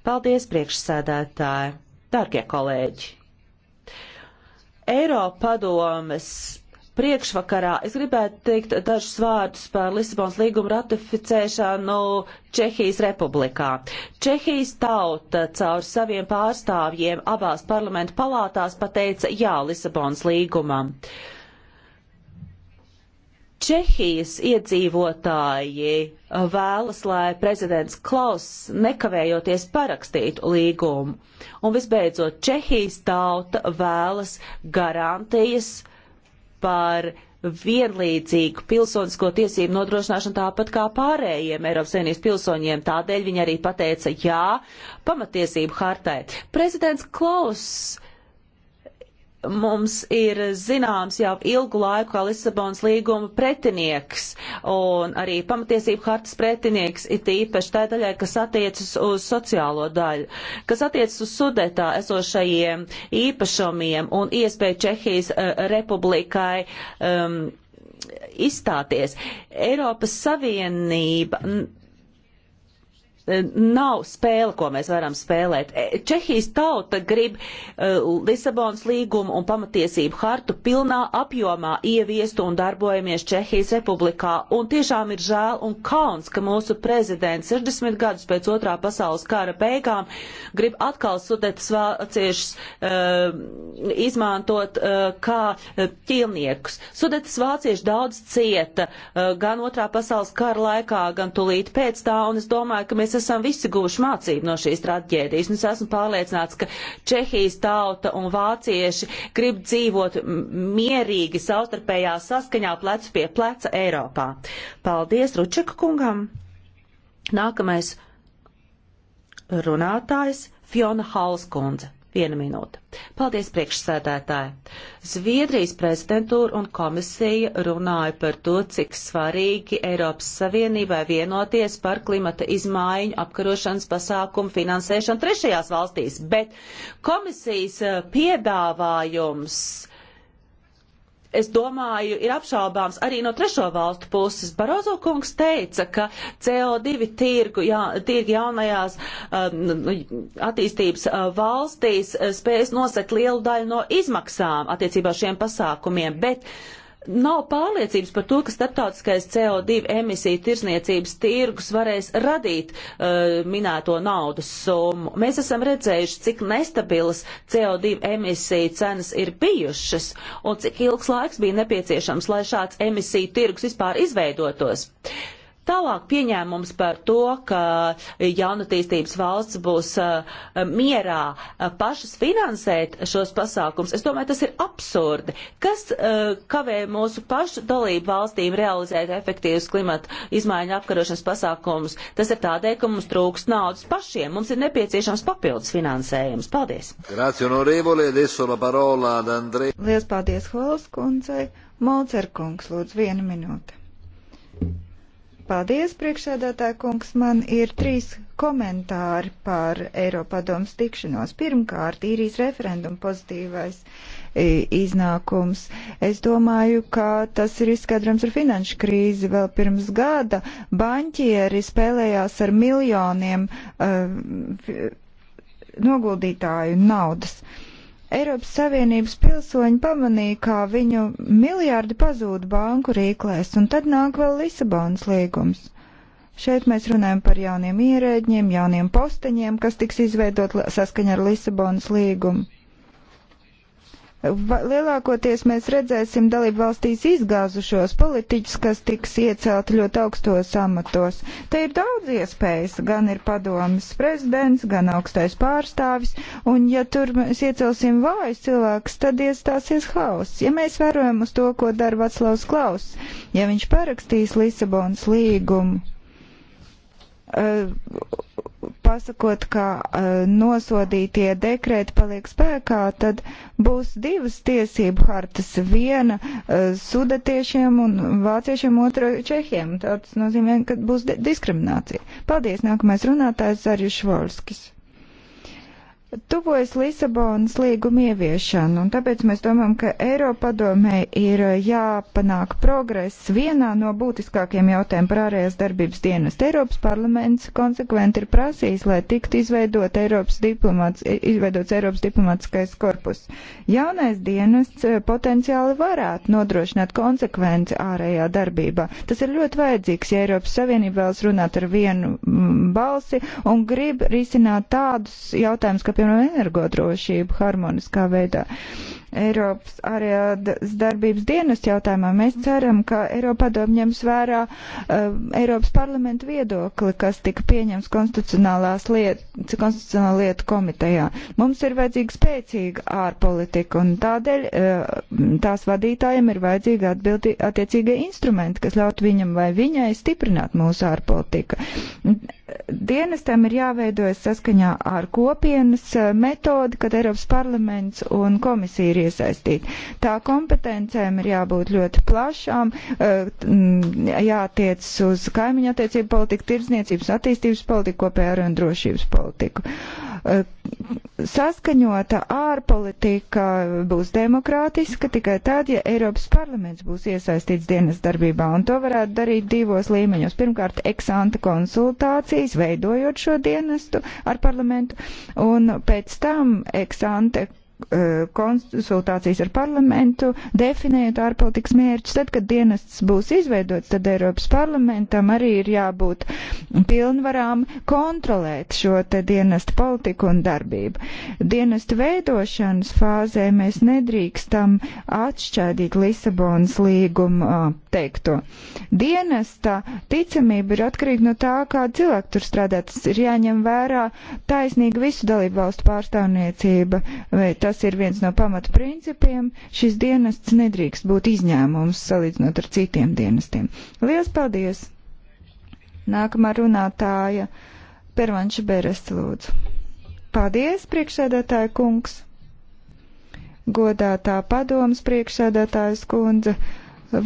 Paldies, priekšsēdētāji! Dārgie kolēģi! Eiropadomes priekšvakarā. Es gribētu teikt dažus vārdus par Lisabons līgumu ratificēšanu Čehijas republikā. Čehijas tauta caur saviem pārstāvjiem abās parlamentu palātās pateica jā Lisabons līgumam. Čehijas iedzīvotāji vēlas, lai prezidents Klauss nekavējoties parakstītu līgumu. Un visbeidzot, Čehijas tauta vēlas garantijas par vienlīdzīgu pilsonisko tiesību nodrošināšanu tāpat kā pārējiem Eiropas Savienības pilsoņiem. Tādēļ viņa arī pateica jā pamatiesību hartai. Prezidents Klaus mums ir zināms jau ilgu laiku kā Lisabonas līguma pretinieks un arī pamatiesību hartas pretinieks ir tīpaši tā daļai, kas attiecas uz sociālo daļu, kas attiecas uz sudetā esošajiem īpašumiem un iespēju Čehijas uh, republikai um, izstāties. Eiropas Savienība nav spēle, ko mēs varam spēlēt. E, Čehijas tauta grib uh, Lisabonas līgumu un pamatiesību hartu pilnā apjomā ieviest un darbojamies Čehijas republikā. Un tiešām ir žēl un kauns, ka mūsu prezidents 60 gadus pēc otrā pasaules kara beigām grib atkal sudetas vāciešus uh, izmantot uh, kā ķilniekus. Sudetas vācieši daudz cieta gan otrā pasaules kara laikā, gan tulīt pēc tā, un es domāju, ka mēs esam visi guvuši mācību no šīs traģēdijas. Es esmu pārliecināts, ka Čehijas tauta un vācieši grib dzīvot mierīgi savstarpējā saskaņā plecu pie pleca Eiropā. Paldies Ručeka kungam! Nākamais runātājs Fiona Halskundze. Viena minūte. Paldies, priekšsēdētāji. Zviedrijas prezidentūra un komisija runāja par to, cik svarīgi Eiropas Savienībai vienoties par klimata izmaiņu apkarošanas pasākumu finansēšanu trešajās valstīs, bet komisijas eh, piedāvājums es domāju, ir apšaubāms arī no trešo valstu puses. Barozo kungs teica, ka CO2 tirgu, jā, tirgi jaunajās um, attīstības uh, valstīs uh, spēs nosekt lielu daļu no izmaksām attiecībā šiem pasākumiem, bet uh, nav pārliecības par to, ka starptautiskais CO2 emisiju tirsniecības tirgus varēs radīt uh, minēto naudas summu. Mēs esam redzējuši, cik nestabilas CO2 emisiju cenas ir bijušas un cik ilgs laiks bija nepieciešams, lai šāds emisiju tirgus vispār izveidotos. Uh, Tālāk pieņēmums par to, ka jaunatīstības valsts būs uh, mierā uh, pašas finansēt šos pasākums, es domāju, tas ir absurdi. Kas uh, kavē mūsu pašu dalību valstīm realizēt efektīvas klimata izmaiņu apkarošanas pasākumus? Tas ir tādēļ, ka mums trūks naudas pašiem. Mums ir nepieciešams papildus finansējums. Paldies! Lielas paldies, Holas kundzei! Molcerkungs, lūdzu, viena minūte. Paldies, priekšsēdētāja kungs. Man ir trīs komentāri par Eiropadomas tikšanos. Pirmkārt, īrijas referenduma pozitīvais e, iznākums. Es domāju, ka tas ir izskaidrams ar finanšu krīzi. Vēl pirms gada banķieri spēlējās ar miljoniem uh, noguldītāju naudas. Uh, Eiropas Savienības pilsoņi pamanīja, kā viņu miljārdi pazūd banku rīklēs, un tad nāk vēl Lisabonas līgums. Šeit mēs runājam par jauniem ierēģiem, jauniem posteņiem, kas tiks izveidot saskaņā ar Lisabonas līgumu. Lielākoties mēs redzēsim dalību valstīs izgāzušos politiķus, kas tiks iecelti ļoti augstos amatos. Te ir daudz iespējas, gan ir padomas prezidents, gan augstais pārstāvis, un ja tur mēs iecelsim vājus cilvēkus, tad iestāsies hauss. Ja mēs vērojam uz to, ko dara Vaclavs Klaus, ja viņš parakstīs Lisabonas līgumu, Eh, pasakot, ka eh, nosodītie dekrēti paliek spēkā, tad būs divas tiesību hartas. Viena eh, sudatiešiem un vāciešiem, otra čehiem. Tas nozīmē, ka būs diskriminācija. Paldies, nākamais runātājs Zarju Švolskis. Tuvojas Lisabonas līguma ieviešana, un tāpēc mēs domājam, ka Eiropadomē ir uh, jāpanāk progress vienā no būtiskākiem jautājumiem par ārējās darbības dienestu. Eiropas parlaments konsekventi ir prasījis, lai tiktu izveidot Eiropas diplomāts, izveidots Eiropas diplomātskais korpus. Jaunais dienests uh, potenciāli varētu nodrošināt konsekvenci ārējā darbībā. Tas ir ļoti vajadzīgs, ja Eiropas Savienība vēlas runāt ar vienu mm, balsi un grib risināt tādus jautājumus, ka piemēram, energodrošību harmoniskā veidā. Eiropas arēdas darbības dienas jautājumā mēs ceram, ka Eiropa padomu ņems vērā uh, Eiropas parlamentu viedokli, kas tika pieņems konstitucionālās liet, konstitucionālā lietu komitejā. Mums ir vajadzīga spēcīga ārpolitika un tādēļ uh, tās vadītājiem ir vajadzīga atbildi attiecīgie instrumenti, kas ļaut viņam vai viņai stiprināt mūsu ārpolitika dienestam ir jāveidojas saskaņā ar kopienas eh, metodi, kad Eiropas parlaments un komisija ir iesaistīti. Tā kompetencēm ir jābūt ļoti plašām, eh, jātiec uz kaimiņu attiecību politiku, tirdzniecības attīstības politiku, kopējā ar un drošības politiku. Eh, saskaņota ārpolitika būs demokrātiska tikai tad, ja Eiropas parlaments būs iesaistīts dienas darbībā, un to varētu darīt divos līmeņos. Pirmkārt, eksanta konsultācija diskusijas, veidojot šo dienestu ar parlamentu, un pēc tam eksante Eh, konsultācijas ar parlamentu, definējot ārpolitikas mērķus. Tad, kad dienests būs izveidots, tad Eiropas parlamentam arī ir jābūt pilnvarām kontrolēt šo te dienestu politiku un darbību. Dienestu veidošanas fāzē mēs nedrīkstam atšķaidīt Lisabonas līguma eh, teikto. Dienesta ticamība ir atkarīga no tā, kā cilvēki tur strādā. Tas ir jāņem vērā taisnīgi visu dalību valstu pārstāvniecība. Vai tas Tas ir viens no pamata principiem. Šis dienests nedrīkst būt izņēmums salīdzinot ar citiem dienestiem. Lielas paldies! Nākamā runātāja Pervanša Beresta lūdzu. Paldies, priekšsēdētāja kungs! Godātā padomas priekšsēdētājas kundze!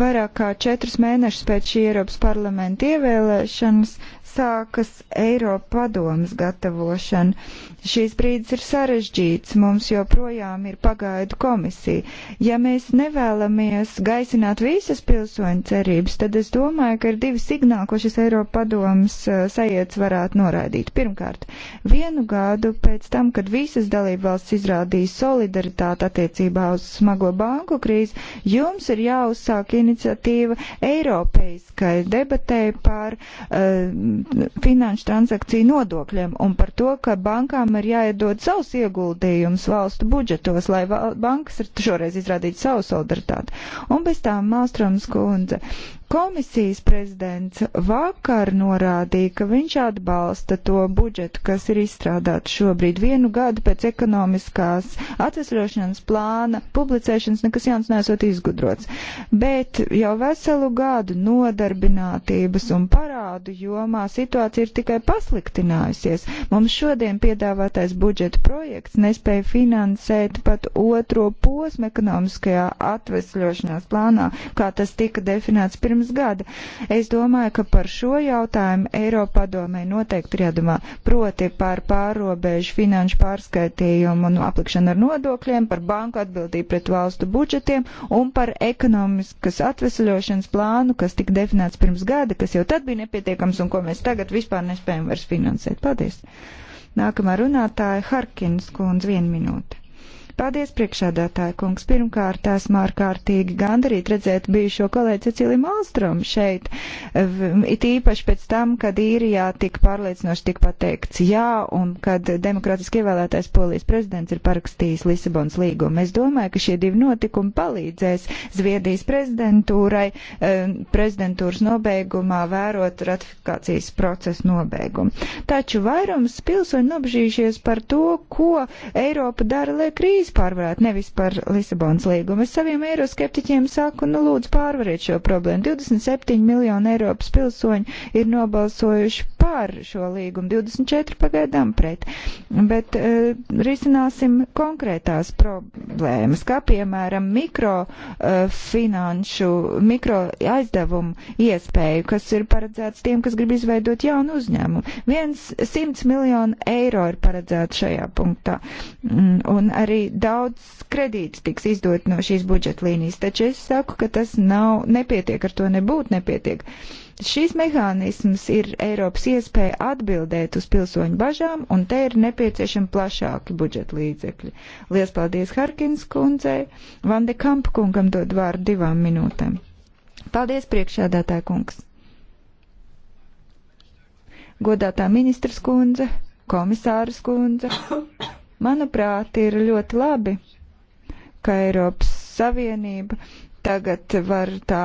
vairāk kā četrus mēnešus pēc šī Eiropas parlamenta ievēlēšanas sākas Eiropa padomas gatavošana. Šīs brīdis ir sarežģīts, mums joprojām ir pagaidu komisija. Ja mēs nevēlamies gaisināt visas pilsoņu cerības, tad es domāju, ka ir divi signāli, ko šis Eiropa padomas eh, sajēts varētu noraidīt. Pirmkārt, vienu gadu pēc tam, kad visas dalībvalsts izrādīja solidaritāti attiecībā uz smago banku krīzi, jums ir jāuzsāk iniciatīva Eiropeiskai debatē par uh, finanšu transakciju nodokļiem un par to, ka bankām ir jāiedod savus ieguldījumus valstu budžetos, lai val bankas šoreiz izrādītu savu solidaritāti. Un bez tām Malstroms kundze, Komisijas prezidents vakar norādīja, ka viņš atbalsta to budžetu, kas ir izstrādāts šobrīd vienu gadu pēc ekonomiskās atvesļošanas plāna publicēšanas, nekas jauns nesot izgudrots. Bet jau veselu gadu nodarbinātības un parādu jomā situācija ir tikai pasliktinājusies. Mums šodien piedāvātais budžeta projekts nespēja finansēt pat otro posmu ekonomiskajā atvesļošanās plānā, kā tas tika definēts pirms pirms gada. Es domāju, ka par šo jautājumu Eiropa padomē noteikti ir jādomā proti par pārobežu finanšu pārskaitījumu un aplikšanu ar nodokļiem, par banku atbildību pret valstu budžetiem un par ekonomiskas atvesļošanas plānu, kas tika definēts pirms gada, kas jau tad bija nepietiekams un ko mēs tagad vispār nespējam vairs finansēt. Paldies! Nākamā runātāja Harkins kundze, viena minūte. Paldies, priekšādātāja kungs. Pirmkārt, esmu ārkārtīgi gandarīt redzēt bijušo kolēģi Ceciliju Malstromu šeit. It īpaši pēc tam, kad īrijā tik pārliecinoši tik pateikts jā un kad demokrātiski ievēlētais polijas prezidents ir parakstījis Lisabonas līgumu. Es domāju, ka šie divi notikumi palīdzēs Zviedrijas prezidentūrai eh, prezidentūras nobeigumā vērot ratifikācijas procesu nobeigumu. Taču vairums pilsoņu nobežījušies par to, ko Eiropa dara, lai krīze vispār varētu, nevis par Lisabonas līgumu. Es saviem eiroskeptiķiem saku, nu lūdzu pārvariet šo problēmu. 27 miljoni Eiropas pilsoņu ir nobalsojuši pār šo līgumu, 24 pagaidām pret. Bet uh, risināsim konkrētās problēmas, kā piemēram mikrofinanšu, eh, uh, mikro aizdevumu iespēju, kas ir paredzēts tiem, kas grib izveidot jaunu uzņēmumu. Viens simts miljonu eiro ir paredzēts šajā punktā. Mm, un arī daudz kredīts tiks izdot no šīs budžeta līnijas, taču es saku, ka tas nav nepietiek, ar to nebūt nepietiek. Šis mehānisms ir Eiropas iespēja atbildēt uz pilsoņu bažām, un te ir nepieciešami plašāki budžeta līdzekļi. Lielas paldies Harkins kundzei, Vande Kampa kungam dod vārdu divām minūtēm. Paldies priekšādātāja kungs. Godātā ministras kundze, komisāras kundze. Manuprāt, ir ļoti labi, ka Eiropas Savienība tagad var tā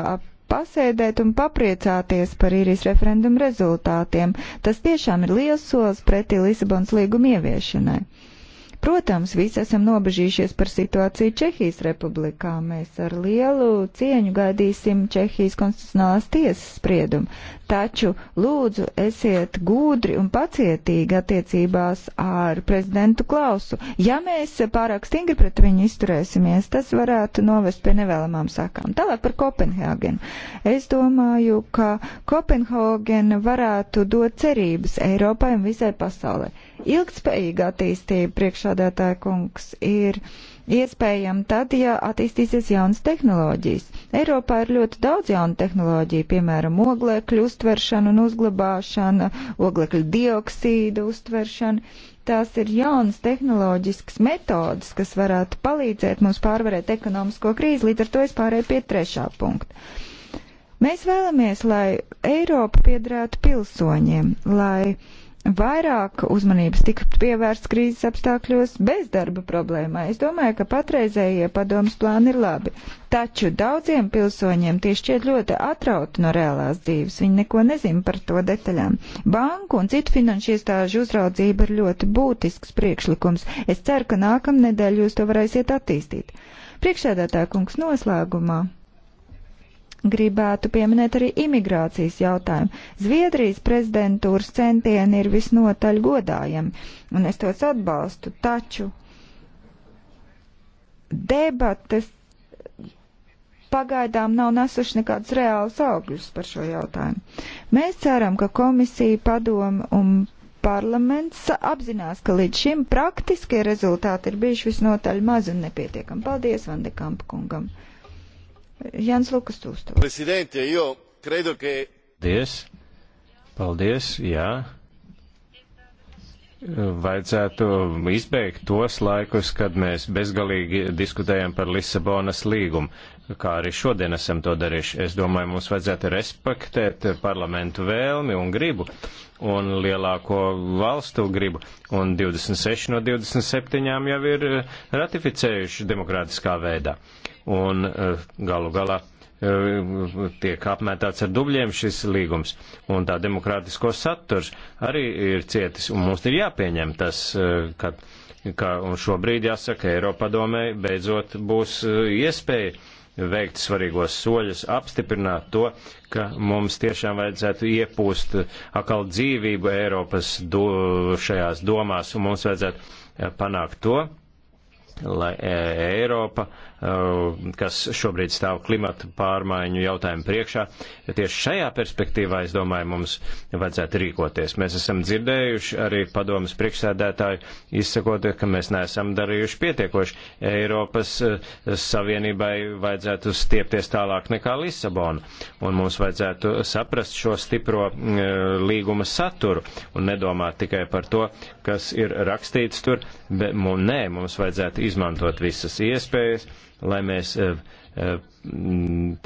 pasēdēt un papriecāties par īrijas referendumu rezultātiem. Tas tiešām ir liels solis pretī Lisabonas līguma ieviešanai. Protams, visi esam nobežījušies par situāciju Čehijas republikā. Mēs ar lielu cieņu gaidīsim Čehijas konstitucionālās tiesas spriedumu. Taču lūdzu esiet gudri un pacietīgi attiecībās ar prezidentu Klausu. Ja mēs pārāk stingri pret viņu izturēsimies, tas varētu novest pie nevēlamām sakām. Tālāk par Kopenhāgenu. Es domāju, ka Kopenhāgena varētu dot cerības Eiropai un visai pasaulē. Ilgtspējīga attīstība priekšā priekšsādātāja kungs, ir iespējama tad, ja attīstīsies jaunas tehnoloģijas. Eiropā ir ļoti daudz jaunu tehnoloģiju, piemēram, oglekļu uztveršana un uzglabāšana, oglekļu dioksīdu uztveršana. Tās ir jaunas tehnoloģiskas metodas, kas varētu palīdzēt mums pārvarēt ekonomisko krīzi, līdz ar to es pārēju pie trešā punkta. Mēs vēlamies, lai Eiropa piederētu pilsoņiem, lai vairāk uzmanības tiktu pievērsts krīzes apstākļos bezdarba problēmai. Es domāju, ka patreizējie padomas plāni ir labi. Taču daudziem pilsoņiem tie šķiet ļoti atrauti no reālās dzīves. Viņi neko nezina par to detaļām. Banku un citu finanšu iestāžu uzraudzība ir ļoti būtisks priekšlikums. Es ceru, ka nākamnedēļ jūs to varēsiet attīstīt. Priekšsēdētā kungs noslēgumā Gribētu pieminēt arī imigrācijas jautājumu. Zviedrijas prezidentūras centieni ir visnotaļ godājami, un es tos atbalstu, taču debates pagaidām nav nesuši nekādus reālus augļus par šo jautājumu. Mēs ceram, ka komisija, padoma un parlaments apzinās, ka līdz šim praktiskie rezultāti ir bijuši visnotaļ maz un nepietiekami. Paldies Vandekampa kungam! Jans Lukas Tūsto. Prezidente, jo credo, ka. Paldies. Paldies, jā. Vajadzētu izbeigt tos laikus, kad mēs bezgalīgi diskutējam par Lisabonas līgumu, kā arī šodien esam to darījuši. Es domāju, mums vajadzētu respektēt parlamentu vēlmi un gribu, un lielāko valstu gribu, un 26 no 27 jau ir ratificējuši demokrātiskā veidā un eh, galu galā eh, tiek apmētāts ar dubļiem šis līgums, un tā demokrātisko saturs arī ir cietis, un mums ir jāpieņem tas, eh, ka, ka un šobrīd jāsaka, Eiropadomē beidzot būs iespēja veikt svarīgos soļus, apstiprināt to, ka mums tiešām vajadzētu iepūst atkal dzīvību Eiropas do, šajās domās, un mums vajadzētu panākt to, lai Eiropa Uh, kas šobrīd stāv klimata pārmaiņu jautājumu priekšā. Ja tieši šajā perspektīvā, es domāju, mums vajadzētu rīkoties. Mēs esam dzirdējuši arī padomas priekšsēdētāju izsakot, ka mēs neesam darījuši pietiekoši. Eiropas uh, Savienībai vajadzētu stiepties tālāk nekā Lisabona, un mums vajadzētu saprast šo stipro uh, līguma saturu un nedomāt tikai par to, kas ir rakstīts tur, bet mums, nē, mums vajadzētu izmantot visas iespējas, lai mēs eh, eh,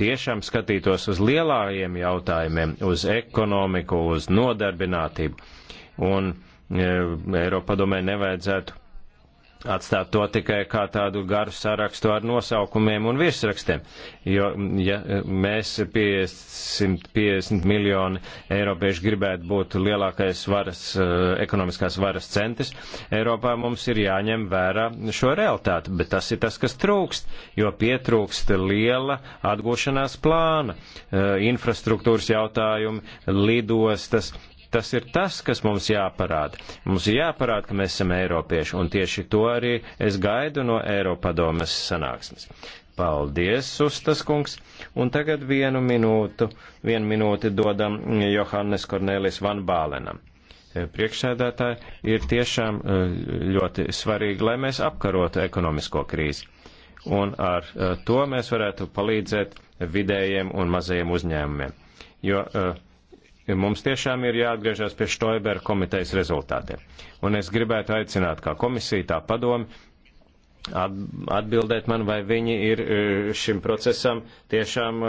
tiešām skatītos uz lielājiem jautājumiem, uz ekonomiku, uz nodarbinātību. Un eh, Eiropa domē nevajadzētu atstāt to tikai kā tādu garu sarakstu ar nosaukumiem un virsrakstiem. Jo, ja eh, mēs 550 miljoni eiropiešu gribētu būt lielākais varas, eh, ekonomiskās varas centrs, Eiropā mums ir jāņem vērā šo realitāti, bet tas ir tas, kas trūkst, jo pietrūkst liela atgūšanās plāna, eh, infrastruktūras jautājumi, lidostas, Tas ir tas, kas mums jāparāda. Mums ir jāparāda, ka mēs esam eiropieši, un tieši to arī es gaidu no Eiropadomes sanāksmes. Paldies, Sustas kungs, un tagad vienu minūtu, vienu minūti dodam Johannes Kornelis Van Bālenam eh, priekšsēdētāji, ir tiešām eh, ļoti svarīgi, lai mēs apkarotu ekonomisko krīzi. Un ar eh, to mēs varētu palīdzēt vidējiem un mazajiem uzņēmumiem. Jo uh, Mums tiešām ir jāatgriežas pie Štoiber komitejas rezultātiem. Un es gribētu aicināt kā komisiju, tā padomi, atbildēt man, vai viņi ir e, šim procesam tiešām e,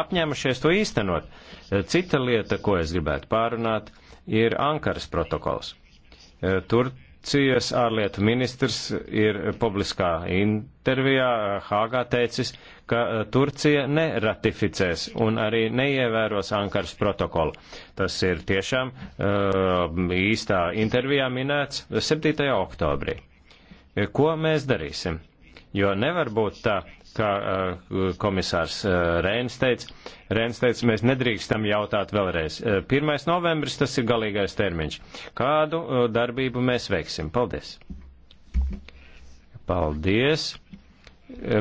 apņēmušies to īstenot. E, cita lieta, ko es gribētu pārunāt, ir Ankaras protokols. Turcijas ārlietu ministrs ir publiskā intervijā Hāgā teicis, ka eh, Turcija neratificēs un arī neievēros Ankaras protokolu. Tas ir tiešām eh, īstā intervijā minēts 7. oktobrī. Eh, ko mēs darīsim? Jo nevar būt tā, kā komisārs Rēns teica, Rēns teica, mēs nedrīkstam jautāt vēlreiz. 1. novembris tas ir galīgais termiņš. Kādu darbību mēs veiksim? Paldies! Paldies!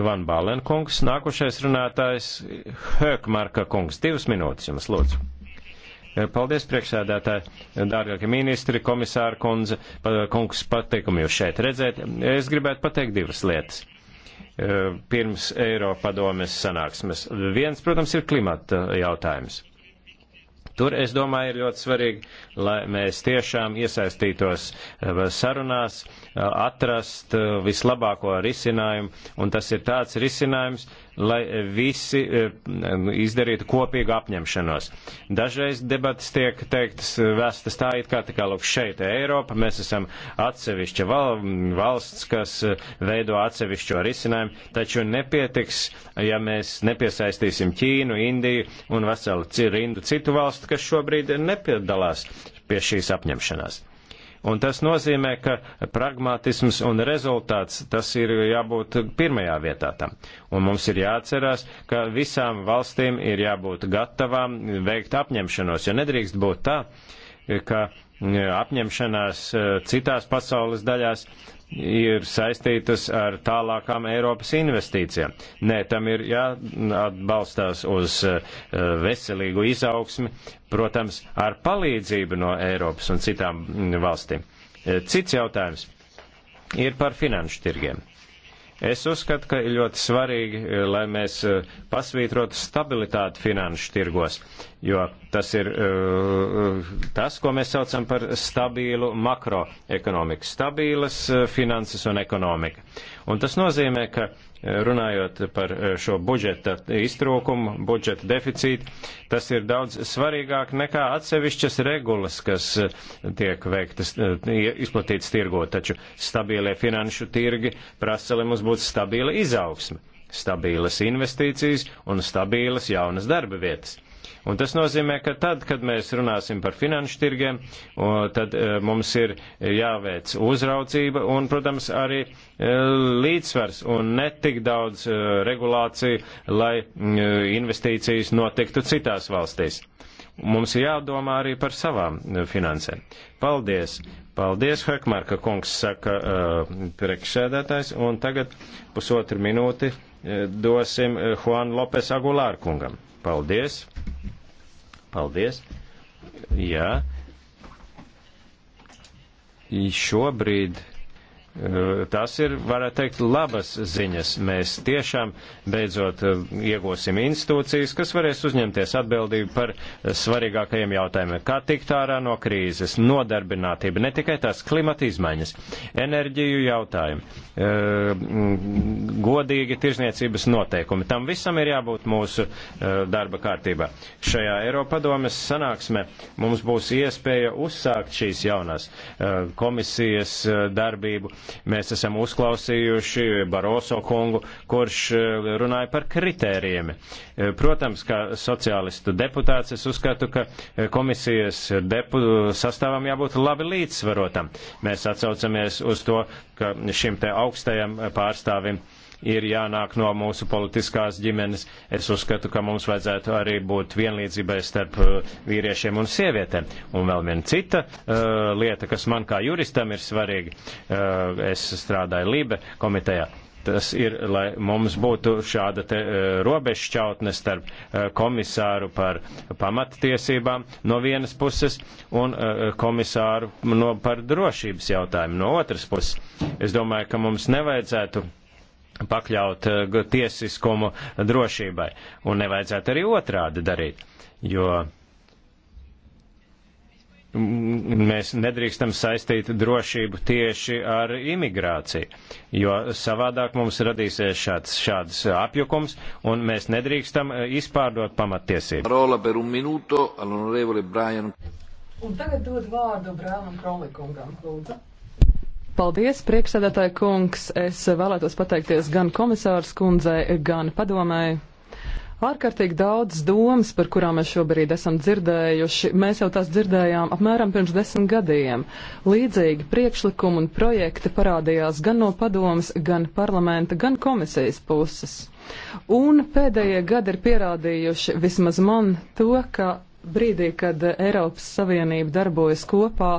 Van Balen kungs, nākošais runātājs Hökmarka kungs. Divas minūtes jums lūdzu. Paldies, priekšsēdētāji, dārgākie ministri, komisāra kundze, kungs, pateikumu jūs šeit redzēt. Es gribētu pateikt divas lietas. Eh, pirms Eiropadomes sanāksmes. Viens, protams, ir klimata jautājums. Tur, es domāju, ir ļoti svarīgi, lai mēs tiešām iesaistītos eh, sarunās, eh, atrast eh, vislabāko risinājumu, un tas ir tāds risinājums, lai eh, visi eh, izdarītu kopīgu apņemšanos. Dažreiz debatas tiek teiktas eh, vestas tā, it kā, tā kā, lūk, šeit Eiropa, mēs esam atsevišķa val, valsts, kas veido atsevišķo risinājumu, taču nepietiks, ja mēs nepiesaistīsim Ķīnu, Indiju un veselu rindu citu valstu, kas šobrīd nepiedalās pie šīs apņemšanās. Un tas nozīmē, ka pragmatisms un rezultāts tas ir jābūt pirmajā vietā tam. Un mums ir jāatcerās, ka visām valstīm ir jābūt gatavām veikt apņemšanos, jo nedrīkst būt tā, ka apņemšanās eh, citās pasaules daļās ir saistītas ar tālākām Eiropas investīcijām. Nē, tam ir jāatbalstās uz eh, veselīgu izaugsmi, protams, ar palīdzību no Eiropas un citām mm, valstīm. Eh, cits jautājums ir par finanšu tirgiem. Es uzskatu, ka ir ļoti svarīgi, eh, lai mēs eh, pasvītrotu stabilitāti finanšu tirgos, jo tas ir eh, tas, ko mēs saucam par stabilu makroekonomiku, stabilas finanses un ekonomika. Un tas nozīmē, ka runājot par eh, šo budžeta iztrūkumu, budžeta deficītu, tas ir daudz svarīgāk nekā atsevišķas regulas, kas eh, tiek veiktas, eh, izplatītas tirgo, taču stabilie finanšu tirgi prasa, lai mums būtu stabila izaugsme, stabilas investīcijas un stabilas jaunas darba vietas. Un tas nozīmē, ka tad, kad mēs runāsim par finanšu tirgiem, tad e, mums ir jāveic uzraudzība un, protams, arī e, līdzsvars un netik daudz e, regulāciju, lai investīcijas notiktu citās valstīs. Mums ir jādomā arī par savām finansēm. Paldies! Paldies, Hekmārka kungs, saka uh, priekšsēdētājs, un tagad pusotru minūti uh, dosim Juan Lopes Agulāru kungam. Paldies. Paldies. Jā. Šobrīd Tas ir, varētu teikt, labas ziņas. Mēs tiešām beidzot eh, iegūsim institūcijas, kas varēs uzņemties atbildību par eh, svarīgākajiem jautājumiem. Kā tikt ārā no krīzes, nodarbinātība, ne tikai tās klimata izmaiņas, enerģiju jautājumi, eh, mm, godīgi tirzniecības noteikumi. Tam visam ir jābūt mūsu darba kārtībā. Šajā Eiropadomes sanāksmē mums būs iespēja uzsākt šīs jaunās komisijas darbību Mēs esam uzklausījuši Baroso kungu, kurš eh, runāja par kritērijiem. Eh, protams, kā sociālistu deputāts, es uzskatu, ka eh, komisijas depu sastāvam jābūt labi līdzsvarotam. Mēs atsaucamies uz to, ka šim te augstajam pārstāvim ir jānāk no mūsu politiskās ģimenes. Es uzskatu, ka mums vajadzētu arī būt vienlīdzībai starp uh, vīriešiem un sievietēm. Un vēl viena cita uh, lieta, kas man kā juristam ir svarīga, uh, es strādāju Lībe komitejā. Tas ir, lai mums būtu šāda te, uh, robežšķautne starp uh, komisāru par pamattiesībām no vienas puses un uh, komisāru no, par drošības jautājumu no otras puses. Es domāju, ka mums nevajadzētu uh, pakļaut eh, tiesiskumu drošībai. Un nevajadzētu arī otrādi darīt, jo mēs nedrīkstam saistīt drošību tieši ar imigrāciju, jo savādāk mums radīsies šāds, šāds apjukums, un mēs nedrīkstam eh, izpārdot pamattiesību. Un tagad dod vārdu Brānam Krolikungam, lūdzu. Paldies, priekšsēdētāji kungs. Es vēlētos pateikties gan komisārs kundzei, gan padomēji. Ārkārtīgi daudz domas, par kurām mēs šobrīd esam dzirdējuši, mēs jau tās dzirdējām apmēram pirms desmit gadiem. Līdzīgi priekšlikumi un projekti parādījās gan no padomas, gan parlamenta, gan komisijas puses. Un pēdējie gadi ir pierādījuši vismaz man to, ka brīdī, kad Eiropas Savienība darbojas kopā,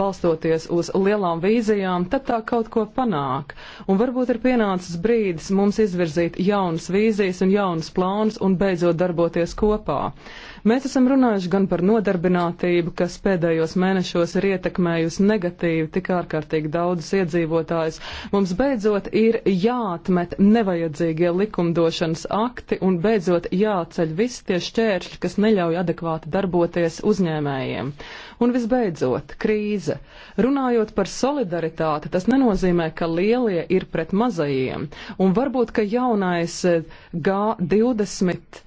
balstoties uz lielām vīzijām, tad tā kaut ko panāk. Un varbūt ir pienācis brīdis mums izvirzīt jaunas vīzijas un jaunas plānus un beidzot darboties kopā. Uh, Mēs esam runājuši gan par nodarbinātību, kas pēdējos mēnešos ir ietekmējusi negatīvi tik ārkārtīgi daudzus iedzīvotājus. Mums beidzot ir jāatmet nevajadzīgie likumdošanas akti un beidzot jāceļ visi tie šķēršļi, kas neļauj adekvāti darboties uzņēmējiem. Un visbeidzot, krīze. Runājot par solidaritāti, tas nenozīmē, ka lielie ir pret mazajiem. Un varbūt, ka jaunais eh, G20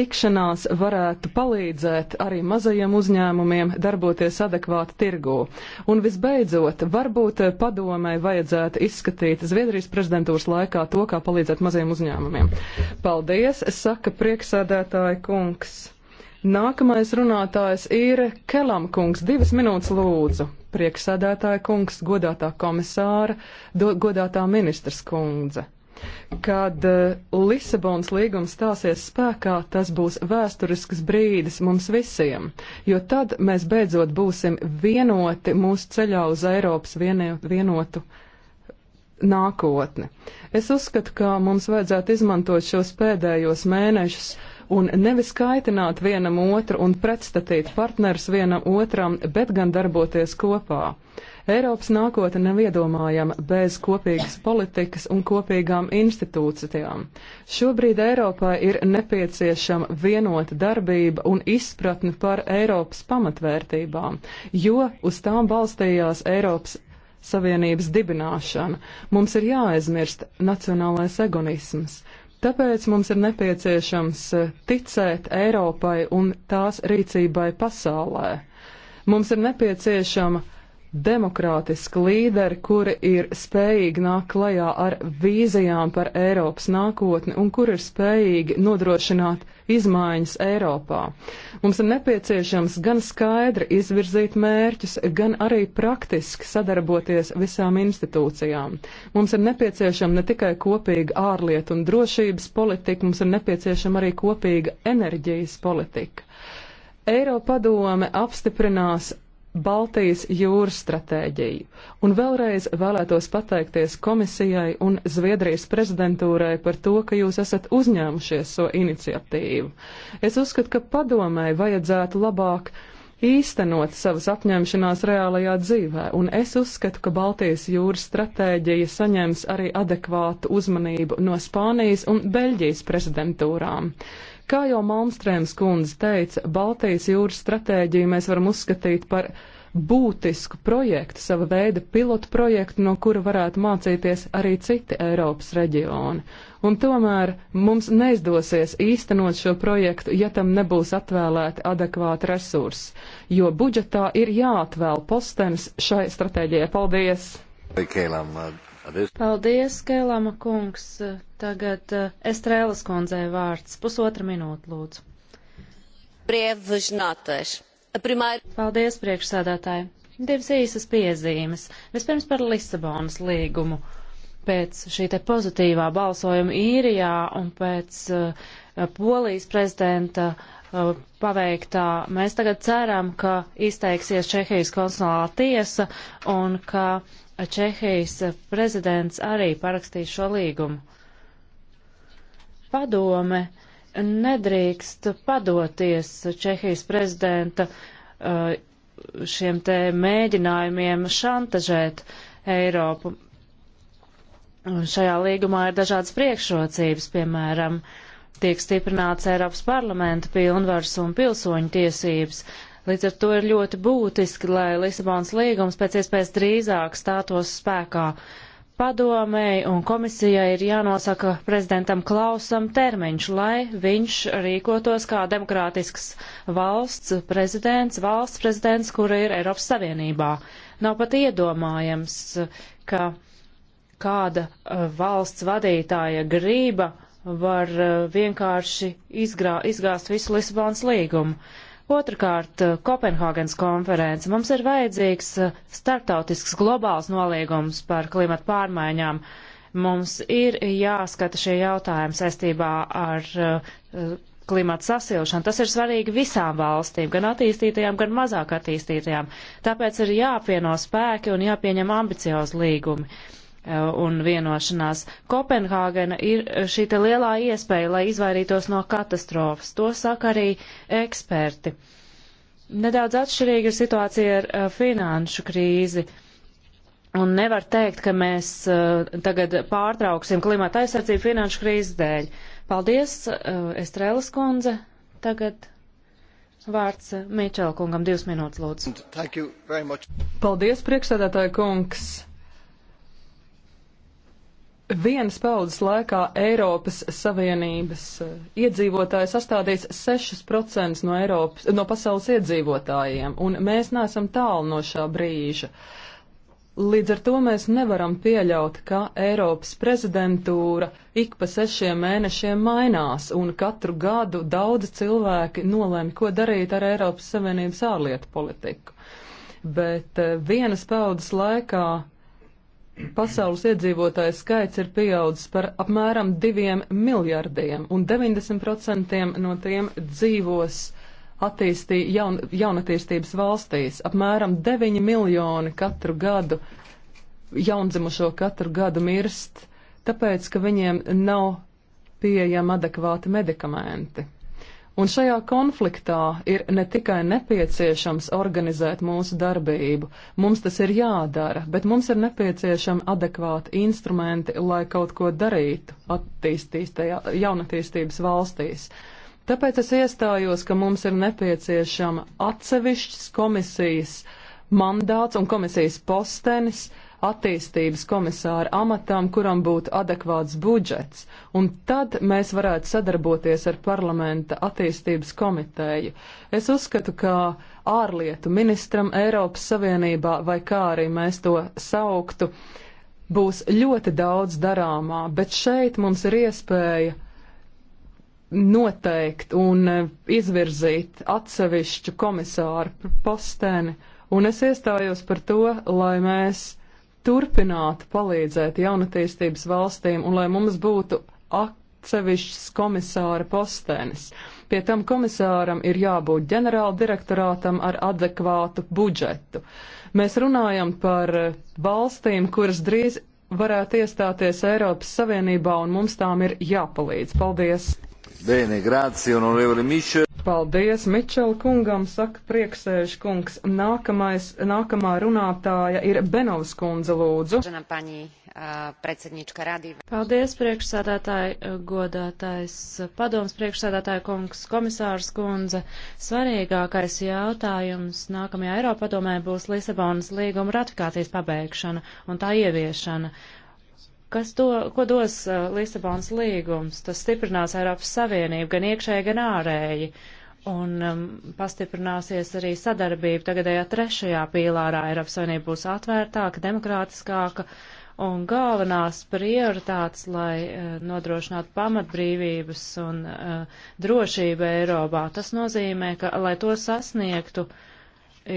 tikšanās varētu palīdzēt arī mazajiem uzņēmumiem darboties adekvāti tirgū. Un visbeidzot, varbūt padomē vajadzētu izskatīt Zviedrijas prezidentūras laikā to, kā palīdzēt mazajiem uzņēmumiem. Paldies, saka prieksēdētāja kungs. Nākamais runātājs ir Kelam kungs, divas minūtes lūdzu. Prieksēdētāja kungs, godātā komisāra, godātā ministrs kundze. Kad eh, Lisabonas līgums stāsies spēkā, tas būs vēsturisks brīdis mums visiem, jo tad mēs beidzot būsim vienoti mūsu ceļā uz Eiropas vienotu nākotni. Es uzskatu, ka mums vajadzētu izmantot šos pēdējos mēnešus un nevis kaitināt vienam otru un pretstatīt partners vienam otram, bet gan darboties kopā. Eiropas nākotne nav iedomājama bez kopīgas politikas un kopīgām institūcijām. Šobrīd Eiropai ir nepieciešama vienota darbība un izpratne par Eiropas pamatvērtībām, jo uz tām balstījās Eiropas Savienības dibināšana. Mums ir jāaizmirst nacionālais egoisms. Tāpēc mums ir nepieciešams eh, ticēt Eiropai un tās rīcībai pasaulē. Mums ir nepieciešama demokrātiski līderi, kuri ir spējīgi nāk klajā ar vīzijām par Eiropas nākotni un kuri ir spējīgi nodrošināt izmaiņas Eiropā. Mums ir nepieciešams gan skaidri izvirzīt mērķus, gan arī praktiski sadarboties visām institūcijām. Mums ir nepieciešama ne tikai kopīga ārlietu un drošības politika, mums ir nepieciešama arī kopīga enerģijas politika. Eiropadome apstiprinās Baltijas jūras stratēģiju. Un vēlreiz vēlētos pateikties komisijai un Zviedrijas prezidentūrai par to, ka jūs esat uzņēmušies šo so iniciatīvu. Es uzskatu, ka padomēji vajadzētu labāk īstenot savas apņemšanās reālajā dzīvē, un es uzskatu, ka Baltijas jūras stratēģija saņems arī adekvātu uzmanību no Spānijas un Beļģijas prezidentūrām. Kā jau Malmstrēms kundze teica, Baltijas jūras stratēģiju mēs varam uzskatīt par būtisku projektu, sava veida pilotu projektu, no kura varētu mācīties arī citi Eiropas reģioni. Un tomēr mums neizdosies īstenot šo projektu, ja tam nebūs atvēlēti adekvāti resursi, jo budžetā ir jāatvēl postenis šai stratēģijai. Paldies! Kēlam, Paldies, Kēlama kungs. Tagad eh, Estrēlas kundzei vārds. Pusotra minūte, lūdzu. Paldies, priekšsādātāji. Divas īsas piezīmes. Vispirms par Lisabonas līgumu. Pēc šī te pozitīvā balsojuma īrijā un pēc uh, polijas prezidenta uh, paveiktā mēs tagad ceram, ka izteiksies Čehijas konstitucionālā tiesa un ka uh, Čehijas prezidents arī parakstīja šo līgumu. Padome nedrīkst padoties Čehijas prezidenta uh, šiem te mēģinājumiem šantažēt Eiropu. Šajā līgumā ir dažādas priekšrocības, piemēram, tiek stiprināts Eiropas parlamenta pilnvars un pilsoņu tiesības, Līdz ar to ir ļoti būtiski, lai Lisabonas līgums pēc iespējas drīzāk stātos spēkā. Padomēji un komisijai ir jānosaka prezidentam Klausam termiņš, lai viņš rīkotos kā demokrātisks valsts prezidents, valsts prezidents, kura ir Eiropas Savienībā. Nav pat iedomājams, ka kāda uh, valsts vadītāja grība var uh, vienkārši izgrā, izgāzt visu Lisabonas līgumu. Otrakārt, eh, Kopenhāgenes konference. Mums ir vajadzīgs eh, startautisks globāls noliegums par klimatu pārmaiņām. Mums ir jāskata šie jautājumi saistībā ar uh, klimatu sasilšanu. Tas ir svarīgi visām valstīm, gan attīstītajām, gan mazāk attīstītajām. Tāpēc ir jāapvieno spēki un jāpieņem ambiciozi līgumi. Uh, Eh, un vienošanās. Kopenhāgena ir šī te lielā iespēja, lai izvairītos no katastrofas. To saka arī eksperti. Nedaudz atšķirīga ir situācija ar eh, finanšu krīzi. Un nevar teikt, ka mēs eh, tagad pārtrauksim klimata aizsardzību finanšu krīzes dēļ. Paldies, Estrēlas kundze. Tagad Vārds Mičela kungam divas minūtes lūdzu. Paldies, priekšsēdētāja kungs vienas paudzes laikā Eiropas Savienības eh, iedzīvotāji sastādīs 6% no, Eiropas, no pasaules iedzīvotājiem, un mēs neesam tālu no šā brīža. Līdz ar to mēs nevaram pieļaut, ka Eiropas prezidentūra ik pa sešiem mēnešiem mainās, un katru gadu daudzi cilvēki nolēma, ko darīt ar Eiropas Savienības ārlietu politiku. Bet eh, vienas paudzes laikā pasaules iedzīvotāju skaits ir pieaudzis par apmēram diviem miljardiem, un 90% no tiem dzīvos attīstī, jaun, jaunatīstības valstīs. Apmēram 9 miljoni katru gadu jaundzimušo katru gadu mirst, tāpēc, ka viņiem nav pieejama adekvāti medikamenti. Un šajā konfliktā ir ne tikai nepieciešams organizēt mūsu darbību, mums tas ir jādara, bet mums ir nepieciešami adekvāti instrumenti, lai kaut ko darītu attīstītajā jaunatīstības valstīs. Tāpēc es iestājos, ka mums ir nepieciešama atsevišķs komisijas mandāts un komisijas postenis, uh, attīstības komisāra amatam, kuram būtu adekvāts budžets, un tad mēs varētu sadarboties ar parlamenta attīstības komiteju. Es uzskatu, ka ārlietu ministram Eiropas Savienībā, vai kā arī mēs to sauktu, būs ļoti daudz darāmā, bet šeit mums ir iespēja noteikt un izvirzīt atsevišķu komisāru posteni, un es iestājos par to, lai mēs turpinātu palīdzēt jaunatīstības valstīm un lai mums būtu atsevišķs komisāra postenis. Pie tam komisāram ir jābūt ģenerāla direktorātam ar adekvātu budžetu. Mēs runājam par valstīm, kuras drīz varētu iestāties Eiropas Savienībā, un mums tām ir jāpalīdz. Paldies! Bene, grazie, onorevole Mišel. Paldies Mičela kungam, saka prieksēž kungs. Nākamais, nākamā runātāja ir Benovs kundze lūdzu. Paldies priekšsādātāji, godātais padoms priekšsādātāja kungs, komisārs kundze. Svarīgākais jautājums nākamajā Eiropadomē būs Lisabonas līguma ratifikācijas pabeigšana un tā ieviešana. Kas to, ko dos uh, Lisabonas līgums? Tas stiprinās Eiropas Savienību gan iekšēji, gan ārēji. Un um, pastiprināsies arī sadarbība tagadējā trešajā pīlārā. Eiropas Savienība būs atvērtāka, demokrātiskāka un galvenās prioritātes, lai uh, nodrošinātu pamatbrīvības un uh, drošību Eiropā. Tas nozīmē, ka, lai to sasniegtu,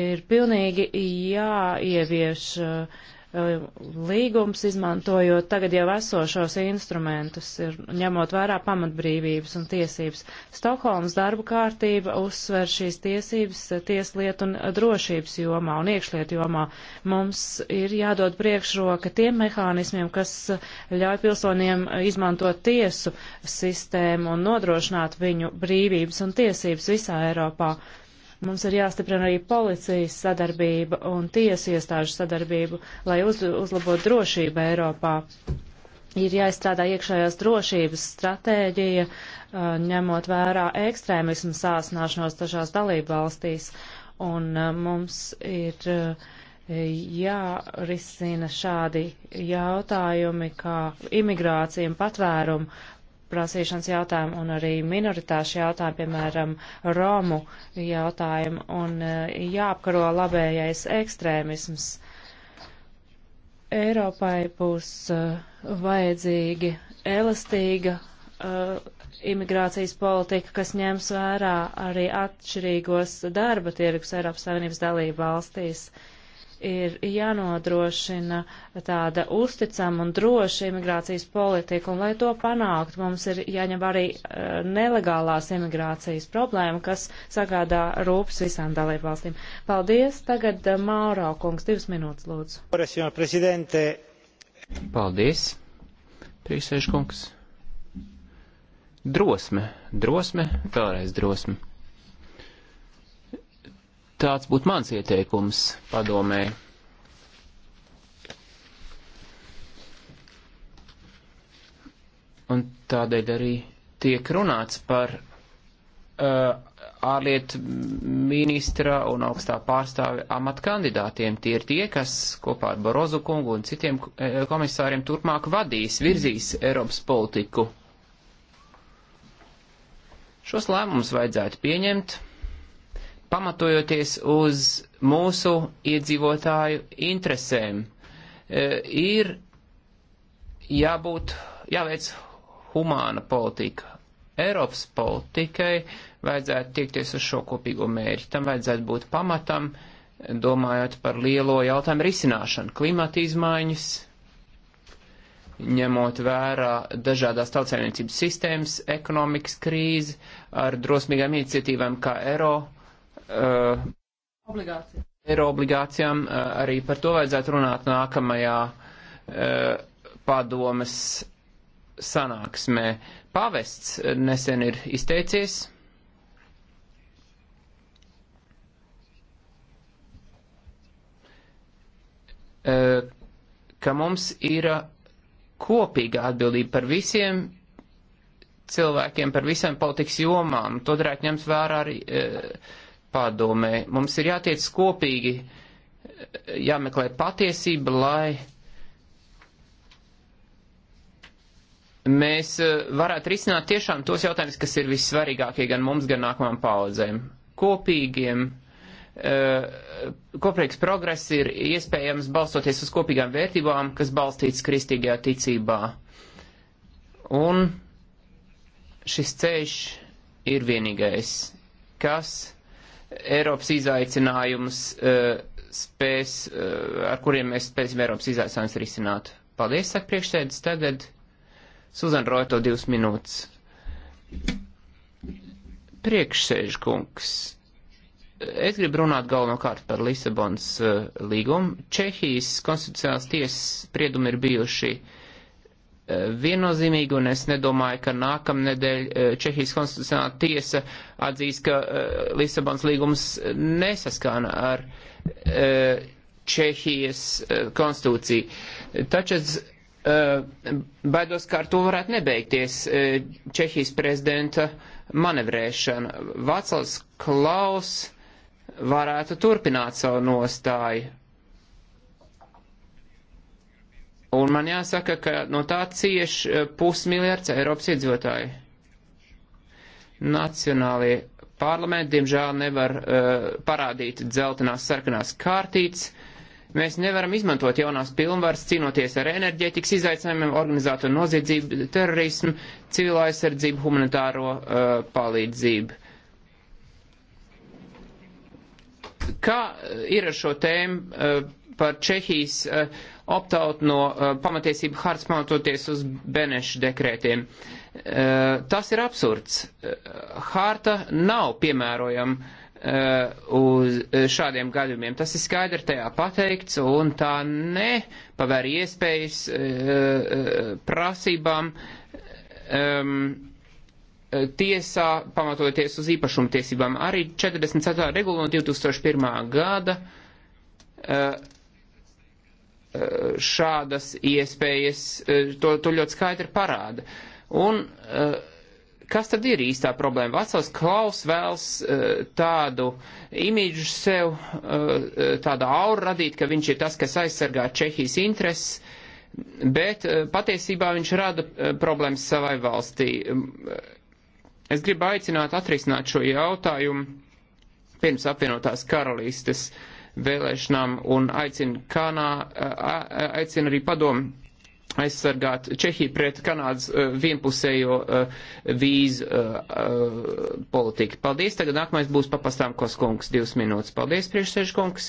ir pilnīgi jāievieš uh, Um, līgums, izmantojot tagad jau esošos instrumentus, ir ņemot vērā pamatbrīvības un tiesības. Stokholmas darba kārtība uzsver šīs tiesības uh, tieslietu un drošības jomā un iekšlietu jomā. Mums ir jādod priekšroka tiem mehānismiem, kas uh, ļauj pilsoniem uh, izmantot tiesu sistēmu un nodrošināt viņu brīvības un tiesības visā Eiropā. Mums ir jāstiprina arī policijas sadarbība un tiesu iestāžu sadarbību, lai uz, uzlabotu drošību Eiropā. Ir jāizstrādā iekšējās drošības stratēģija, uh, ņemot vērā ekstrēmismu sāsināšanos dažās dalību valstīs. Un uh, mums ir uh, jārisina šādi jautājumi kā imigrācija un patvērumu prasīšanas jautājumu un arī minoritāšu jautājumu, piemēram, Romu jautājumu un e, jāapkaro labējais ekstrēmisms. Eiropai būs e, vajadzīgi elastīga uh, imigrācijas politika, kas ņems vērā arī atšķirīgos darba tirgus Eiropas Savienības dalību valstīs. Uh, ir jānodrošina tāda uzticama un droša imigrācijas politika, un lai to panākt, mums ir jāņem arī eh, nelegālās imigrācijas problēma, kas sagādā rūpes visām dalībvalstīm. Paldies, tagad eh, Mauro kungs, divas minūtes lūdzu. Paldies, priekšsēžkungs. Drosme, drosme, vēlreiz drosme. Tāds būtu mans ieteikums padomē. Un tādēļ arī tiek runāts par uh, ārlietu ministra un augstā pārstāve amatkandidātiem. Tie ir tie, kas kopā ar Barozu kungu un citiem eh, komisāriem turpmāk vadīs, virzīs Eiropas politiku. Šos lēmumus vajadzētu pieņemt pamatojoties uz mūsu iedzīvotāju interesēm. E, ir jābūt, jāveic humāna politika. Eiropas politikai vajadzētu tiekties uz šo kopīgo mērķi. Tam vajadzētu būt pamatam, domājot par lielo jautājumu risināšanu - klimata izmaiņas, ņemot vērā dažādās tautsēmniecības sistēmas, ekonomikas krīzi, ar drosmīgām iniciatīvām kā Eiro uh, Obligācija. eiro obligācijām, uh, arī par to vajadzētu runāt nākamajā uh, padomes sanāksmē. Pavests eh, nesen ir izteicies. Uh, ka mums ir kopīga atbildība par visiem cilvēkiem, par visām politikas jomām. To darētu ņemt vērā arī. Uh, padomē. Mums ir jātiec kopīgi, jāmeklē patiesība, lai mēs eh, varētu risināt tiešām tos jautājumus, kas ir vissvarīgākie gan mums, gan nākamajām paudzēm. Kopīgiem. Eh, kopīgs progress ir iespējams balstoties uz kopīgām vērtībām, kas balstīts kristīgajā ticībā. Un šis ceļš ir vienīgais, kas Eiropas izaicinājumus eh, spēs, eh, ar kuriem mēs spēsim Eiropas izaicinājumus risināt. Paldies, saka priekšsēdis. Tagad Suzana Roto divas minūtes. Priekšsēžkungs. Es gribu runāt galvenokārt par Lisabons eh, līgumu. Čehijas konstitucionālās tiesas spriedumi ir bijuši uh, viennozīmīgi, un es nedomāju, ka nākamnedēļ eh, Čehijas konstitucionālā tiesa atzīs, ka eh, Lisabons līgums nesaskana ar eh, Čehijas konstitūciju. Taču es baidos, ka ar to varētu nebeigties Čehijas prezidenta manevrēšana. Vaclavs Klaus varētu turpināt savu nostāju Un man jāsaka, ka no tā cieš eh, pusmiljards Eiropas iedzīvotāji. Nacionālie parlamenti, diemžēl, nevar uh, parādīt dzeltenās sarkanās kārtītes. Mēs nevaram izmantot jaunās pilnvaras cīnoties ar enerģētikas izaicinājumiem, organizēto noziedzību, terorismu, civilā aizsardzību, humanitāro uh, palīdzību. Kā ir ar šo tēmu uh, par Čehijas uh, optaut no uh, pamatiesību harts pamatoties uz Benešu dekrētiem. Uh, tas ir absurds. Uh, harta nav piemērojama uh, uz šādiem gadījumiem. Tas ir skaidri tajā pateikts, un tā nepavēr iespējas uh, prasībām. Um, tiesā, pamatojoties uz īpašumtiesībām, arī 44. regula no 2001. gada uh, Eh, šādas iespējas, eh, to, to ļoti skaidri parāda. Un eh, kas tad ir īstā problēma? Vaclavs Klaus vēlas tādu imīdžu sev, tādu auru radīt, ka viņš ir tas, kas aizsargā Čehijas intereses, bet patiesībā viņš rada problēmas savai valstī. Es gribu aicināt atrisināt šo jautājumu pirms apvienotās karalistes uh, vēlēšanām un aicina, Kanā, aicina arī padomu aizsargāt Čehiju pret Kanādas vienpusējo vīzu politiku. Paldies, tagad nākamais būs papastām Koskungs, divas minūtes. Paldies, priekšsēžkungs.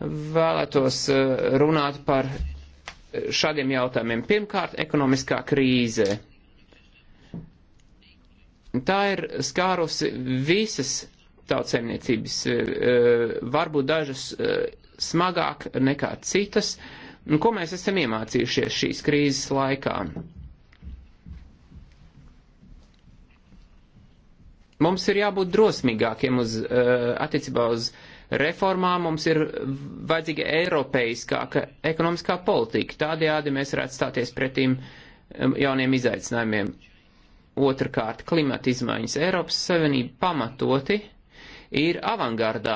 Vēlētos runāt par šādiem jautājumiem. Pirmkārt, ekonomiskā krīze. Tā ir skārusi visas tautsēmniecības, e, e, varbūt dažas e, smagāk nekā citas. Un ko mēs esam iemācījušies šīs krīzes laikā? Mums ir jābūt drosmīgākiem uz, attiecībā uz reformām, mums ir vajadzīga eiropeiskāka ekonomiskā politika. Tādējādi mēs varētu stāties pretīm jauniem izaicinājumiem. Otrakārt, klimata izmaiņas Eiropas Savienība pamatoti ir avangardā,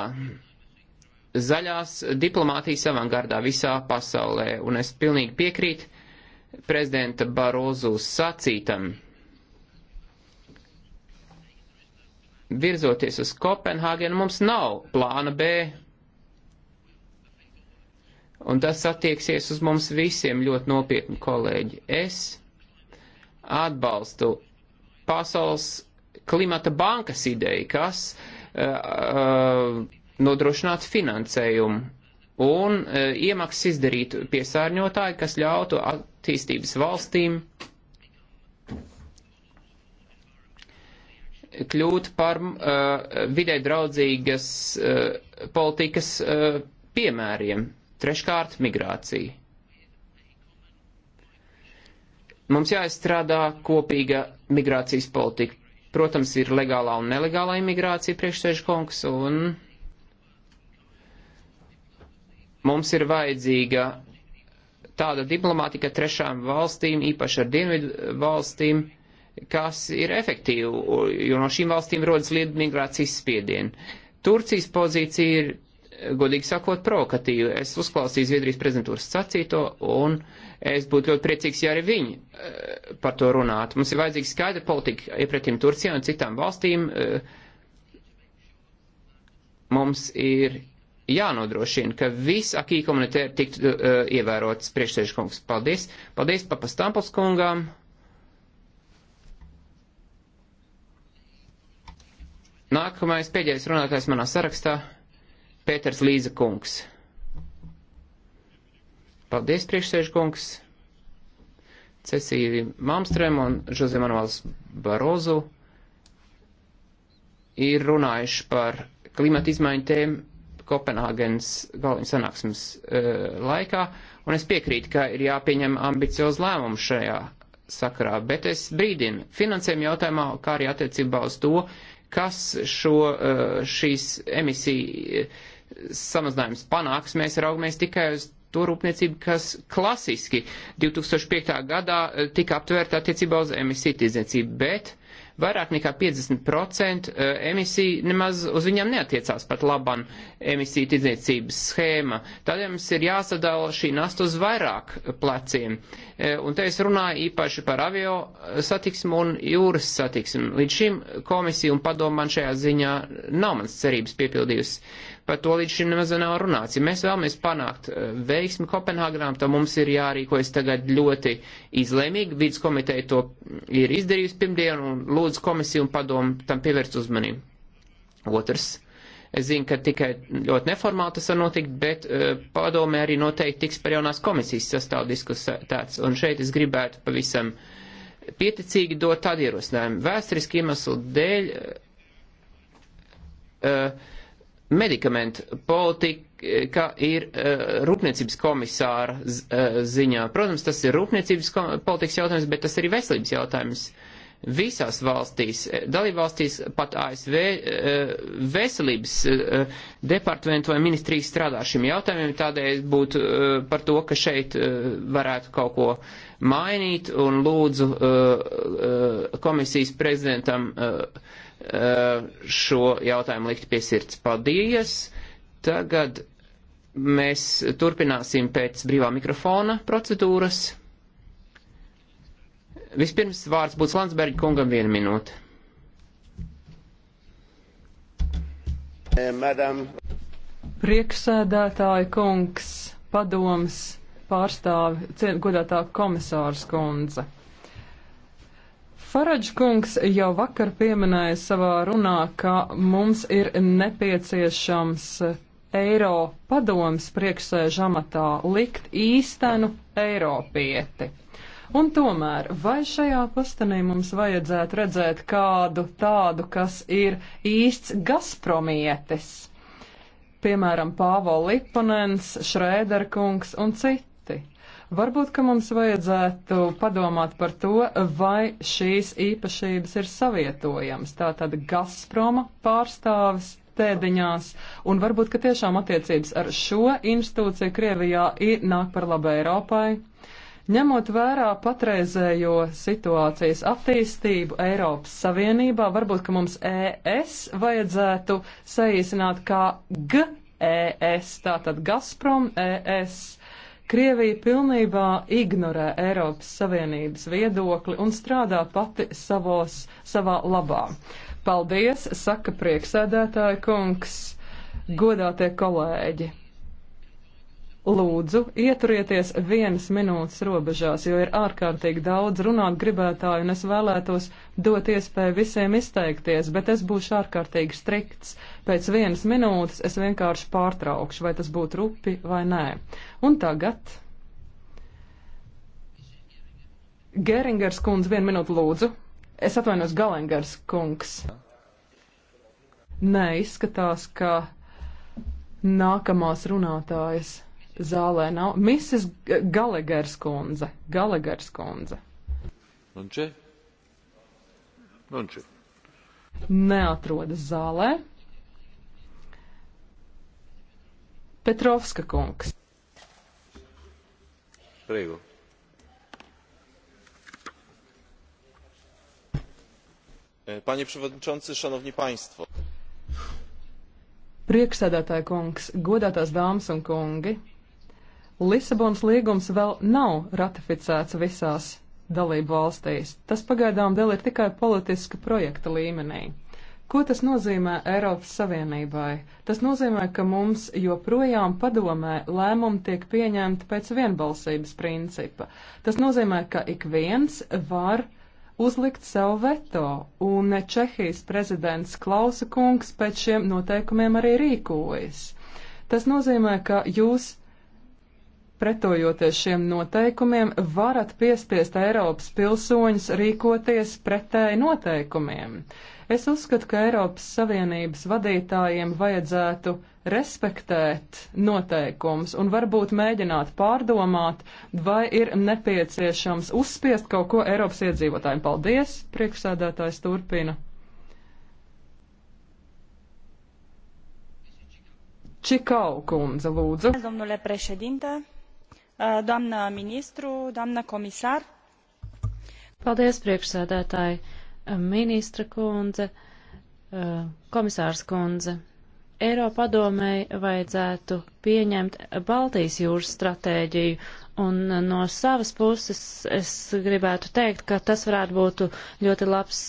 zaļās diplomātijas avangardā visā pasaulē, un es pilnīgi piekrītu prezidenta Barozu sacītam. Virzoties uz Kopenhāgenu, mums nav plāna B, un tas attieksies uz mums visiem ļoti nopietni, kolēģi. Es atbalstu pasaules klimata bankas ideju, kas uh, Uh, nodrošināt finansējumu un uh, iemaksas izdarītu piesārņotāji, kas ļautu attīstības valstīm kļūt par uh, vidē draudzīgas uh, politikas uh, piemēriem. Treškārt, migrācija. Mums jāizstrādā kopīga migrācijas politika. Protams, ir legālā un nelegālā imigrācija priekšsēžkungs, un mums ir vajadzīga tāda diplomātika trešām valstīm, īpaši ar dienvidu valstīm, kas ir efektīva, jo no šīm valstīm rodas liela migrācijas spiediena. Turcijas pozīcija ir godīgi sakot, provokatīvi. Es uzklausīju Zviedrijas prezidentūras sacīto, un es būtu ļoti priecīgs, ja arī viņi eh, par to runātu. Mums ir vajadzīga skaidra politika iepretim Turcijai un citām valstīm. Eh, mums ir jānodrošina, ka viss akī komunitēri tiktu uh, ievērots priekšsēžkungs. Paldies! Paldies papastāmpals kungām! Nākamais pēdējais runātājs manā sarakstā. Pēters Līza kungs. Paldies, priekšsēžkungs. Cecīvi Mamstrēm un Žoze Manuels Barozu ir runājuši par klimata izmaiņu tēmu Kopenhāgenes galvenās sanāksmes e, laikā, un es piekrītu, ka ir jāpieņem ambiciozi lēmumi šajā sakarā, bet es brīdinu finansējumu jautājumā, kā arī attiecībā uz to, kas šo, e, šīs emisiju samazinājums panāks, mēs raugamies tikai uz to rūpniecību, kas klasiski 2005. gadā e, tika aptvērta attiecībā uz emisiju tirdzniecību, bet vairāk nekā 50% e, emisiju nemaz uz viņiem neatiecās pat laban emisiju tirdzniecības schēma. Tādēļ mums ir jāsadala šī nasta uz vairāk pleciem. E, un te es runāju īpaši par avio satiksmu un jūras satiksmu. Līdz šim komisija un padoma man šajā ziņā nav mans cerības piepildījusi. Par to līdz šim nemaz nav runāts. Ja mēs vēlamies panākt eh, veiksmi Kopenhāgrām, tad mums ir jārīkojas tagad ļoti izlēmīgi. Vides komiteja to ir izdarījusi pirmdien un lūdzu komisiju un padomu tam pievērst uzmanību. Otrs. Es zinu, ka tikai ļoti neformāli tas var notikt, bet uh, eh, padomē arī noteikti tiks par jaunās komisijas sastāvu diskusētāts. Un šeit es gribētu pavisam pieticīgi dot tādu ierosinājumu. Vēsturiski iemeslu dēļ. Uh, uh, medikamentu politika ir uh, rūpniecības komisāra uh, ziņā. Protams, tas ir rūpniecības politikas jautājums, bet tas ir arī veselības jautājums. Visās valstīs, eh, dalībvalstīs, pat ASV uh, veselības uh, departamentu vai ministrijas strādā šim jautājumiem, tādēļ būtu uh, par to, ka šeit uh, varētu kaut ko mainīt un lūdzu uh, uh, komisijas prezidentam. Uh, Eh, šo jautājumu likt pie sirds. Paldies! Tagad mēs turpināsim pēc brīvā mikrofona procedūras. Vispirms vārds būs Landsbergi kungam vienu minūti. Eh, madam. Prieksēdētāja kungs, padoms, pārstāvi, godātā komisārs kundze. Faradžkungs jau vakar pieminēja savā runā, ka mums ir nepieciešams eiro padomas priekšsēžu amatā likt īstenu eiropieti. Un tomēr, vai šajā postenī mums vajadzētu redzēt kādu tādu, kas ir īsts Gazpromietis? Piemēram, Pāvo Liponens, Šrēderkungs un citi. Varbūt, ka mums vajadzētu padomāt par to, vai šīs īpašības ir savietojamas. Tātad Gazproma pārstāvis tēdiņās, un varbūt, ka tiešām attiecības ar šo institūciju Krievijā ir nāk par labu Eiropai. Ņemot vērā patreizējo situācijas attīstību Eiropas Savienībā, varbūt, ka mums ES vajadzētu saīsināt kā GES, tātad Gazprom ES. Krievija pilnībā ignorē Eiropas Savienības viedokli un strādā pati savos, savā labā. Paldies, saka prieksēdētāja kungs, godātie kolēģi! Lūdzu, ieturieties vienas minūtes robežās, jo ir ārkārtīgi daudz runāt gribētāju, un es vēlētos dot iespēju visiem izteikties, bet es būšu ārkārtīgi strikts. Pēc vienas minūtes es vienkārši pārtraukšu, vai tas būtu rupi vai nē. Un tagad. Geringers kundze, vienu minūtu lūdzu. Es atvainos Galengers kungs. Nē, izskatās, ka nākamās runātājas zālē nav. Mrs. Galegers kundze. Galegers kundze. Un če? Un če? Neatrodas zālē. Petrovska kungs. Prego. E, panie przewodniczący, szanowni państwo. Priekšsēdētāja kungs, godātās dāmas un kungi, Lisabonas līgums vēl nav ratificēts visās dalību valstīs. Tas pagaidām vēl ir tikai politiska projekta līmenī. Ko tas nozīmē Eiropas Savienībai? Tas nozīmē, ka mums joprojām padomē lēmumi tiek pieņemti pēc vienbalsības principa. Tas nozīmē, ka ik viens var uzlikt sev veto, un Čehijas prezidents Klausa kungs pēc šiem noteikumiem arī rīkojas. Tas nozīmē, ka jūs pretojoties šiem noteikumiem, varat piespiest Eiropas pilsoņus rīkoties pretēji noteikumiem. Es uzskatu, ka Eiropas Savienības vadītājiem vajadzētu respektēt noteikums un varbūt mēģināt pārdomāt, vai ir nepieciešams uzspiest kaut ko Eiropas iedzīvotājiem. Paldies, priekšsēdētājs turpina. Čikau kundze, lūdzu. Domnule președinte, Uh, doamnă ministru, doamnă komisār. Paldies, priekšsēdētāji, uh, ministra kundze, uh, komisārs kundze. Eiropadomēji vajadzētu pieņemt Baltijas jūras stratēģiju Un no savas puses es gribētu teikt, ka tas varētu būt ļoti labs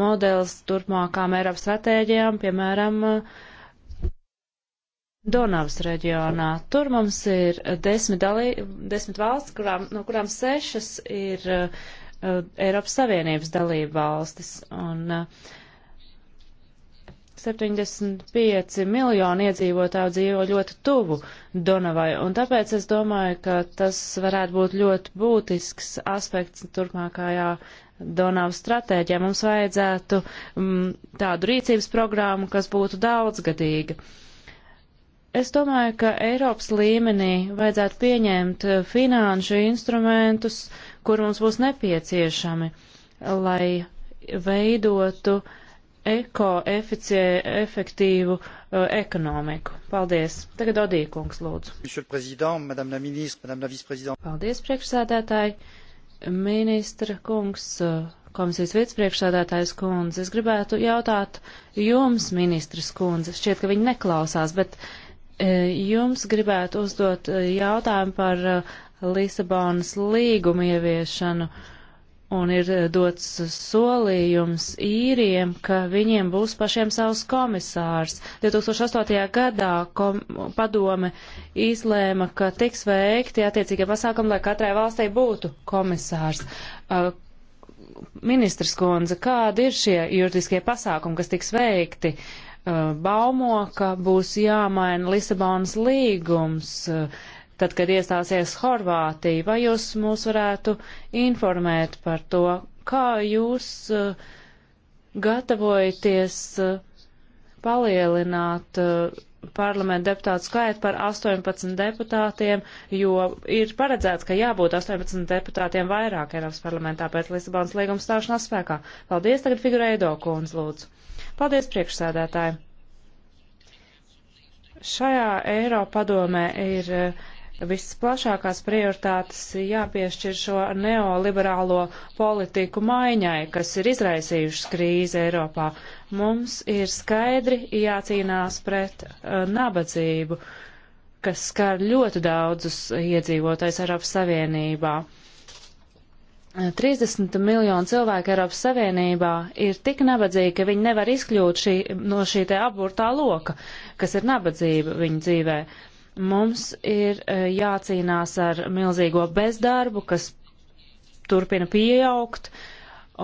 modelis turpmākām Eiropas stratēģijām, piemēram, uh, Donavas reģionā. Tur mums ir desmit, dalī, desmit valsts, kurām, no kurām sešas ir uh, Eiropas Savienības dalība valstis. Un uh, 75 miljoni iedzīvotāju dzīvo ļoti tuvu Donavai. Un tāpēc es domāju, ka tas varētu būt ļoti būtisks aspekts turpmākajā Donavas stratēģijā. Mums vajadzētu mm, tādu rīcības programmu, kas būtu daudzgadīga. Uh, Es domāju, ka Eiropas līmenī vajadzētu pieņemt eh, finanšu instrumentus, kur mums būs nepieciešami, lai veidotu ekoefektīvu uh, eh, ekonomiku. Paldies. Tagad Odīkungs lūdzu. Paldies, priekšsēdētāji. Ministra kungs, eh, komisijas vicepriekšsādātājs kundze, es gribētu jautāt jums, ministras kundze, šķiet, ka viņi neklausās, bet uh, E, jums gribētu uzdot e, jautājumu par e, Lisabonas līgumu ieviešanu, un ir dots solījums īriem, ka viņiem būs pašiem savs komisārs. 2008. gadā kom padome izlēma, ka tiks veikti attiecīgie pasākumi, lai katrai valstī būtu komisārs. Ministrs Konze, kādi ir šie juridiskie pasākumi, kas tiks veikti? Uh, Uh, baumo, ka būs jāmaina Lisabonas līgums, uh, tad, kad iestāsies Horvātija. Vai jūs mūs varētu informēt par to, kā jūs uh, gatavojaties palielināt parlamenta deputātu skaitu par 18 deputātiem, jo ir paredzēts, ka jābūt 18 deputātiem vairāk Eiropas parlamentā pēc Lisabonas līguma stāšanās spēkā. Paldies, tagad figurēja Dokons, lūdzu. Paldies, priekšsēdētāji. Šajā Eiropadomē ir eh, visplašākās prioritātes jāpiešķir šo neoliberālo politiku maiņai, kas ir izraisījušas krīzi Eiropā. Mums ir skaidri jācīnās pret uh, nabadzību, kas skar ļoti daudzus iedzīvotājs Eiropas Savienībā. 30 uh, miljonu cilvēku Eiropas Savienībā ir tik nabadzīgi, ka viņi nevar izkļūt šī, no šī te apburtā loka, kas ir nabadzība viņu dzīvē. Mums ir uh, jācīnās ar milzīgo bezdarbu, kas turpina pieaugt, uh,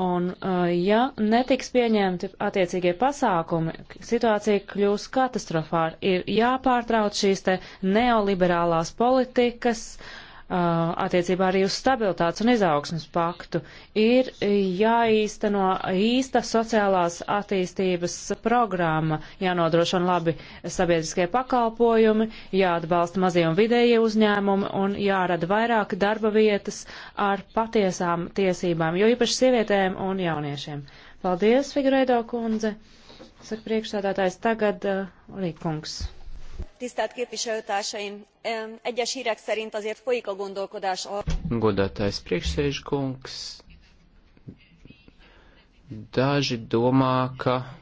Un, eh, ja netiks pieņemti attiecīgie pasākumi, situācija kļūs katastrofāla. Ir jāpārtrauc šīs te neoliberālās politikas, uh, Uh, attiecībā arī uz stabilitātes un izaugsmas paktu, ir jāīsteno īsta sociālās attīstības programma, jānodrošina labi sabiedriskie pakalpojumi, jāatbalsta mazie un vidējie uzņēmumi un jārada vairāk darba vietas ar patiesām tiesībām, jo īpaši sievietēm un jauniešiem. Paldies, Figureido kundze! Saka priekšstādātājs tagad uh, Līkungs tisztelt képviselőtársaim! egyes hrek szerint azért folyik a gondolkodás Godātais priekšsēžkungs, daži domā, ka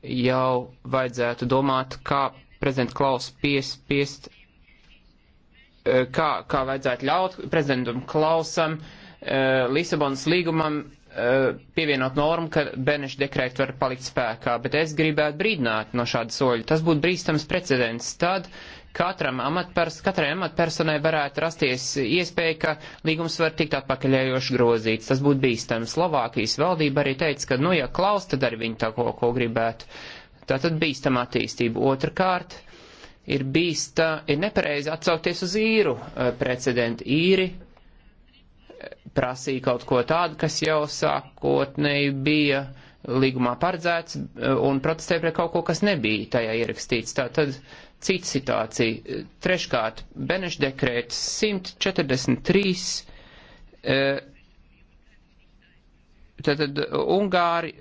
jau vajadzētu domāt, kā prezidents Klaus pies, piest, eh, kā, kā vajadzētu ļaut prezidentam Klausam eh, Lisabonas līgumam Eh, pievienot normu, ka Beneša dekrēta var palikt spēkā, bet es gribētu brīdināt no šāda soļa. Tas būtu brīstams precedents. Tad katram amatpers, katrai amatpersonai varētu rasties iespēja, ka līgums var tikt atpakaļējoši grozīts. Tas būtu bīstams. Slovākijas valdība arī teica, ka, nu, ja klaus, tad arī viņi tā ko, ko gribētu. Tā tad bīstama attīstība. Otrakārt, ir bīsta, ir nepareizi atsaukties uz īru eh, precedentu. Īri prasīja kaut ko tādu, kas jau sākotnēji bija līgumā paredzēts e, un protestēja pret kaut ko, kas nebija tajā ierakstīts. Tā tad cita situācija. Treškārt, Beneša dekrēts 143. Tātad e, Ungāri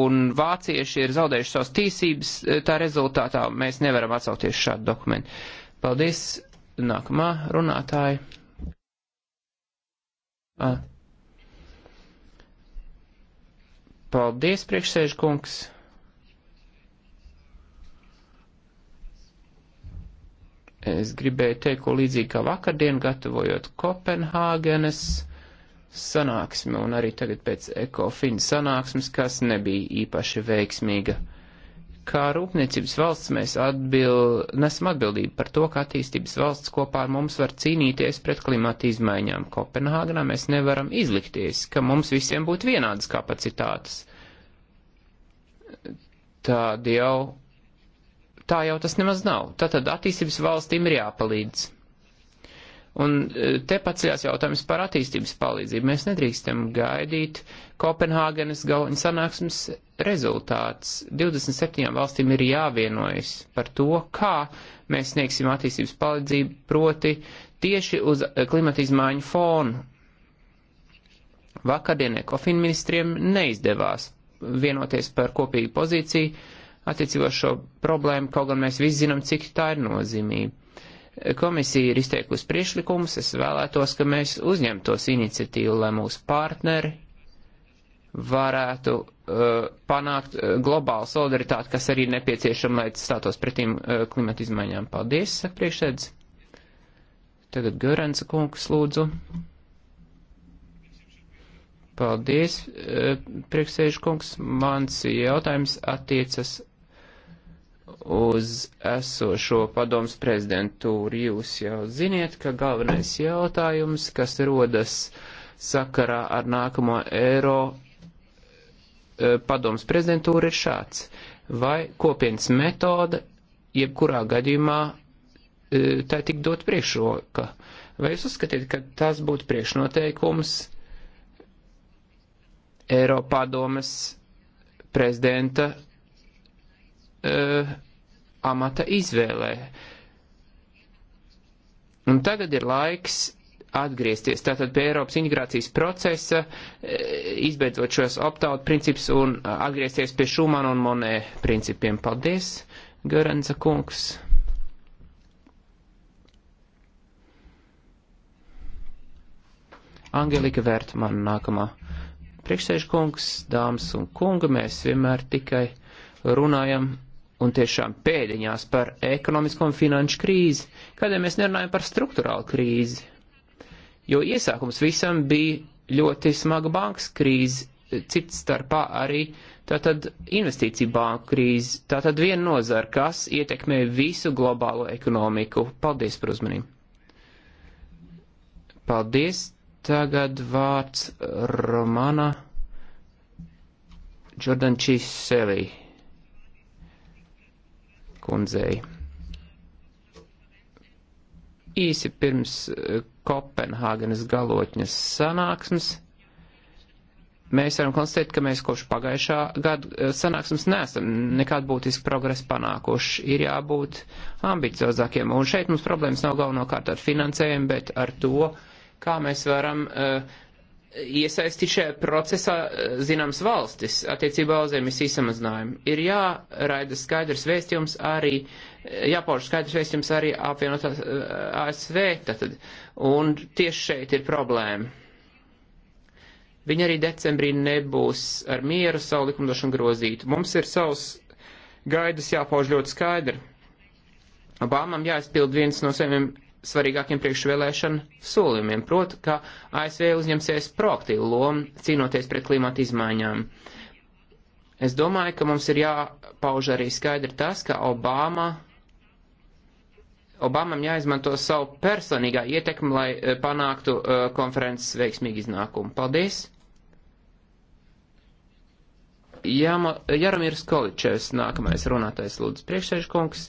un Vācieši ir zaudējuši savas tīsības, e, tā rezultātā mēs nevaram atsaukties šādu dokumentu. Paldies, nākamā runātāja. Ah. Paldies, priekšsēžkungs. Es gribēju teikt, ko līdzīgi kā vakardien, gatavojot Kopenhāgenes sanāksmi un arī tagad pēc ekofina sanāksmes, kas nebija īpaši veiksmīga kā rūpniecības valsts mēs atbild, nesam atbildību par to, ka attīstības valsts kopā ar mums var cīnīties pret klimata izmaiņām. Kopenhāgenā mēs nevaram izlikties, ka mums visiem būtu vienādas kapacitātes. Tāda jau, tā jau tas nemaz nav. Tātad attīstības valstīm ir jāpalīdz. Un e, te paceļās jautājums par attīstības palīdzību. Mēs nedrīkstam gaidīt uh, Kopenhāgenes galveņu sanāksmes rezultāts. 27 valstīm ir jāvienojas par to, kā mēs sniegsim attīstības palīdzību, proti tieši uz eh, klimata izmaiņu fonu. Vakardienē kofin ministriem neizdevās vienoties par kopīgu pozīciju attiecībā šo problēmu, kaut gan mēs visi zinām, cik tā ir nozīmīga. Komisija ir izteikusi priešlikumus, es vēlētos, ka mēs uzņemtos iniciatīvu, lai mūsu partneri varētu uh, panākt uh, globālu solidaritāti, kas arī nepieciešama, lai stātos pretīm uh, klimata izmaiņām. Paldies, saka priekšsēdz. Tagad Görens kungs lūdzu. Paldies, uh, priekšsēdž kungs. Mans jautājums attiecas uz esošo padomus prezidentūru. Jūs jau ziniet, ka galvenais jautājums, kas rodas sakarā ar nākamo eiro Eh, padomas prezidentūra ir šāds. Vai kopienas metoda jebkurā gadījumā eh, tā tik dot priekšroka? Vai jūs uzskatiet, ka tas būtu priekšnoteikums Eiropadomes prezidenta uh, amata izvēlē? Un tagad ir laiks atgriezties. Tātad pie Eiropas integrācijas procesa, e, izbeidzot šos opt-out principus un e, atgriezties pie Šumana un Monē principiem. Paldies, Göranza kungs. Angelika Vērtmana nākamā. Priekšsēžkungs, dāmas un kunga, mēs vienmēr tikai runājam un tiešām pēdiņās par ekonomisko un finanšu krīzi, kādēļ mēs nerunājam par struktūrālu krīzi Jo iesākums visam bija ļoti smaga bankas krīze, cits starpā arī tātad investīcija banku krīze, tātad viena nozara, kas ietekmē visu globālo ekonomiku. Paldies par uzmanību. Paldies. Tagad vārds Romana Džordančīselī kundzei. Īsi pirms Kopenhāgenes galotņas sanāksmes, mēs varam konstatēt, ka mēs kopš pagājušā gada eh, sanāksmes neesam nekādu būtisku progresu panākuši. Ir jābūt ambiciozākiem. Un šeit mums problēmas nav galvenokārt ar finansējumu, bet ar to, kā mēs varam uh, iesaistīt šajā procesā uh, eh, zināms valstis attiecībā uz emisiju samazinājumu. Ir jāraida skaidrs vēstījums arī uh, jāpauž skaidrs vēstījums arī apvienotās eh, ASV, tātad, un tieši šeit ir problēma. Viņi arī decembrī nebūs ar mieru savu likumdošanu grozītu. Mums ir savs gaidas jāpauž ļoti skaidri. Obamam jāizpild viens no saviem svarīgākiem priekšvēlēšanu solījumiem, proti, ka ASV uzņemsies proaktīvu lomu cīnoties pret klimata izmaiņām. Es domāju, ka mums ir jāpauž arī skaidri tas, ka Obama Obamam jāizmanto savu personīgā ietekmi, lai eh, panāktu uh, konferences veiksmīgu iznākumu. Paldies! Jāma, Jaromirs Količevs, nākamais runātais lūdzu priekšsēžkungs.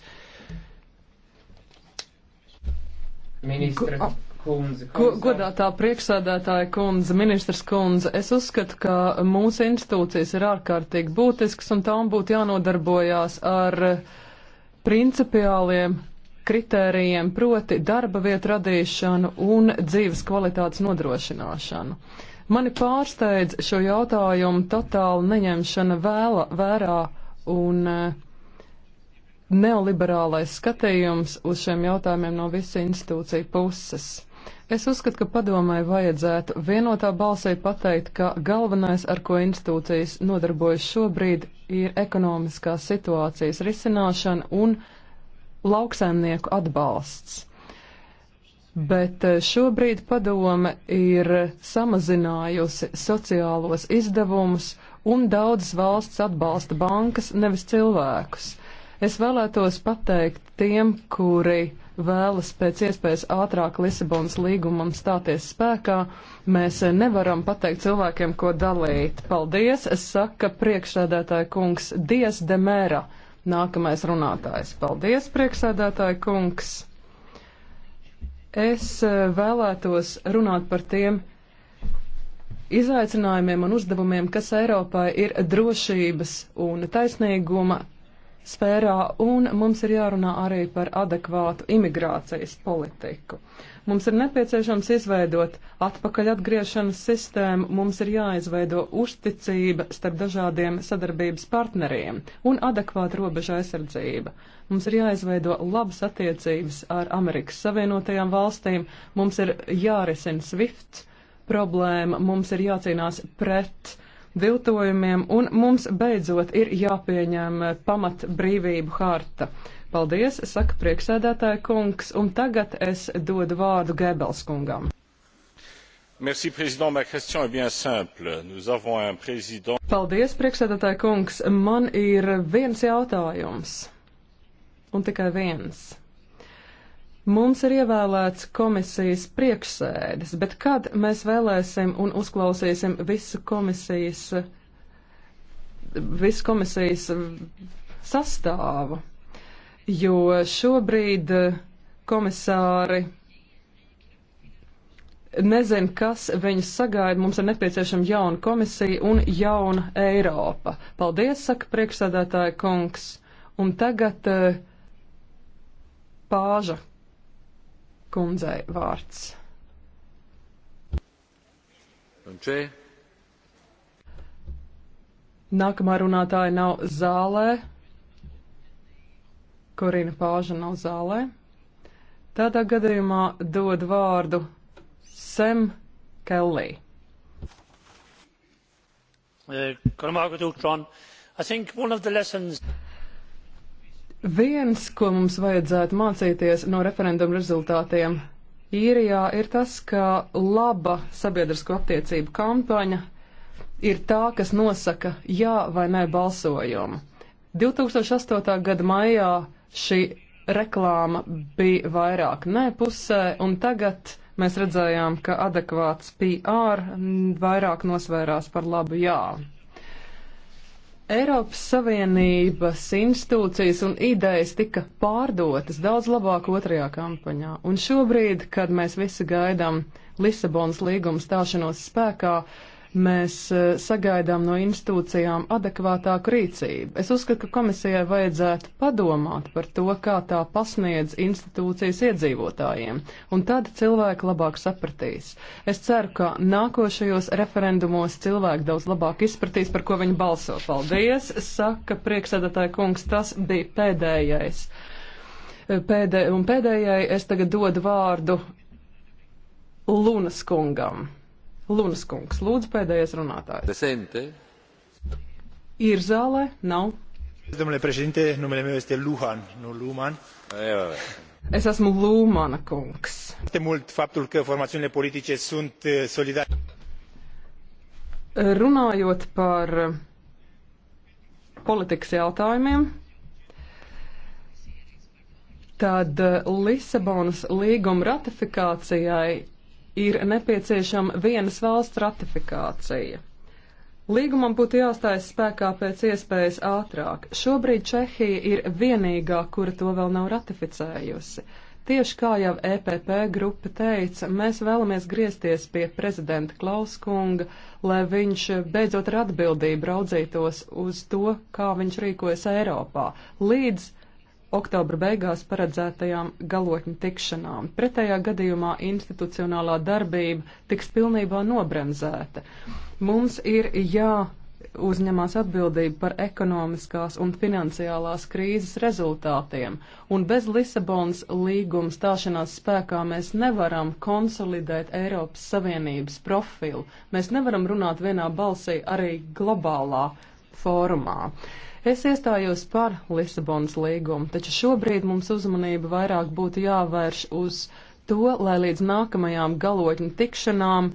Ministra. Go, kundze. Godātā priekšsēdētāja kundze, ministrs kundze, es uzskatu, ka mūsu institūcijas ir ārkārtīgi būtisks un tām būtu jānodarbojās ar principiāliem kritērijiem, proti darba vietu radīšanu un dzīves kvalitātes nodrošināšanu. Mani pārsteidz šo jautājumu totāla neņemšana vēla, vērā un eh, neoliberālais skatījums uz šiem jautājumiem no visu institūciju puses. Es uzskatu, ka padomai vajadzētu vienotā balsī pateikt, ka galvenais, ar ko institūcijas nodarbojas šobrīd, ir ekonomiskās situācijas risināšana un lauksaimnieku atbalsts. Bet eh, šobrīd padome ir samazinājusi sociālos izdevumus un daudzas valsts atbalsta bankas, nevis cilvēkus. Es vēlētos pateikt tiem, kuri vēlas pēc iespējas ātrāk Lisabonas līgumam stāties spēkā, mēs nevaram pateikt cilvēkiem, ko dalīt. Paldies, es saka priekšsēdētāja kungs Dies de Mēra Nākamais runātājs. Paldies, prieksēdētāji kungs. Es e, vēlētos runāt par tiem izaicinājumiem un uzdevumiem, kas Eiropai ir drošības un taisnīguma sfērā, un mums ir jārunā arī par adekvātu imigrācijas politiku. Uh, Mums ir nepieciešams izveidot atpakaļ atgriešanas sistēmu, mums ir jāizveido uzticība starp dažādiem sadarbības partneriem un adekvāta robeža aizsardzība. Mums ir jāizveido labas attiecības ar Amerikas Savienotajām valstīm, mums ir jārisina SWIFT problēma, mums ir jācīnās pret viltojumiem, un mums beidzot ir jāpieņem pamat brīvību harta. Paldies, saka prieksēdētāja kungs, un tagad es dodu vārdu Gebels kungam. Merci, président. Ma question est bien simple. Nous avons un président. Paldies, priekšsēdētāja kungs. Man ir viens jautājums. Un tikai viens. Mums ir ievēlēts komisijas priekšsēdis, bet kad mēs vēlēsim un uzklausīsim visu komisijas, visu komisijas sastāvu? jo šobrīd eh, komisāri nezinu, kas viņus sagaida. Mums ir nepieciešama jauna komisija un jauna Eiropa. Paldies, saka priekšsēdētāja kungs. Un tagad uh, pāža kundzei vārds. Un šī? Nākamā runātāja nav zālē. Korina Pāža nav zālē. Tādā gadījumā dod vārdu Sem Kellī. Uh, Viens, ko mums vajadzētu mācīties no referenduma rezultātiem īrijā, ir tas, ka laba sabiedrisko attiecību kampaņa ir tā, kas nosaka jā vai nē balsojumu. 2008. gada maijā šī reklāma bija vairāk nē pusē, un tagad mēs redzējām, ka adekvāts PR vairāk nosvērās par labu jā. Eiropas Savienības institūcijas un idejas tika pārdotas daudz labāk otrajā kampaņā. Un šobrīd, kad mēs visi gaidām Lisabonas līguma stāšanos spēkā, uh, mēs eh, sagaidām no institūcijām adekvātāku rīcību. Es uzskatu, ka komisijai vajadzētu padomāt par to, kā tā pasniedz institūcijas iedzīvotājiem, un tad cilvēki labāk sapratīs. Es ceru, ka nākošajos referendumos cilvēki daudz labāk izpratīs, par ko viņi balso. Paldies, saka priekšsēdētāja kungs, tas bija pēdējais. Eh, pēdē, un pēdējai es tagad dodu vārdu Lunas kungam. Lunas kungs, lūdzu pēdējais runātājs. Presente. Ir zālē, nav. Domnule președinte, numele meu este Luhan, nu Luman. Es esmu Lūmana kungs. Este mult faptul că formațiunile politice sunt eh, solidare. Runājot par politikas jautājumiem, tad eh, Lisabonas līguma ratifikācijai ir nepieciešama vienas valsts ratifikācija. Līgumam būtu jāstājas spēkā pēc iespējas ātrāk. Šobrīd Čehija ir vienīgā, kura to vēl nav ratificējusi. Tieši kā jau EPP grupa teica, mēs vēlamies griezties pie prezidenta Klauskunga, lai viņš beidzot ar atbildību raudzītos uz to, kā viņš rīkojas Eiropā, līdz oktobra beigās paredzētajām galotņu tikšanām. Pretējā gadījumā institucionālā darbība tiks pilnībā nobremzēta. Mums ir jā uzņemās atbildību par ekonomiskās un finansiālās krīzes rezultātiem, un bez Lisabonas līguma stāšanās spēkā mēs nevaram konsolidēt Eiropas Savienības profilu. Mēs nevaram runāt vienā balsī arī globālā fórumā. Uh, Es iestājos par Lisabonas līgumu, taču šobrīd mums uzmanība vairāk būtu jāvērš uz to, lai līdz nākamajām galotņu tikšanām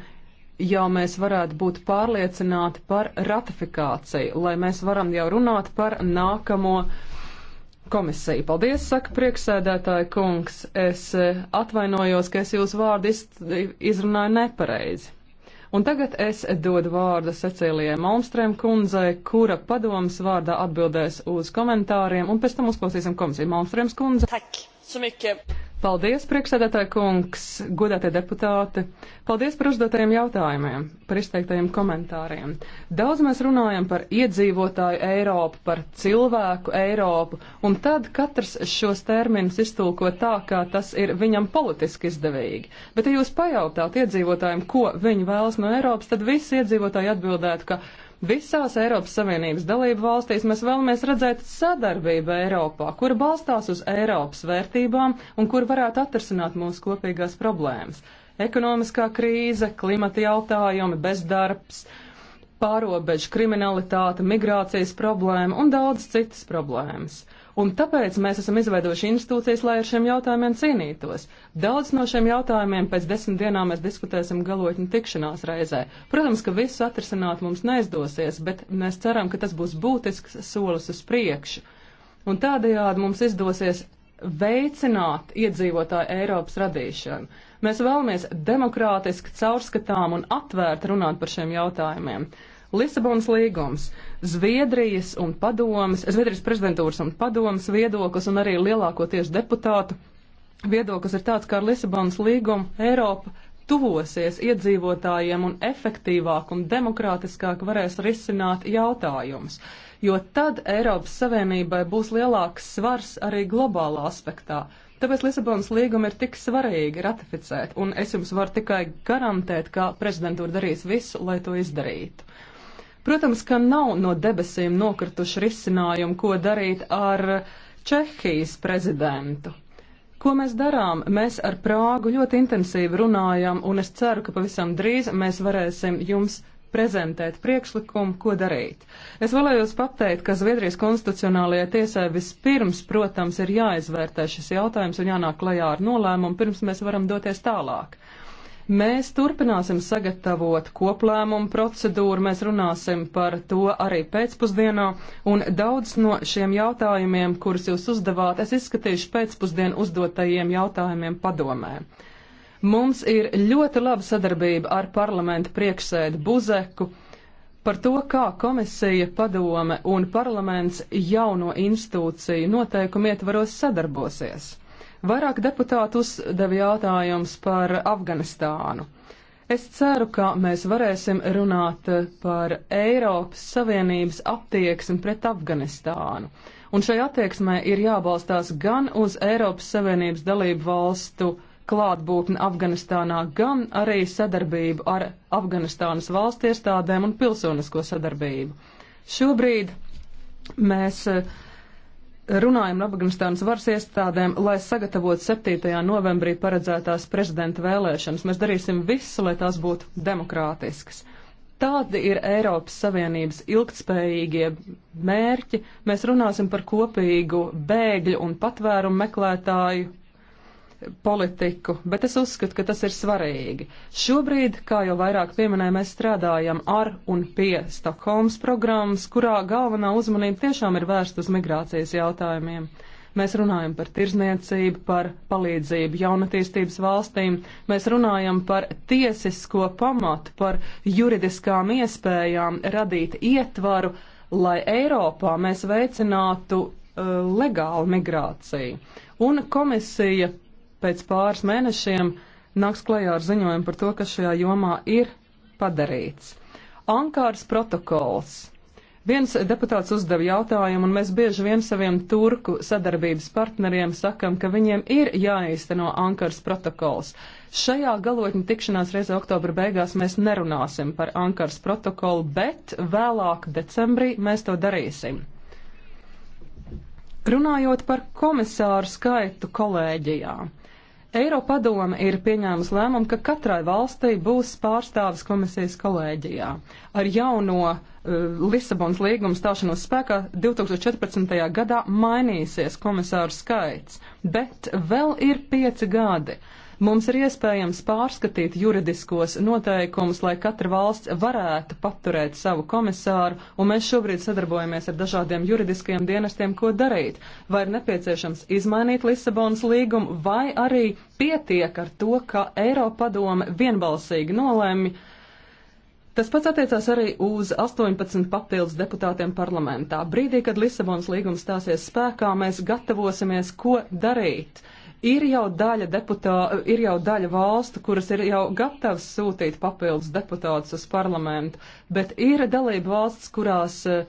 jau mēs varētu būt pārliecināti par ratifikāciju, lai mēs varam jau runāt par nākamo komisiju. Paldies, saka prieksēdētāja kungs. Es eh, atvainojos, ka es jūsu vārdu izrunāju nepareizi. Un tagad es dodu vārdu Cecīlijai Malmstrēm kundzei, kura padomas vārdā atbildēs uz komentāriem, un pēc tam uzklausīsim komisiju. Malmstrēms kundze. Tak. Paldies, priekšsēdētāji kungs, godātie deputāti. Paldies par uzdotajiem jautājumiem, par izteiktajiem komentāriem. Daudz mēs runājam par iedzīvotāju Eiropu, par cilvēku Eiropu, un tad katrs šos terminus iztulko tā, kā tas ir viņam politiski izdevīgi. Bet, ja jūs pajautāt iedzīvotājiem, ko viņi vēlas no Eiropas, tad visi iedzīvotāji atbildētu, ka Visās Eiropas Savienības dalību valstīs mēs vēlamies redzēt sadarbību Eiropā, kur balstās uz Eiropas vērtībām un kur varētu atrasināt mūsu kopīgās problēmas - ekonomiskā krīze, klimata jautājumi, bezdarbs, pārobežu kriminalitāte, migrācijas problēma un daudz citas problēmas. Un tāpēc mēs esam izveidojuši institūcijas, lai ar šiem jautājumiem cīnītos. Daudz no šiem jautājumiem pēc desmit dienām mēs diskutēsim galotņu tikšanās reizē. Protams, ka visu atrisināt mums neizdosies, bet mēs ceram, ka tas būs būtisks solis uz priekšu. Un tādējādi mums izdosies veicināt iedzīvotāju Eiropas radīšanu. Mēs vēlamies demokrātiski, caurskatām un atvērt runāt par šiem jautājumiem. Lisabonas līgums, Zviedrijas un padomas, Zviedrijas prezidentūras un padomas viedoklis un arī lielākoties deputātu viedoklis ir tāds, ka ar Lisabonas līgumu Eiropa tuvosies iedzīvotājiem un efektīvāk un demokrātiskāk varēs risināt jautājumus, jo tad Eiropas Savienībai būs lielāks svars arī globālā aspektā. Tāpēc Lisabonas līguma ir tik svarīgi ratificēt, un es jums varu tikai garantēt, ka prezidentūra darīs visu, lai to izdarītu. Protams, ka nav no debesīm nokrituši risinājumu, ko darīt ar Čehijas prezidentu. Ko mēs darām? Mēs ar Prāgu ļoti intensīvi runājam, un es ceru, ka pavisam drīz mēs varēsim jums prezentēt priekšlikumu, ko darīt. Es vēlējos pateikt, ka Zviedrijas konstitucionālajai tiesai vispirms, protams, ir jāizvērtē šis jautājums un jānāk klajā ar nolēmumu, pirms mēs varam doties tālāk. Mēs turpināsim sagatavot koplēmumu procedūru, mēs runāsim par to arī pēcpusdienā, un daudz no šiem jautājumiem, kurus jūs uzdevāt, es izskatīšu pēcpusdienu uzdotajiem jautājumiem padomē. Mums ir ļoti laba sadarbība ar parlamentu priekšsēdu Buzeku par to, kā komisija, padome un parlaments jauno institūciju noteikumu ietvaros sadarbosies. Vairāk deputāti uzdeva jautājums par Afganistānu. Es ceru, ka mēs varēsim runāt par Eiropas Savienības attieksmi pret Afganistānu. Un šai attieksmē ir jābalstās gan uz Eiropas Savienības dalību valstu klātbūtni Afganistānā, gan arī sadarbību ar Afganistānas valsts iestādēm un pilsonisko sadarbību. Šobrīd mēs uh, runājam ar Afganistānas varas iestādēm, lai sagatavotu 7. novembrī paredzētās prezidenta vēlēšanas. Mēs darīsim visu, lai tās būtu demokrātiskas. Tādi ir Eiropas Savienības ilgtspējīgie mērķi. Mēs runāsim par kopīgu bēgļu un patvērumu meklētāju politiku, bet es uzskatu, ka tas ir svarīgi. Šobrīd, kā jau vairāk pieminēja, mēs strādājam ar un pie Stokholmas programmas, kurā galvenā uzmanība tiešām ir vērsta uz migrācijas jautājumiem. Mēs runājam par tirzniecību, par palīdzību jaunatīstības valstīm, mēs runājam par tiesisko pamatu, par juridiskām iespējām radīt ietvaru, lai Eiropā mēs veicinātu uh, legālu migrāciju. Un komisija pēc pāris mēnešiem nāks klajā ar ziņojumu par to, kas šajā jomā ir padarīts. Ankāras protokols. Viens deputāts uzdeva jautājumu, un mēs bieži vien saviem turku sadarbības partneriem sakam, ka viņiem ir jāīsteno Ankaras protokols. Šajā galotņu tikšanās reizē oktobra beigās mēs nerunāsim par Ankaras protokolu, bet vēlāk decembrī mēs to darīsim. Runājot par komisāru skaitu kolēģijā, Eiropadome ir pieņēmusi lēmumu, ka katrai valstī būs pārstāvis komisijas kolēģijā. Ar jauno uh, Lisabonas līgumu stāšanos spēkā 2014. gadā mainīsies komisāru skaits, bet vēl ir pieci gadi. Uh, Mums ir iespējams pārskatīt juridiskos noteikumus, lai katra valsts varētu paturēt savu komisāru, un mēs šobrīd sadarbojamies ar dažādiem juridiskajiem dienestiem, ko darīt. Vai ir nepieciešams izmainīt Lisabonas līgumu, vai arī pietiek ar to, ka Eiropadome vienbalsīgi nolēma. Tas pats attiecās arī uz 18 papildus deputātiem parlamentā. Brīdī, kad Lisabonas līgums stāsies spēkā, mēs gatavosimies, ko darīt. Ir jau daļa, deputā, ir jau daļa valstu, kuras ir jau gatavas sūtīt papildus deputātus uz parlamentu, bet ir dalība valsts, kurās eh,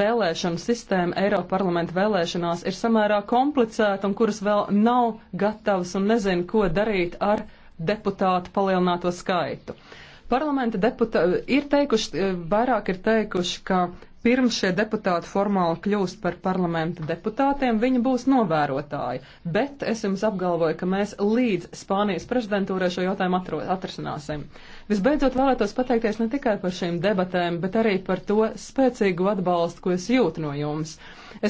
vēlēšanu sistēma Eiropa parlamenta vēlēšanās ir samērā komplicēta un kuras vēl nav gatavas un nezin, ko darīt ar deputātu palielināto skaitu. Parlamenta deputāti ir teikuši, eh, vairāk ir teikuši, ka Pirms šie deputāti formāli kļūst par parlamenta deputātiem, viņi būs novērotāji, bet es jums apgalvoju, ka mēs līdz Spānijas prezidentūrai šo jautājumu atrisināsim. Visbeidzot, vēlētos pateikties ne tikai par šīm debatēm, bet arī par to spēcīgu atbalstu, ko es jūtu no jums.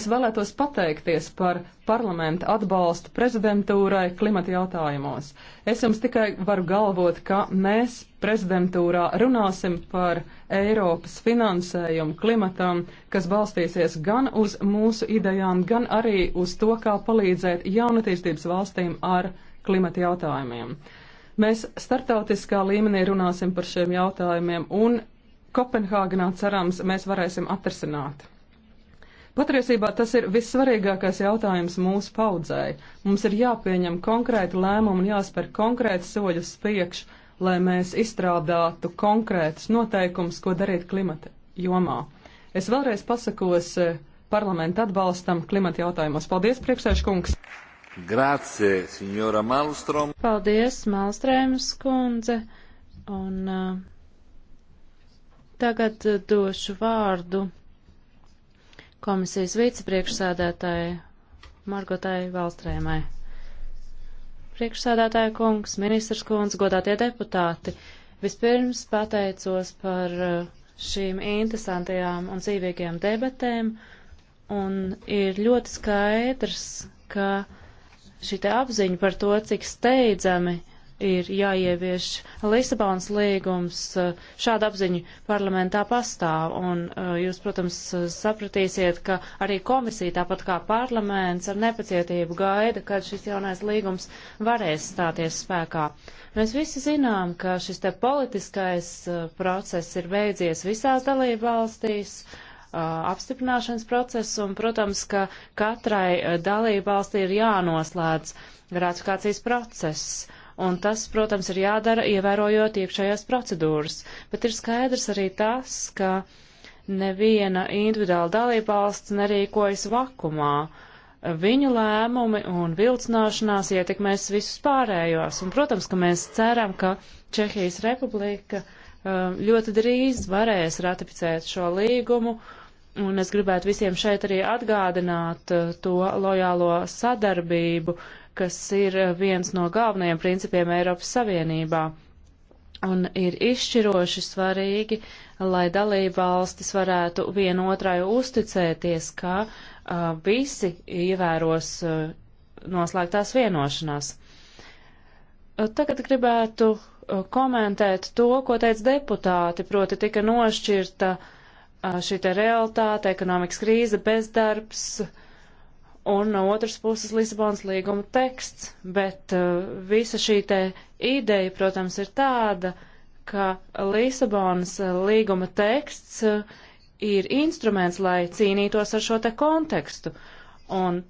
Es vēlētos pateikties par parlamenta atbalstu prezidentūrai klimata jautājumos. Es jums tikai varu galvot, ka mēs prezidentūrā runāsim par Eiropas finansējumu klimatam, kas balstīsies gan uz mūsu idejām, gan arī uz to, kā palīdzēt jaunatīstības valstīm ar klimata jautājumiem. Mēs startautiskā līmenī runāsim par šiem jautājumiem un Kopenhāgenā cerams mēs varēsim atrasināt. Patiesībā tas ir vissvarīgākais jautājums mūsu paudzēji. Mums ir jāpieņem konkrēti lēmumi un jāspēr konkrēti soļus priekšu, lai mēs izstrādātu konkrētus noteikumus, ko darīt klimata jomā. Es vēlreiz pasakos e, parlamentu atbalstam klimata jautājumos. Paldies, priekšsēžkungs! Grācie, signora Malstrom! Paldies, Malstrēmas kundze! Un uh, tagad došu vārdu komisijas vicepriekšsēdētāji Margotai Valstrēmai priekšsādātāja kungs, ministrs kungs, godātie deputāti. Vispirms pateicos par uh, šīm interesantajām un dzīvīgajām debatēm, un ir ļoti skaidrs, ka šī apziņa par to, cik steidzami ir jāievieš Lisabonas līgums, šāda apziņa parlamentā pastāv, un jūs, protams, sapratīsiet, ka arī komisija, tāpat kā parlaments, ar nepacietību gaida, kad šis jaunais līgums varēs stāties spēkā. Mēs visi zinām, ka šis te politiskais process ir beidzies visās dalību valstīs, apstiprināšanas process, un, protams, ka katrai dalību valstī ir jānoslēdz ratifikācijas process un tas, protams, ir jādara ievērojot iekšējās procedūras. Bet ir skaidrs arī tas, ka neviena individuāla dalībvalsts nerīkojas vakumā. Viņu lēmumi un vilcināšanās ietekmēs visus pārējos, un, protams, ka mēs ceram, ka Čehijas republika um, ļoti drīz varēs ratificēt šo līgumu, un es gribētu visiem šeit arī atgādināt uh, to lojālo sadarbību, kas ir eh, viens no galvenajiem principiem Eiropas Savienībā. Un ir izšķiroši svarīgi, lai dalība valstis varētu vienotrai uzticēties, ka uh, visi ievēros uh, noslēgtās vienošanās. Tagad gribētu komentēt to, ko teica deputāti, proti tika nošķirta šī te realitāte, ekonomikas krīze, bezdarbs, un no otras puses Lisabonas līguma teksts, bet uh, visa šī te ideja, protams, ir tāda, ka Lisabonas uh, līguma teksts uh, ir instruments, lai cīnītos ar šo te kontekstu, un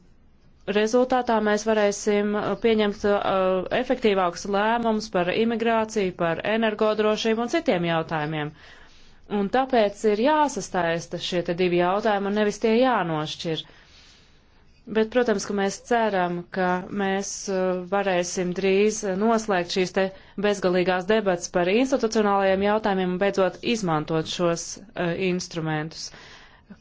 rezultātā mēs varēsim uh, pieņemt uh, efektīvākus lēmumus par imigrāciju, par energodrošību un citiem jautājumiem. Un tāpēc ir jāsastaista šie te divi jautājumi un nevis tie jānošķir. Uh, Bet, protams, ka mēs ceram, ka mēs uh, varēsim drīz uh, noslēgt šīs te bezgalīgās debats par institucionālajiem jautājumiem un beidzot izmantot šos uh, instrumentus.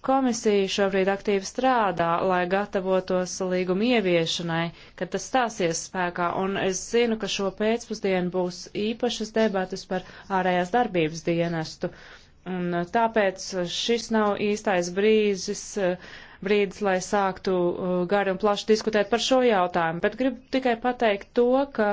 Komisija šobrīd aktīvi strādā, lai gatavotos līguma ieviešanai, kad tas stāsies spēkā, un es zinu, ka šo pēcpusdienu būs īpašas debatas par ārējās darbības dienestu. Un uh, tāpēc šis nav īstais brīzis. Uh, brīdis, lai sāktu uh, gari un plaši diskutēt par šo jautājumu, bet gribu tikai pateikt to, ka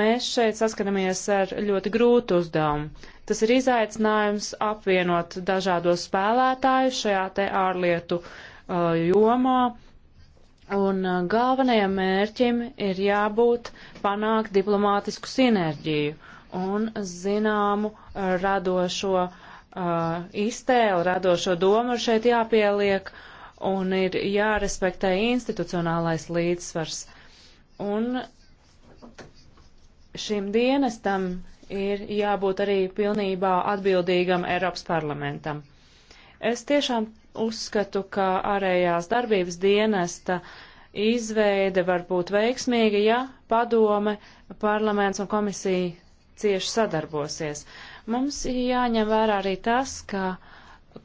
mēs šeit saskaramies ar ļoti grūtu uzdevumu. Tas ir izaicinājums apvienot dažādos spēlētājus šajā te ārlietu uh, jomā. Un uh, galvenajam mērķim ir jābūt panākt diplomātisku sinerģiju un zināmu uh, radošo uh, iztēli, radošo domu šeit jāpieliek. Uh, un ir jārespektē institucionālais līdzsvars. Un šim dienestam ir jābūt arī pilnībā atbildīgam Eiropas parlamentam. Es tiešām uzskatu, ka ārējās darbības dienesta izveide var būt veiksmīga, ja padome, parlaments un komisija cieši sadarbosies. Mums jāņem vērā arī tas, ka uh,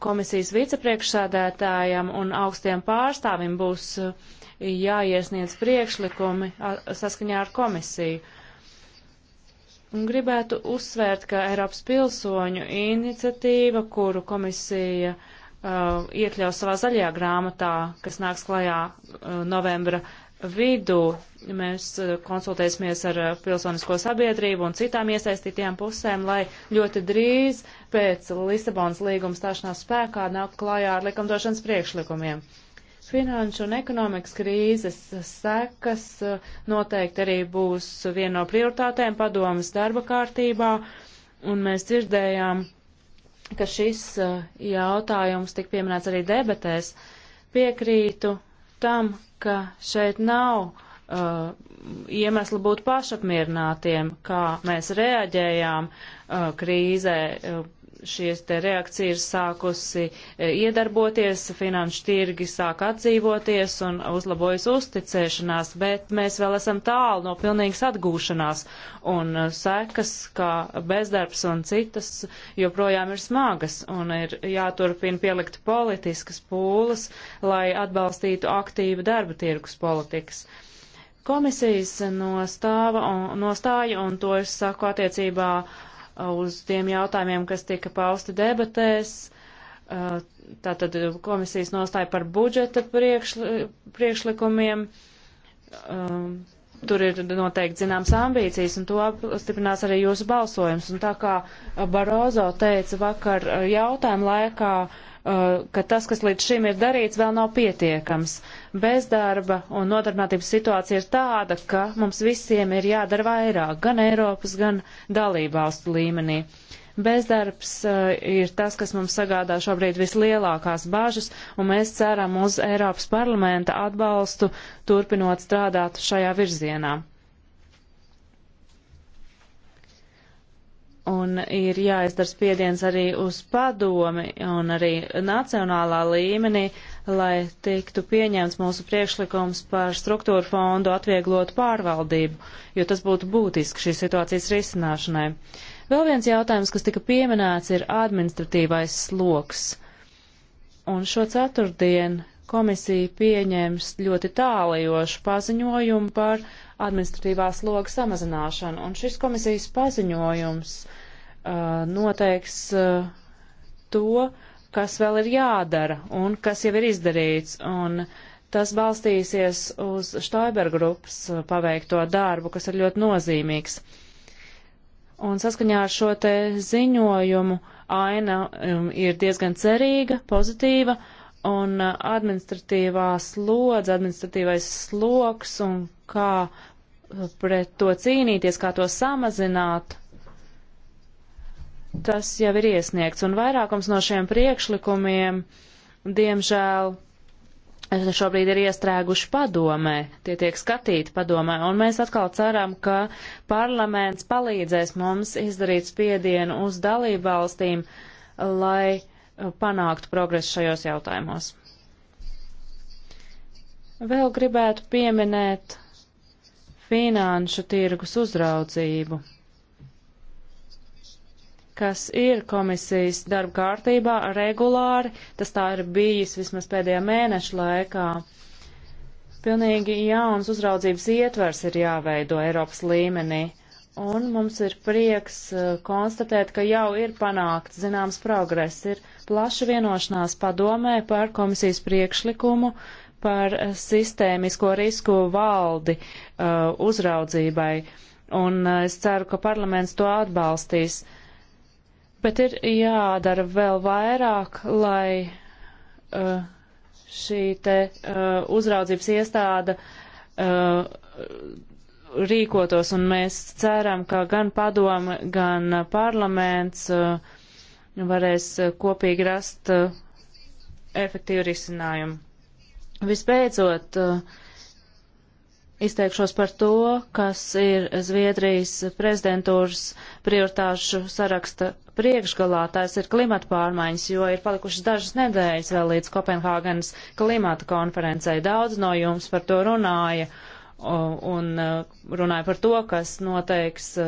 komisijas vicepriekšsādētājam un augstiem pārstāvim būs eh, jāiesniedz priekšlikumi saskaņā ar komisiju. Un gribētu uzsvērt, ka Eiropas pilsoņu iniciatīva, kuru komisija uh, iekļaus savā zaļajā grāmatā, kas nāks klajā uh, novembra vidū, Mēs eh, konsultēsimies ar eh, pilsonisko sabiedrību un citām iesaistītajām pusēm, lai ļoti drīz pēc Lisabonas līguma stāšanās spēkā nāk klājā ar likumdošanas priekšlikumiem. Finanšu un ekonomikas krīzes sekas eh, noteikti arī būs viena no prioritātēm padomas darba kārtībā, un mēs dzirdējām, ka šis jautājums tik pieminēts arī debatēs. Piekrītu tam, ka šeit nav uh, iemesli būt pašapmierinātiem, kā mēs reaģējām uh, krīzē. Uh, Šīs te reakcija ir sākusi uh, iedarboties, finanšu tirgi sāk atdzīvoties un uzlabojas uzticēšanās, bet mēs vēl esam tālu no pilnīgas atgūšanās un uh, sekas, kā bezdarbs un citas, joprojām ir smagas un ir jāturpina pielikt politiskas pūles, lai atbalstītu aktīvu darba tirgus politikas. Uh, komisijas nostāva un, nostāja, un to es saku attiecībā uh, uz tiem jautājumiem, kas tika pausti debatēs. Uh, tātad komisijas nostāja par budžeta priekšli, priekšlikumiem. Um, tur ir noteikti zināms ambīcijas, un to apstiprinās arī jūsu balsojums. Un tā kā Barozo teica vakar uh, jautājumu laikā, uh, Uh, ka tas, kas līdz šim ir darīts, vēl nav pietiekams. Bezdarba un nodarbinātības situācija ir tāda, ka mums visiem ir jādara vairāk, gan Eiropas, gan dalībvalstu līmenī. Bezdarbs uh, ir tas, kas mums sagādā šobrīd vislielākās bažas, un mēs ceram uz Eiropas parlamenta atbalstu, turpinot strādāt šajā virzienā. un ir jāizdara spiediens arī uz padomi un arī nacionālā līmenī, lai tiktu pieņemts mūsu priekšlikums par struktūru fondu atvieglotu pārvaldību, jo tas būtu būtiski šīs situācijas risināšanai. Vēl viens jautājums, kas tika pieminēts, ir administratīvais sloks. Un šo ceturtdienu komisija pieņems ļoti tālajošu paziņojumu par administratīvā sloga samazināšanu. Un šis komisijas paziņojums uh, noteiks uh, to, kas vēl ir jādara un kas jau ir izdarīts. Un tas balstīsies uz Štāiber grupas uh, paveikto darbu, kas ir ļoti nozīmīgs. Un saskaņā ar šo te ziņojumu aina um, ir diezgan cerīga, pozitīva. Uh, un administratīvā slodze, administratīvais sloks un kā pret to cīnīties, kā to samazināt, tas jau ir iesniegts. Un vairākums no šiem priekšlikumiem, diemžēl, šobrīd ir iestrēguši padomē, tie tiek skatīti padomē, un mēs atkal ceram, ka parlaments palīdzēs mums izdarīt spiedienu uz dalību valstīm, lai uh, panāktu progresu šajos jautājumos. Vēl gribētu pieminēt finanšu tirgus uzraudzību, kas ir komisijas darba kārtībā regulāri, tas tā ir bijis vismaz pēdējā mēneša laikā. Pilnīgi jauns uzraudzības ietvers ir jāveido Eiropas līmenī un mums ir prieks uh, konstatēt, ka jau ir panākts zināms progress. Ir plaša vienošanās padomē par komisijas priekšlikumu par uh, sistēmisko risku valdi uh, uzraudzībai, un uh, es ceru, ka parlaments to atbalstīs. Bet ir jādara vēl vairāk, lai uh, šī te uh, uzraudzības iestāde uh, rīkotos, un mēs ceram, ka gan padome, gan parlaments uh, varēs uh, kopīgi rast uh, efektīvu risinājumu. Vispēcot, izteikšos par to, kas ir Zviedrijas prezidentūras prioritāšu saraksta priekšgalā, tās ir klimata pārmaiņas, jo ir palikušas dažas nedēļas vēl līdz Kopenhāgenes klimata konferencei. Daudz no jums par to runāja. Uh, un e, runāja par to, kas noteiks e,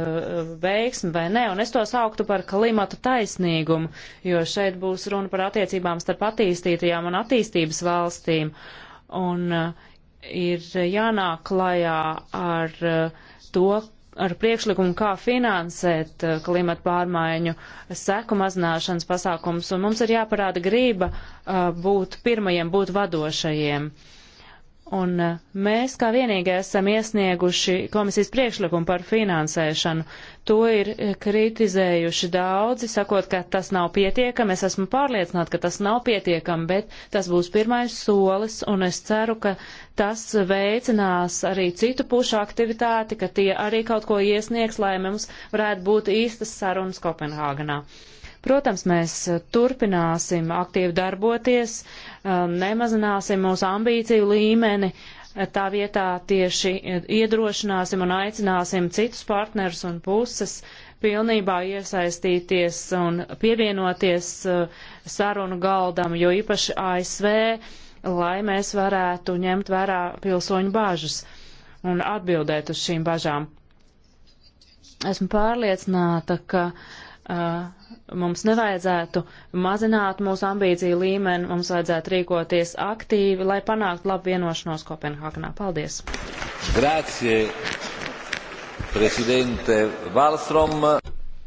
veiksmi vai nē, un es to sauktu par klimatu taisnīgumu, jo šeit būs runa par attiecībām starp attīstītajām un attīstības valstīm, un e, ir jānāk klajā ar to, ar priekšlikumu, kā finansēt klimatu pārmaiņu seku mazināšanas pasākums, un mums ir jāparāda grība būt pirmajiem, būt vadošajiem. Uh, Un eh, mēs kā vienīgie esam iesnieguši komisijas priekšlikumu par finansēšanu. To ir eh, kritizējuši daudzi, sakot, ka tas nav pietiekami. Es esmu pārliecināta, ka tas nav pietiekami, bet tas būs pirmais solis, un es ceru, ka tas veicinās arī citu pušu aktivitāti, ka tie arī kaut ko iesniegs, lai mums varētu būt īstas sarunas Kopenhāganā. Uh, Protams, mēs eh, turpināsim aktīvi darboties, um, nemazināsim mūsu ambīciju līmeni, eh, tā vietā tieši iedrošināsim un aicināsim citus partnerus un puses pilnībā iesaistīties un pievienoties eh, sarunu galdam, jo īpaši ASV, lai mēs varētu ņemt vērā pilsoņu bāžas un atbildēt uz šīm bažām. Esmu pārliecināta, ka uh, Uh, mums nevajadzētu mazināt mūsu ambīciju līmeni, mums vajadzētu rīkoties aktīvi, lai panāktu labu vienošanos Kopenhāgenā. Paldies! Grācie, prezidente Valstrom!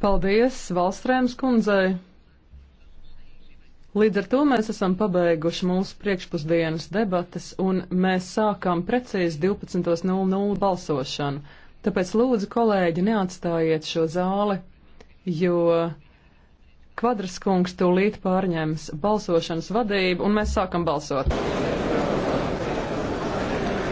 Paldies Valstrēms kundzei! Līdz ar to mēs esam pabeiguši mūsu priekšpusdienas debates, un mēs sākam precīzi 12.00 balsošanu. Tāpēc lūdzu, kolēģi, neatstājiet šo zāli jo Kvadraskungs tūlīt pārņems balsošanas vadību, un mēs sākam balsot.